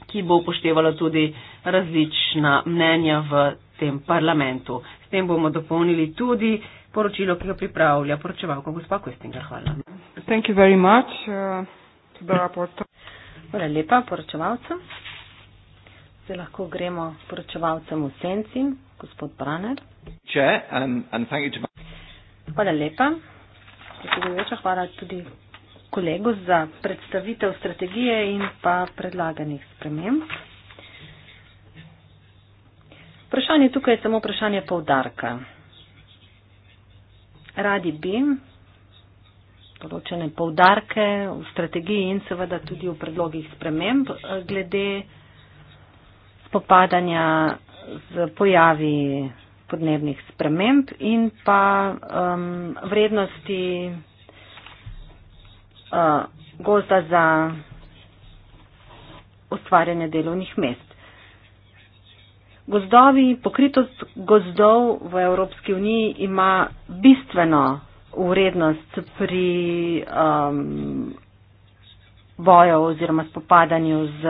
ki bo upoštevalo tudi različna mnenja v tem parlamentu. S tem bomo dopolnili tudi poročilo, ki ga pripravlja poročevalka gospa Kostinger. Hvala. Uh, Hvala lepa poročevalcem. Zdaj lahko gremo poročevalcem v senci, gospod Braner. Hvala lepa. Hvala tudi kolegu za predstavitev strategije in pa predlaganih sprememb. Vprašanje tukaj je samo vprašanje povdarka. Radi bi določene povdarke v strategiji in seveda tudi v predlogih sprememb eh, glede spopadanja z pojavi podnebnih sprememb in pa um, vrednosti uh, gozda za ustvarjanje delovnih mest. Gozdovi, pokritost gozdov v Evropski uniji ima bistveno vrednost pri um, bojo oziroma spopadanju z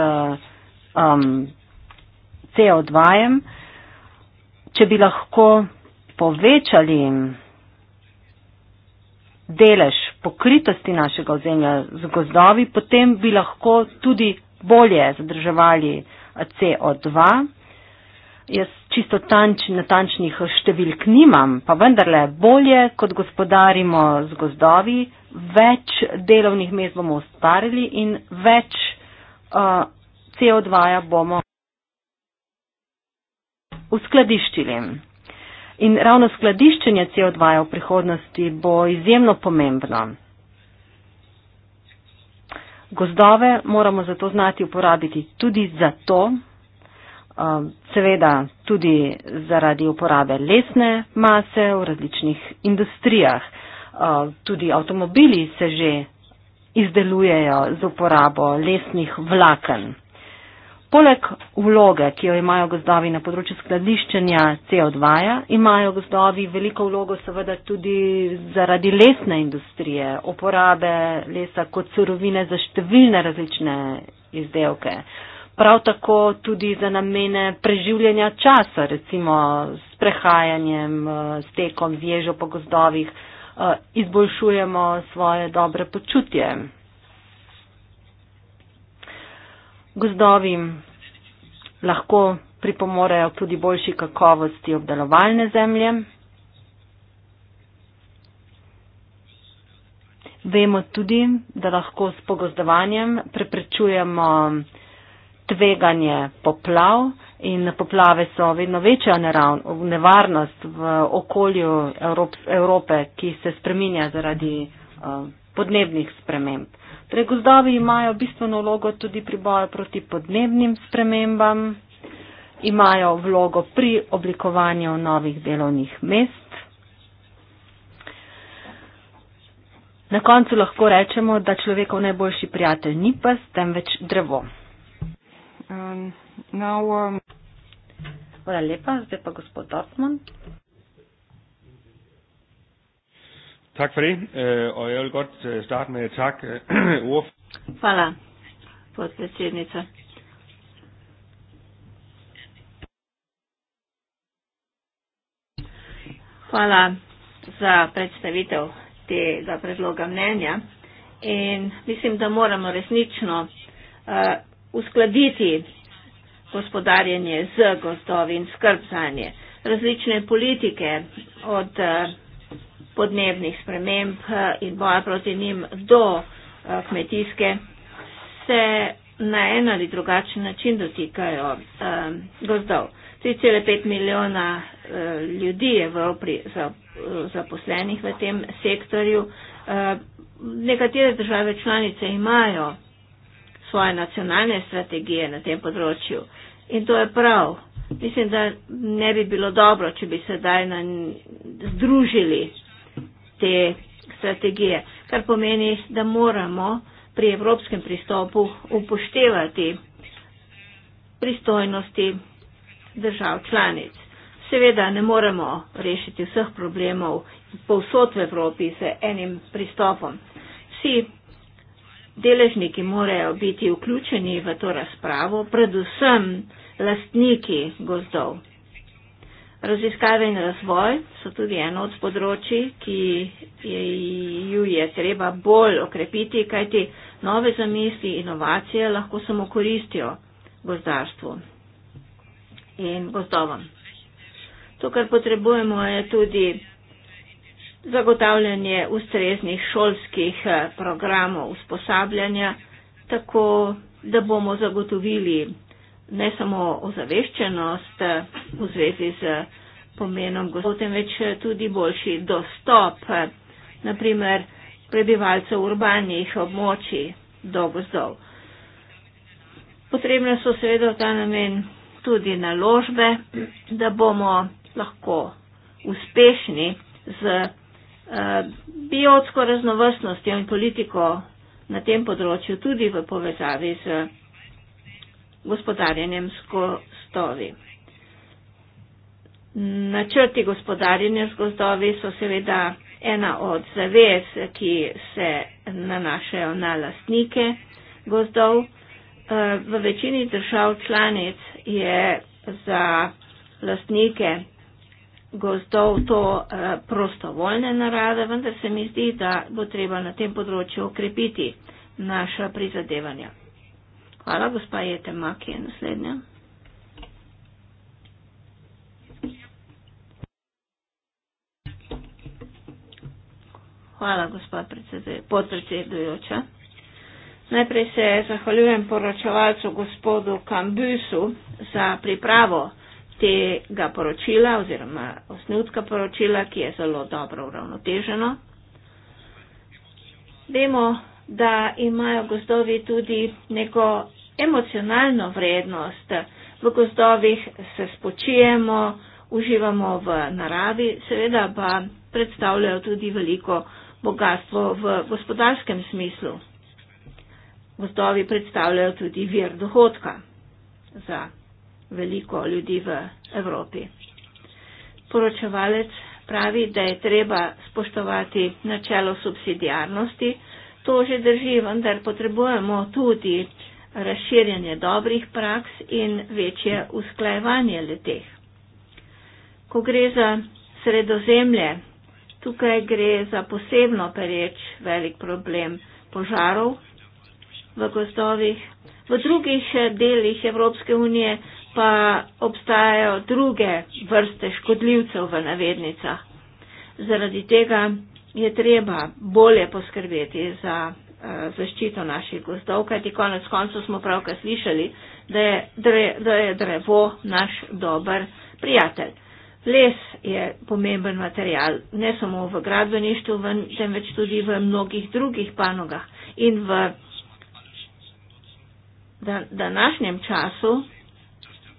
um, CO2, če bi lahko povečali delež pokritosti našega ozemlja z gozdovi, potem bi lahko tudi bolje zadrževali CO2. Jaz čisto tanč, natančnih številk nimam, pa vendarle bolje, kot gospodarimo z gozdovi, več delovnih mest bomo ustvarili in več uh, CO2 ja bomo uskladiščili. In ravno skladiščenje CO2 v prihodnosti bo izjemno pomembno. Gozdove moramo zato znati uporabiti tudi za to, um, seveda tudi zaradi uporabe lesne mase v različnih industrijah. Um, tudi avtomobili se že izdelujejo z uporabo lesnih vlaken. Poleg vloge, ki jo imajo gozdovi na področju skladiščenja CO2, imajo gozdovi veliko vlogo seveda tudi zaradi lesne industrije, uporabe lesa kot surovine za številne različne izdelke. Prav tako tudi za namene preživljanja časa, recimo s prehajanjem, eh, s tekom, z ježo po gozdovih, eh, izboljšujemo svoje dobre počutje. Gozdovi lahko pripomorejo tudi boljši kakovosti obdelovalne zemlje. Vemo tudi, da lahko s pogozdovanjem preprečujemo tveganje poplav in poplave so vedno večja nevarnost v okolju Evrope, ki se spreminja zaradi eh, podnebnih sprememb. Torej, gozdovi imajo bistveno vlogo tudi pri boju proti podnebnim spremembam, imajo vlogo pri oblikovanju novih delovnih mest. Na koncu lahko rečemo, da človekov najboljši prijatelj ni pes, temveč drevo. Um, now, um... Hvala lepa, zdaj pa gospod Dortmund. Tak for det, øh, og jeg vil godt øh, starte med at takke øh, ordf. Hvala, podpredsjednica. Hvala za predstavitev tega predloga mnenja in mislim, da moramo resnično uh, uskladiti gospodarjenje z gozdovi in skrb za nje. Različne politike od uh, podnebnih sprememb eh, in boja proti njim do eh, kmetijske, se na en ali drugačen način dotikajo eh, gozdov. 3,5 milijona ljudi je v opri zaposlenih v tem sektorju. Nekatere države članice imajo svoje nacionalne strategije na tem področju in to je prav. Mislim, da ne bi bilo dobro, če bi se daj združili te strategije, kar pomeni, da moramo pri evropskem pristopu upoštevati pristojnosti držav članic. Seveda ne moremo rešiti vseh problemov povsod v Evropi z enim pristopom. Vsi deležniki morajo biti vključeni v to razpravo, predvsem lastniki gozdov. Raziskave in razvoj so tudi eno od področji, ki je, ju je treba bolj okrepiti, kajti nove zamisli, inovacije lahko samo koristijo gozdarstvu in gozdovom. To, kar potrebujemo, je tudi zagotavljanje ustreznih šolskih eh, programov usposabljanja, tako da bomo zagotovili ne samo ozaveščenost eh, v zvezi z pomenom gospodov, temveč tudi boljši dostop, eh, naprimer prebivalcev urbanih območij do gozdov. Potrebne so seveda v ta namen tudi naložbe, da bomo lahko uspešni z eh, biotsko raznovrstnostjo in politiko na tem področju tudi v povezavi z gospodarjenjem s gozdovi. Načrti gospodarjenja z gozdovi so seveda ena od zavez, ki se nanašajo na lastnike gozdov. V večini držav članic je za lastnike gozdov to eh, prostovoljne narave, vendar se mi zdi, da bo treba na tem področju okrepiti naša prizadevanja. Hvala, gospa Jete Mak je naslednja. Hvala, gospod podpredsedujoča. Najprej se zahvaljujem poročevalcu gospodu Kambusu za pripravo tega poročila oziroma osnutka poročila, ki je zelo dobro uravnoteženo. Vemo, da imajo gozdovi tudi neko emocionalno vrednost. V gozdovih se spočijemo, uživamo v naravi, seveda pa predstavljajo tudi veliko bogatstvo v gospodarskem smislu. Gozdovi predstavljajo tudi vir dohodka za veliko ljudi v Evropi. Poročevalec pravi, da je treba spoštovati načelo subsidijarnosti, to že drži, vendar potrebujemo tudi razširjanje dobrih praks in večje usklajevanje leteh. Ko gre za sredozemlje, tukaj gre za posebno pereč velik problem požarov v gozdovih. V drugih eh, delih Evropske unije pa obstajajo druge vrste škodljivcev v navednicah. Zaradi tega je treba bolje poskrbeti za Eh, zaščito naših gozdov, kajti konec koncev smo pravkar slišali, da je, dre, da je drevo naš dober prijatelj. Les je pomemben material, ne samo v gradbeništvu, temveč tudi v mnogih drugih panogah. In v današnjem času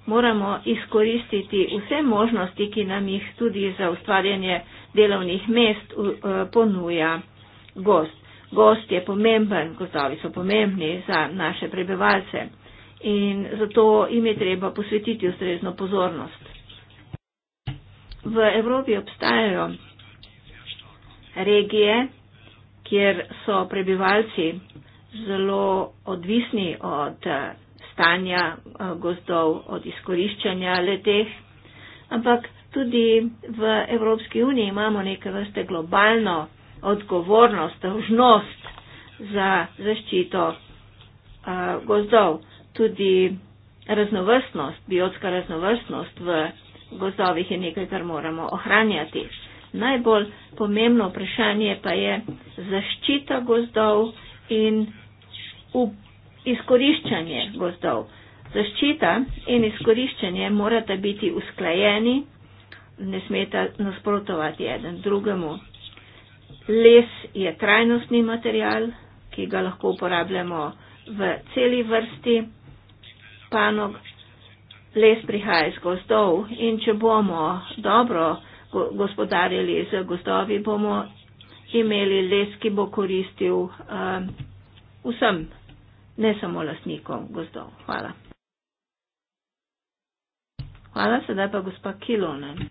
moramo izkoristiti vse možnosti, ki nam jih tudi za ustvarjanje delovnih mest eh, ponuja gost gost je pomemben, gozdovi so pomembni za naše prebivalce in zato jim je treba posvetiti ustrezno pozornost. V Evropi obstajajo regije, kjer so prebivalci zelo odvisni od eh, stanja eh, gozdov, od izkoriščanja leteh, ampak tudi v Evropski uniji imamo neke vrste globalno odgovornost, dožnost za zaščito uh, gozdov. Tudi raznovrstnost, biotska raznovrstnost v gozdovih je nekaj, kar moramo ohranjati. Najbolj pomembno vprašanje pa je zaščita gozdov in izkoriščanje gozdov. Zaščita in izkoriščanje morata biti usklajeni, ne smeta nasprotovati eden drugemu. Les je trajnostni material, ki ga lahko uporabljamo v celi vrsti panog. Les prihaja iz gozdov in če bomo dobro gospodarili z gozdovi, bomo imeli les, ki bo koristil um, vsem, ne samo lastnikom gozdov. Hvala. Hvala, sedaj pa gospa Kilonen.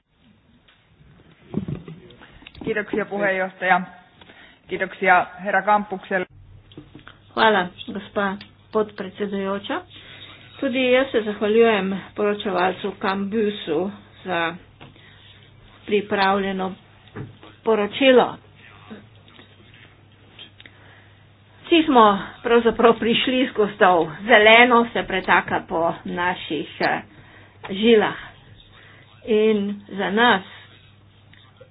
Kiitoksia puheenjohtaja. Kiitoksia herra Kampukselle. Hvala, gospa podpredsedujoča. Tudi jaz se zahvaljujem poročevalcu Kambusu za pripravljeno poročilo. Vsi smo pravzaprav prišli iz gostov, zeleno se pretaka po naših eh, žilah. In za nas,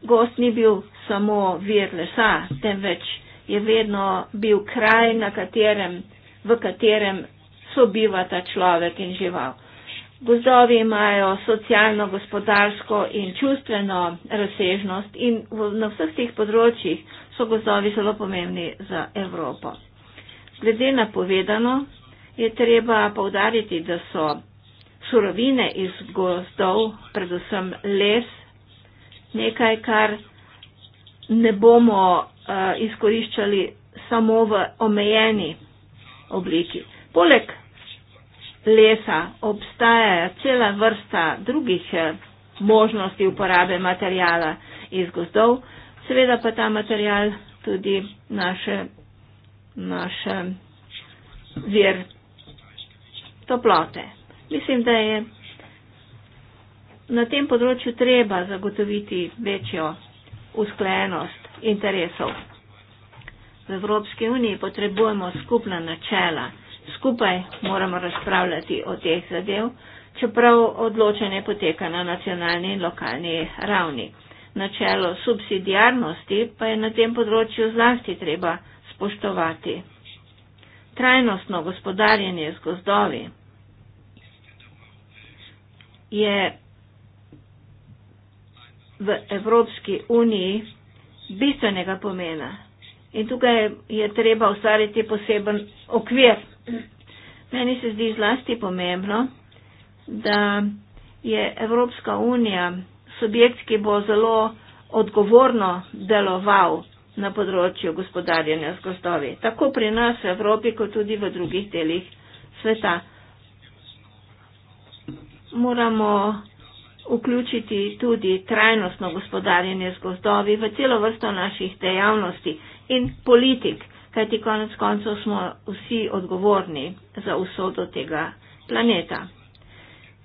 gost ni bil samo vir lesa, temveč je vedno bil kraj, katerem, v katerem sobivata človek in žival. Gozdovi imajo socialno, gospodarsko in čustveno razsežnost in na vseh teh področjih so gozdovi zelo pomembni za Evropo. Glede na povedano je treba povdariti, da so surovine iz gozdov, predvsem les, nekaj, kar ne bomo uh, izkoriščali samo v omejeni obliki. Poleg lesa obstaja cela vrsta drugih eh, možnosti uporabe materijala iz gozdov, seveda pa ta materijal tudi naše, naše vir toplote. Mislim, da je na tem področju treba zagotoviti večjo usklajenost interesov. V Evropski uniji potrebujemo skupna načela. Skupaj moramo razpravljati o teh zadev, čeprav odločanje poteka na nacionalni in lokalni ravni. Načelo subsidijarnosti pa je na tem področju zlasti treba spoštovati. Trajnostno gospodarjenje z gozdovi je v Evropski uniji bistvenega pomena. In tukaj je treba ustvariti poseben okvir. Meni se zdi zlasti pomembno, da je Evropska unija subjekt, ki bo zelo odgovorno deloval na področju gospodarjenja z gostovi, tako pri nas v Evropi, kot tudi v drugih delih sveta. Moramo vključiti tudi trajnostno gospodarjenje z gozdovi v celo vrsto naših dejavnosti in politik, kajti konec koncev smo vsi odgovorni za usodo tega planeta.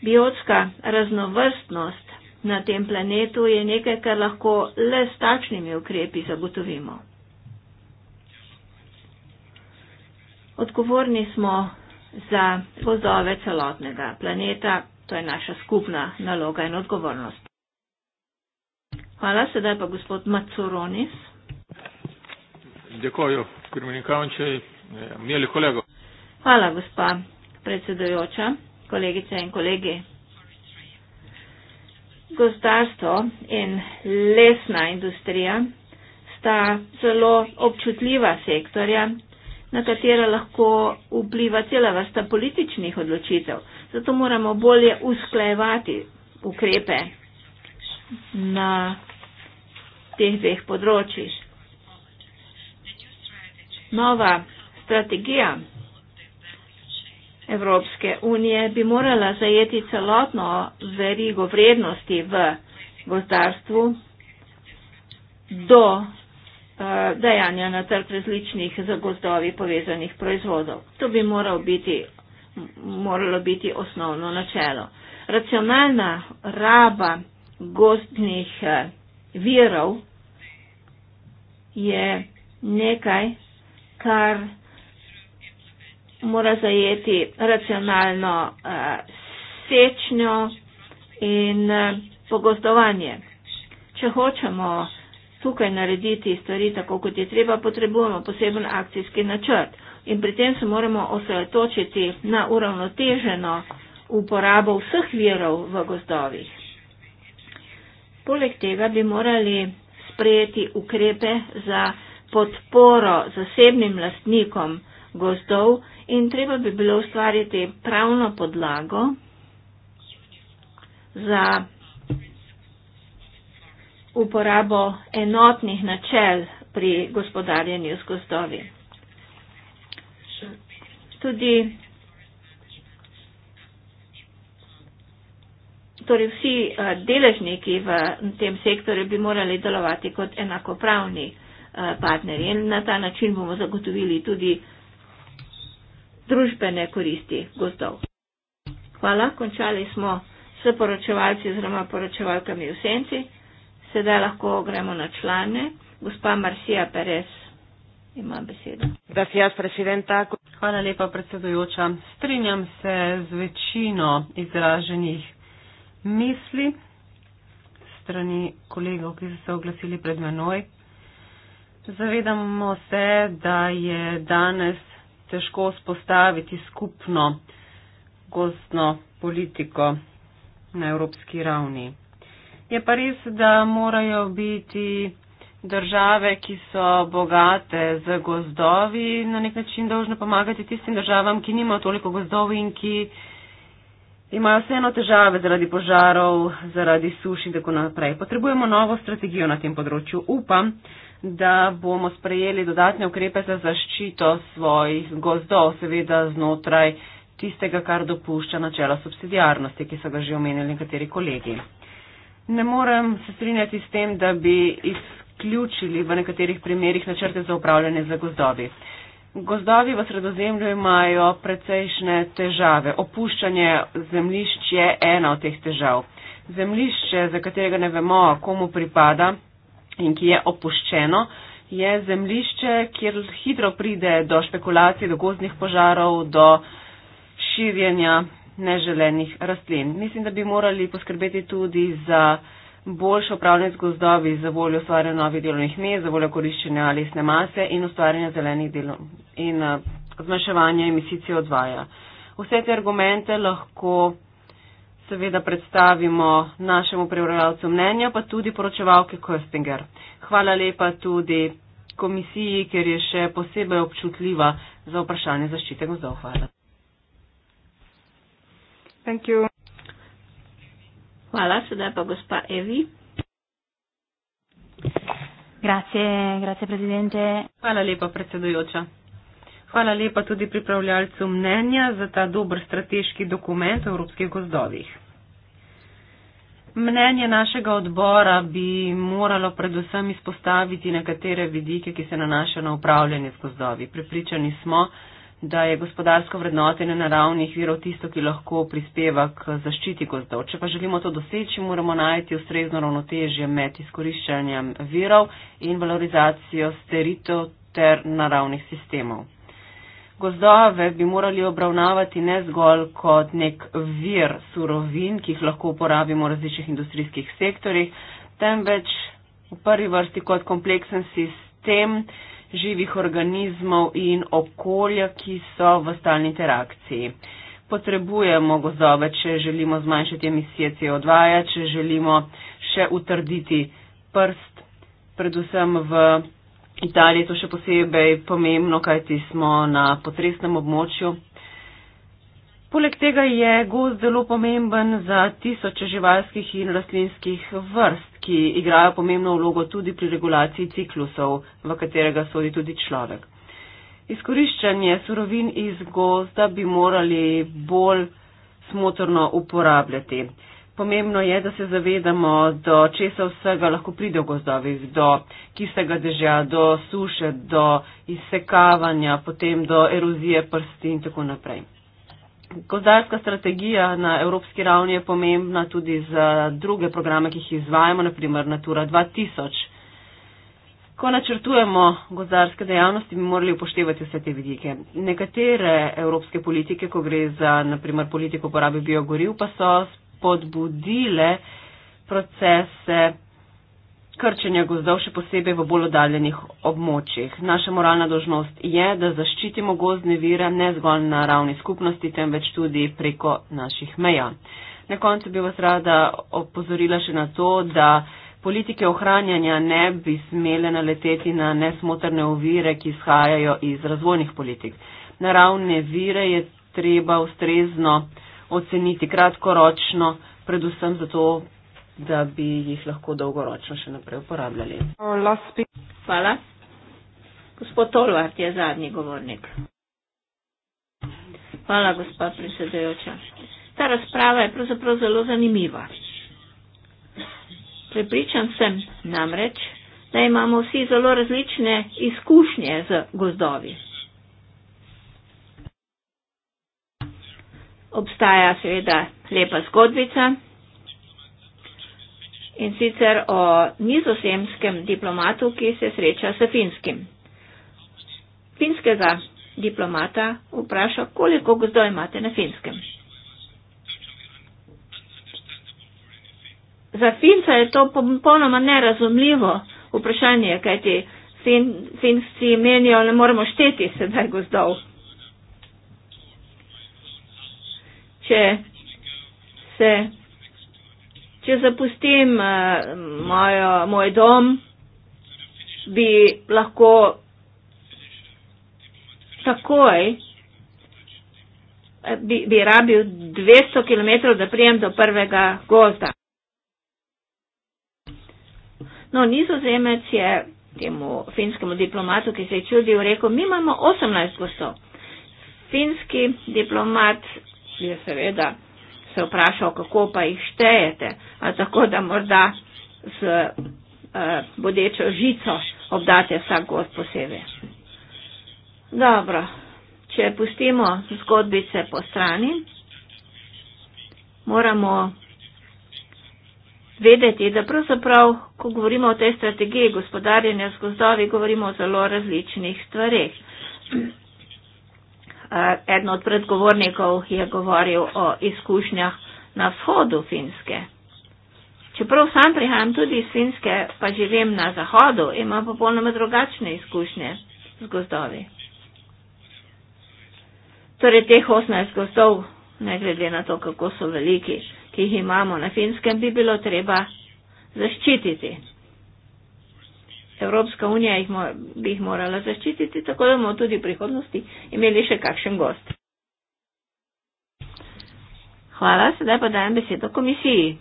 Biotska raznovrstnost na tem planetu je nekaj, kar lahko le s takšnimi ukrepi zagotovimo. Odgovorni smo za gozdove celotnega planeta, To je naša skupna naloga in odgovornost. Hvala, sedaj pa gospod Macoronis. Hvala, gospa predsedojoča, kolegice in kolegi. Gozdarstvo in lesna industrija sta zelo občutljiva sektorja, na katera lahko vpliva cela vrsta političnih odločitev zato moramo bolje usklejevati ukrepe na teh dveh področjih. Nova strategija Evropske unije bi morala zajeti celotno verigo vrednosti v gozdarstvu do eh, dejanja na trg različnih za gozdovi povezanih proizvodov. To bi moral biti moralo biti osnovno načelo. Racionalna raba gostnih eh, virov je nekaj, kar mora zajeti racionalno uh, sečnjo in uh, eh, pogostovanje. Če hočemo tukaj narediti stvari tako, kot je treba, potrebujemo poseben akcijski načrt in pri tem se moramo osredotočiti na uravnoteženo uporabo vseh virov v gozdovih. Poleg tega bi morali sprejeti ukrepe za podporo zasebnim lastnikom gozdov in treba bi bilo ustvariti pravno podlago za uporabo enotnih načel pri gospodarjenju z gozdovi tudi torej vsi eh, deležniki v tem sektorju bi morali delovati kot enakopravni eh, partnerji in na ta način bomo zagotovili tudi družbene koristi gozdov. Hvala, končali smo s poročevalci oziroma poročevalkami v senci. Sedaj lahko gremo na člane. Gospa Marcija Perez ima besedo. Gracias, presidenta. Hvala lepa, predsedujoča. Strinjam se z večino izraženih misli strani kolegov, ki so se oglasili pred menoj. Zavedamo se, da je danes težko spostaviti skupno gostno politiko na evropski ravni. Je pa res, da morajo biti države, ki so bogate z gozdovi, na nek način dožne pomagati tistim državam, ki nimajo toliko gozdov in ki imajo vseeno težave zaradi požarov, zaradi suši in tako naprej. Potrebujemo novo strategijo na tem področju. Upam, da bomo sprejeli dodatne ukrepe za zaščito svojih gozdov, seveda znotraj tistega, kar dopušča načela subsidijarnosti, ki so ga že omenili nekateri kolegi. Ne morem se strinjati s tem, da bi iz vključili v nekaterih primerjih načrte za upravljanje za gozdovi. Gozdovi v sredozemlju imajo precejšne težave. Opuščanje zemlišč je ena od teh težav. Zemlišče, za katerega ne vemo, komu pripada in ki je opuščeno, je zemlišče, kjer hitro pride do špekulacij, do gozdnih požarov, do širjenja neželenih rastlin. Mislim, da bi morali poskrbeti tudi za boljše upravljanje z gozdovi za voljo ustvarjanja novih delovnih mest, za voljo koriščenja lesne mase in ustvarjanja zelenih delov in uh, zmanjševanja emisicij odvaja. Vse te argumente lahko seveda predstavimo našemu prevajalcu mnenja, pa tudi poročevalke Köstinger. Hvala lepa tudi komisiji, ker je še posebej občutljiva za vprašanje zaščite gozdov. Hvala. Thank you. Hvala, sedaj pa gospa Evi. Grazie, grazie predsedniče. Hvala lepa, predsedujoča. Hvala lepa tudi pripravljalcu mnenja za ta dober strateški dokument o evropskih gozdovih. Mnenje našega odbora bi moralo predvsem izpostaviti nekatere vidike, ki se nanašajo na upravljanje z gozdovi. Pripričani smo, da je gospodarsko vrednotenje naravnih virov tisto, ki lahko prispeva k zaščiti gozdov. Če pa želimo to doseči, moramo najti ustrezno ravnotežje med izkoriščanjem virov in valorizacijo steritev ter naravnih sistemov. Gozdove bi morali obravnavati ne zgolj kot nek vir surovin, ki jih lahko uporabimo v različnih industrijskih sektorjih, temveč v prvi vrsti kot kompleksen sistem, živih organizmov in okolja, ki so v stalni interakciji. Potrebujemo gozove, če želimo zmanjšati emisije CO2, če želimo še utrditi prst, predvsem v Italiji je to še posebej pomembno, kajti smo na potresnem območju. Poleg tega je gozd zelo pomemben za tisoče živalskih in rastlinskih vrst ki igrajo pomembno vlogo tudi pri regulaciji ciklusov, v katerega sodi tudi človek. Izkoriščanje surovin iz gozda bi morali bolj smotrno uporabljati. Pomembno je, da se zavedamo, do česa vsega lahko pride v gozdovih, do kistega dežja, do suše, do izsekavanja, potem do erozije prsti in tako naprej. Gozdarska strategija na evropski ravni je pomembna tudi za druge programe, ki jih izvajamo, naprimer Natura 2000. Ko načrtujemo gozdarske dejavnosti, bi morali upoštevati vse te vidike. Nekatere evropske politike, ko gre za naprimer politiko porabe biogoriv, pa so spodbudile procese krčenja gozdov, še posebej v bolj oddaljenih območjih. Naša moralna dožnost je, da zaščitimo gozdne vire ne zgolj na ravni skupnosti, temveč tudi preko naših meja. Na koncu bi vas rada opozorila še na to, da politike ohranjanja ne bi smele naleteti na nesmotrne ovire, ki izhajajo iz razvojnih politik. Naravne vire je treba ustrezno oceniti kratkoročno, predvsem zato da bi jih lahko dolgoročno še naprej uporabljali. Hvala. Gospod Tolvart je zadnji govornik. Hvala, gospa predsedajoča. Ta razprava je pravzaprav zelo zanimiva. Prepričan sem namreč, da imamo vsi zelo različne izkušnje z gozdovi. Obstaja seveda lepa zgodbica, in sicer o nizozemskem diplomatu, ki se sreča s finskim. Finskega diplomata vpraša, koliko gozdov imate na finskem. Za finca je to popolnoma nerazumljivo vprašanje, kajti fin, finci menijo, ne moremo šteti sedaj gozdov. Če se če zapustim uh, mojo, moj dom, bi lahko takoj, eh, bi, bi rabil 200 km, da prijem do prvega gozda. No, nizozemec je temu finskemu diplomatu, ki se je čudil, rekel, mi imamo 18 gozdov. Finski diplomat je seveda se vprašal, kako pa jih štejete, a tako da morda z eh, bodečo žico obdate vsak gost posebej. Dobro, če pustimo zgodbice po strani, moramo vedeti, da pravzaprav, ko govorimo o tej strategiji gospodarjenja z gozdovi, govorimo o zelo različnih stvareh. Eh, eden od predgovornikov je govoril o izkušnjah na vzhodu Finske. Čeprav sam prihajam tudi iz Finske, pa živim na zahodu, imam popolnoma drugačne izkušnje z gozdovi. Torej, teh 18 gozdov, ne glede na to, kako so veliki, ki jih imamo na Finskem, bi bilo treba zaščititi. Evropska unija jih mor, bi jih morala zaščititi, tako da bomo tudi v prihodnosti imeli še kakšen gost. Hvala, sedaj pa dajem besedo komisiji.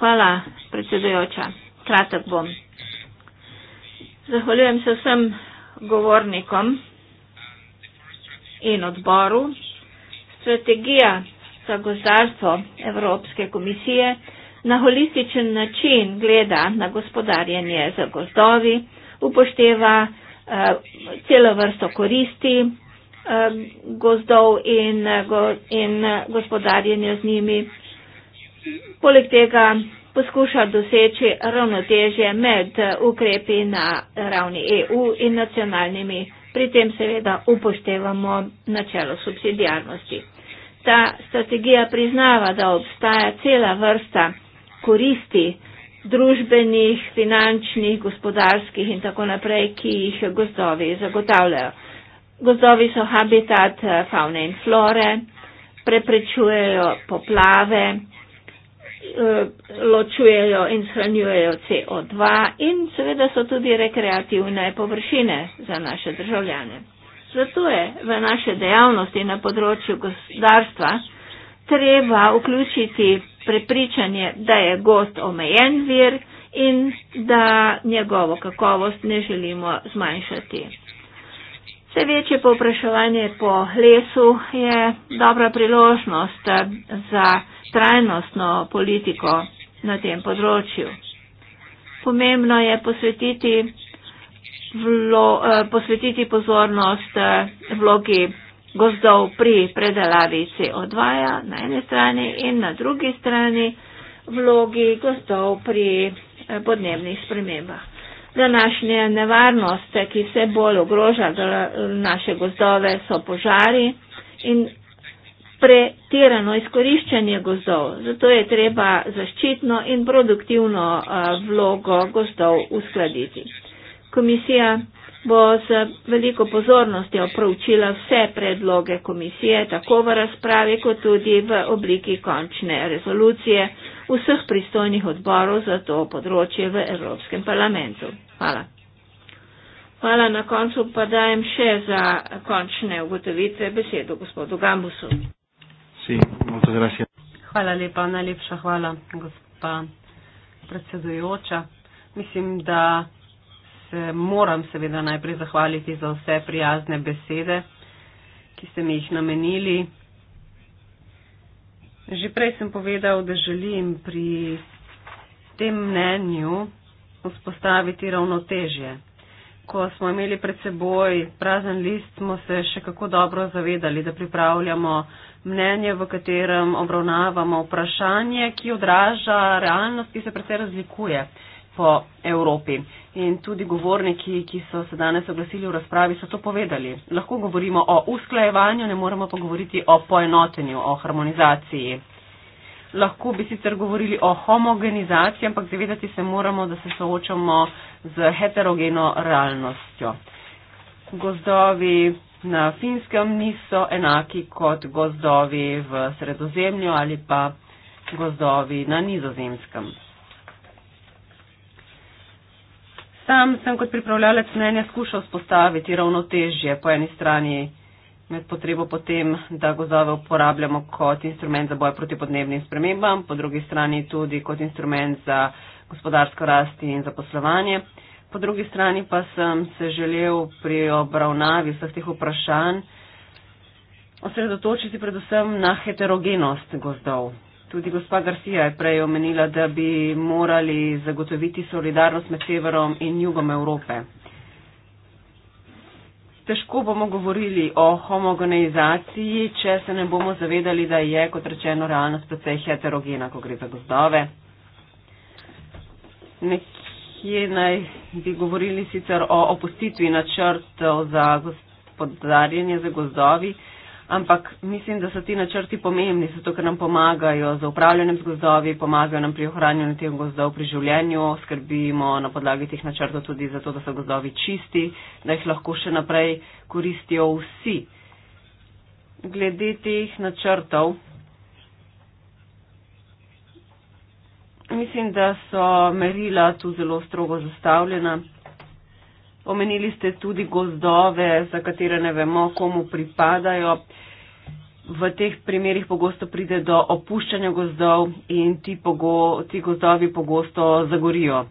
Hvala, predsedujoča. Kratek bom. Zahvaljujem se vsem govornikom in odboru. Strategija za gozdarstvo Evropske komisije na holističen način gleda na gospodarjanje z gozdovi, upošteva uh, celo vrsto koristi uh, gozdov in, eh, go, in gospodarjanje z njimi. Poleg tega poskuša doseči ravnotežje med ukrepi na ravni EU in nacionalnimi, pri tem seveda upoštevamo načelo subsidijarnosti. Ta strategija priznava, da obstaja cela vrsta koristi družbenih, finančnih, gospodarskih in tako naprej, ki jih gozdovi zagotavljajo. Gozdovi so habitat eh, favne in flore, preprečujejo poplave, eh, ločujejo in shranjujejo CO2 in seveda so tudi rekreativne površine za naše državljane. Zato je v naše dejavnosti na področju gospodarstva treba vključiti prepričanje, da je gost omejen vir in da njegovo kakovost ne želimo zmanjšati. Vse večje povpraševanje po lesu je dobra priložnost za trajnostno politiko na tem področju. Pomembno je posvetiti, vlo, eh, posvetiti pozornost eh, vlogi gozdov pri predelavi CO2-ja na eni strani in na drugi strani vlogi gozdov pri eh, podnebnih spremembah. Današnje nevarnoste, ki se bolj ogroža eh, naše gozdove, so požari in pretirano izkoriščanje gozdov. Zato je treba zaščitno in produktivno eh, vlogo gozdov uskladiti. Komisija bo z veliko pozornostjo proučila vse predloge komisije, tako v razpravi, kot tudi v obliki končne rezolucije vseh pristojnih odborov za to področje v Evropskem parlamentu. Hvala. Hvala na koncu, pa dajem še za končne ugotovitve besedo gospodu Gambusu. Si, hvala lepa, najlepša hvala, gospa predsedujoča. Mislim, da se moram seveda najprej zahvaliti za vse prijazne besede, ki ste mi jih namenili. Že prej sem povedal, da želim pri tem mnenju vzpostaviti ravnotežje. Ko smo imeli pred seboj prazen list, smo se še kako dobro zavedali, da pripravljamo mnenje, v katerem obravnavamo vprašanje, ki odraža realnost, ki se precej razlikuje po Evropi. In tudi govorniki, ki so se danes oglasili v razpravi, so to povedali. Lahko govorimo o usklajevanju, ne moremo pa govoriti o poenotenju, o harmonizaciji. Lahko bi sicer govorili o homogenizaciji, ampak zavedati se moramo, da se soočamo z heterogeno realnostjo. Gozdovi na finskem niso enaki kot gozdovi v sredozemlju ali pa gozdovi na nizozemskem. Tam sem kot pripravljalec mnenja skušal spostaviti ravnotežje po eni strani med potrebo potem, da gozove uporabljamo kot instrument za boj proti podnebnim spremembam, po drugi strani tudi kot instrument za gospodarsko rast in zaposlovanje. Po drugi strani pa sem se želel pri obravnavi vseh teh vprašanj osredotočiti predvsem na heterogenost gozdov. Tudi gospa Garcia je prej omenila, da bi morali zagotoviti solidarnost med severom in jugom Evrope. Težko bomo govorili o homogenizaciji, če se ne bomo zavedali, da je, kot rečeno, realnost precej heterogena, ko gre za gozdove. Nekje naj bi govorili sicer o opustitvi načrtov za gospodarjenje za gozdovi ampak mislim, da so ti načrti pomembni, zato ker nam pomagajo za upravljanjem z gozdovi, pomagajo nam pri ohranjanju teh gozdov pri življenju, skrbimo na podlagi teh načrtov tudi zato, da so gozdovi čisti, da jih lahko še naprej koristijo vsi. Glede teh načrtov, mislim, da so merila tu zelo strogo zastavljena. Omenili ste tudi gozdove, za katere ne vemo, komu pripadajo. V teh primerjih pogosto pride do opuščanja gozdov in ti, pogo, ti gozdovi pogosto zagorijo.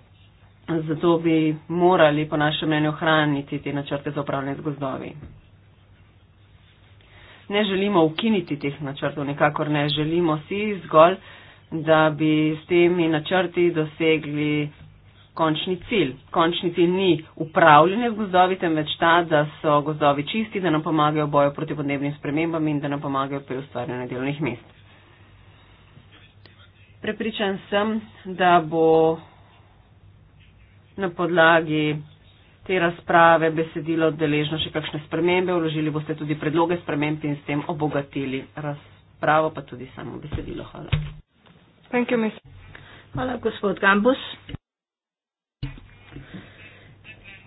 Zato bi morali, po našem mnenju, ohraniti te načrte za upravljanje z gozdovi. Ne želimo ukiniti teh načrtov, nikakor ne želimo si zgolj, da bi s temi načrti dosegli končni cilj. Končni cilj ni upravljanje z gozdovi, temveč ta, da so gozdovi čisti, da nam pomagajo v boju proti podnebnim spremembam in da nam pomagajo pri ustvarjanju delovnih mest. Prepričan sem, da bo na podlagi te razprave besedilo deležno še kakšne spremembe, vložili boste tudi predloge sprememb in s tem obogatili razpravo, pa tudi samo besedilo. Hvala. Hvala, gospod Gambus.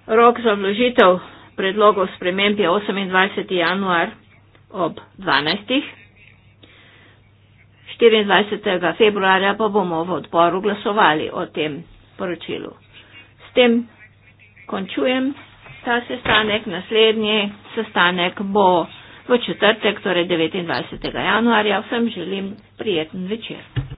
Rok za vložitev predlogov sprememb je 28. januar ob 12. 24. februarja pa bomo v odboru glasovali o tem poročilu. S tem končujem ta sestanek. Naslednji sestanek bo v četrtek, torej 29. januarja. Vsem želim prijeten večer.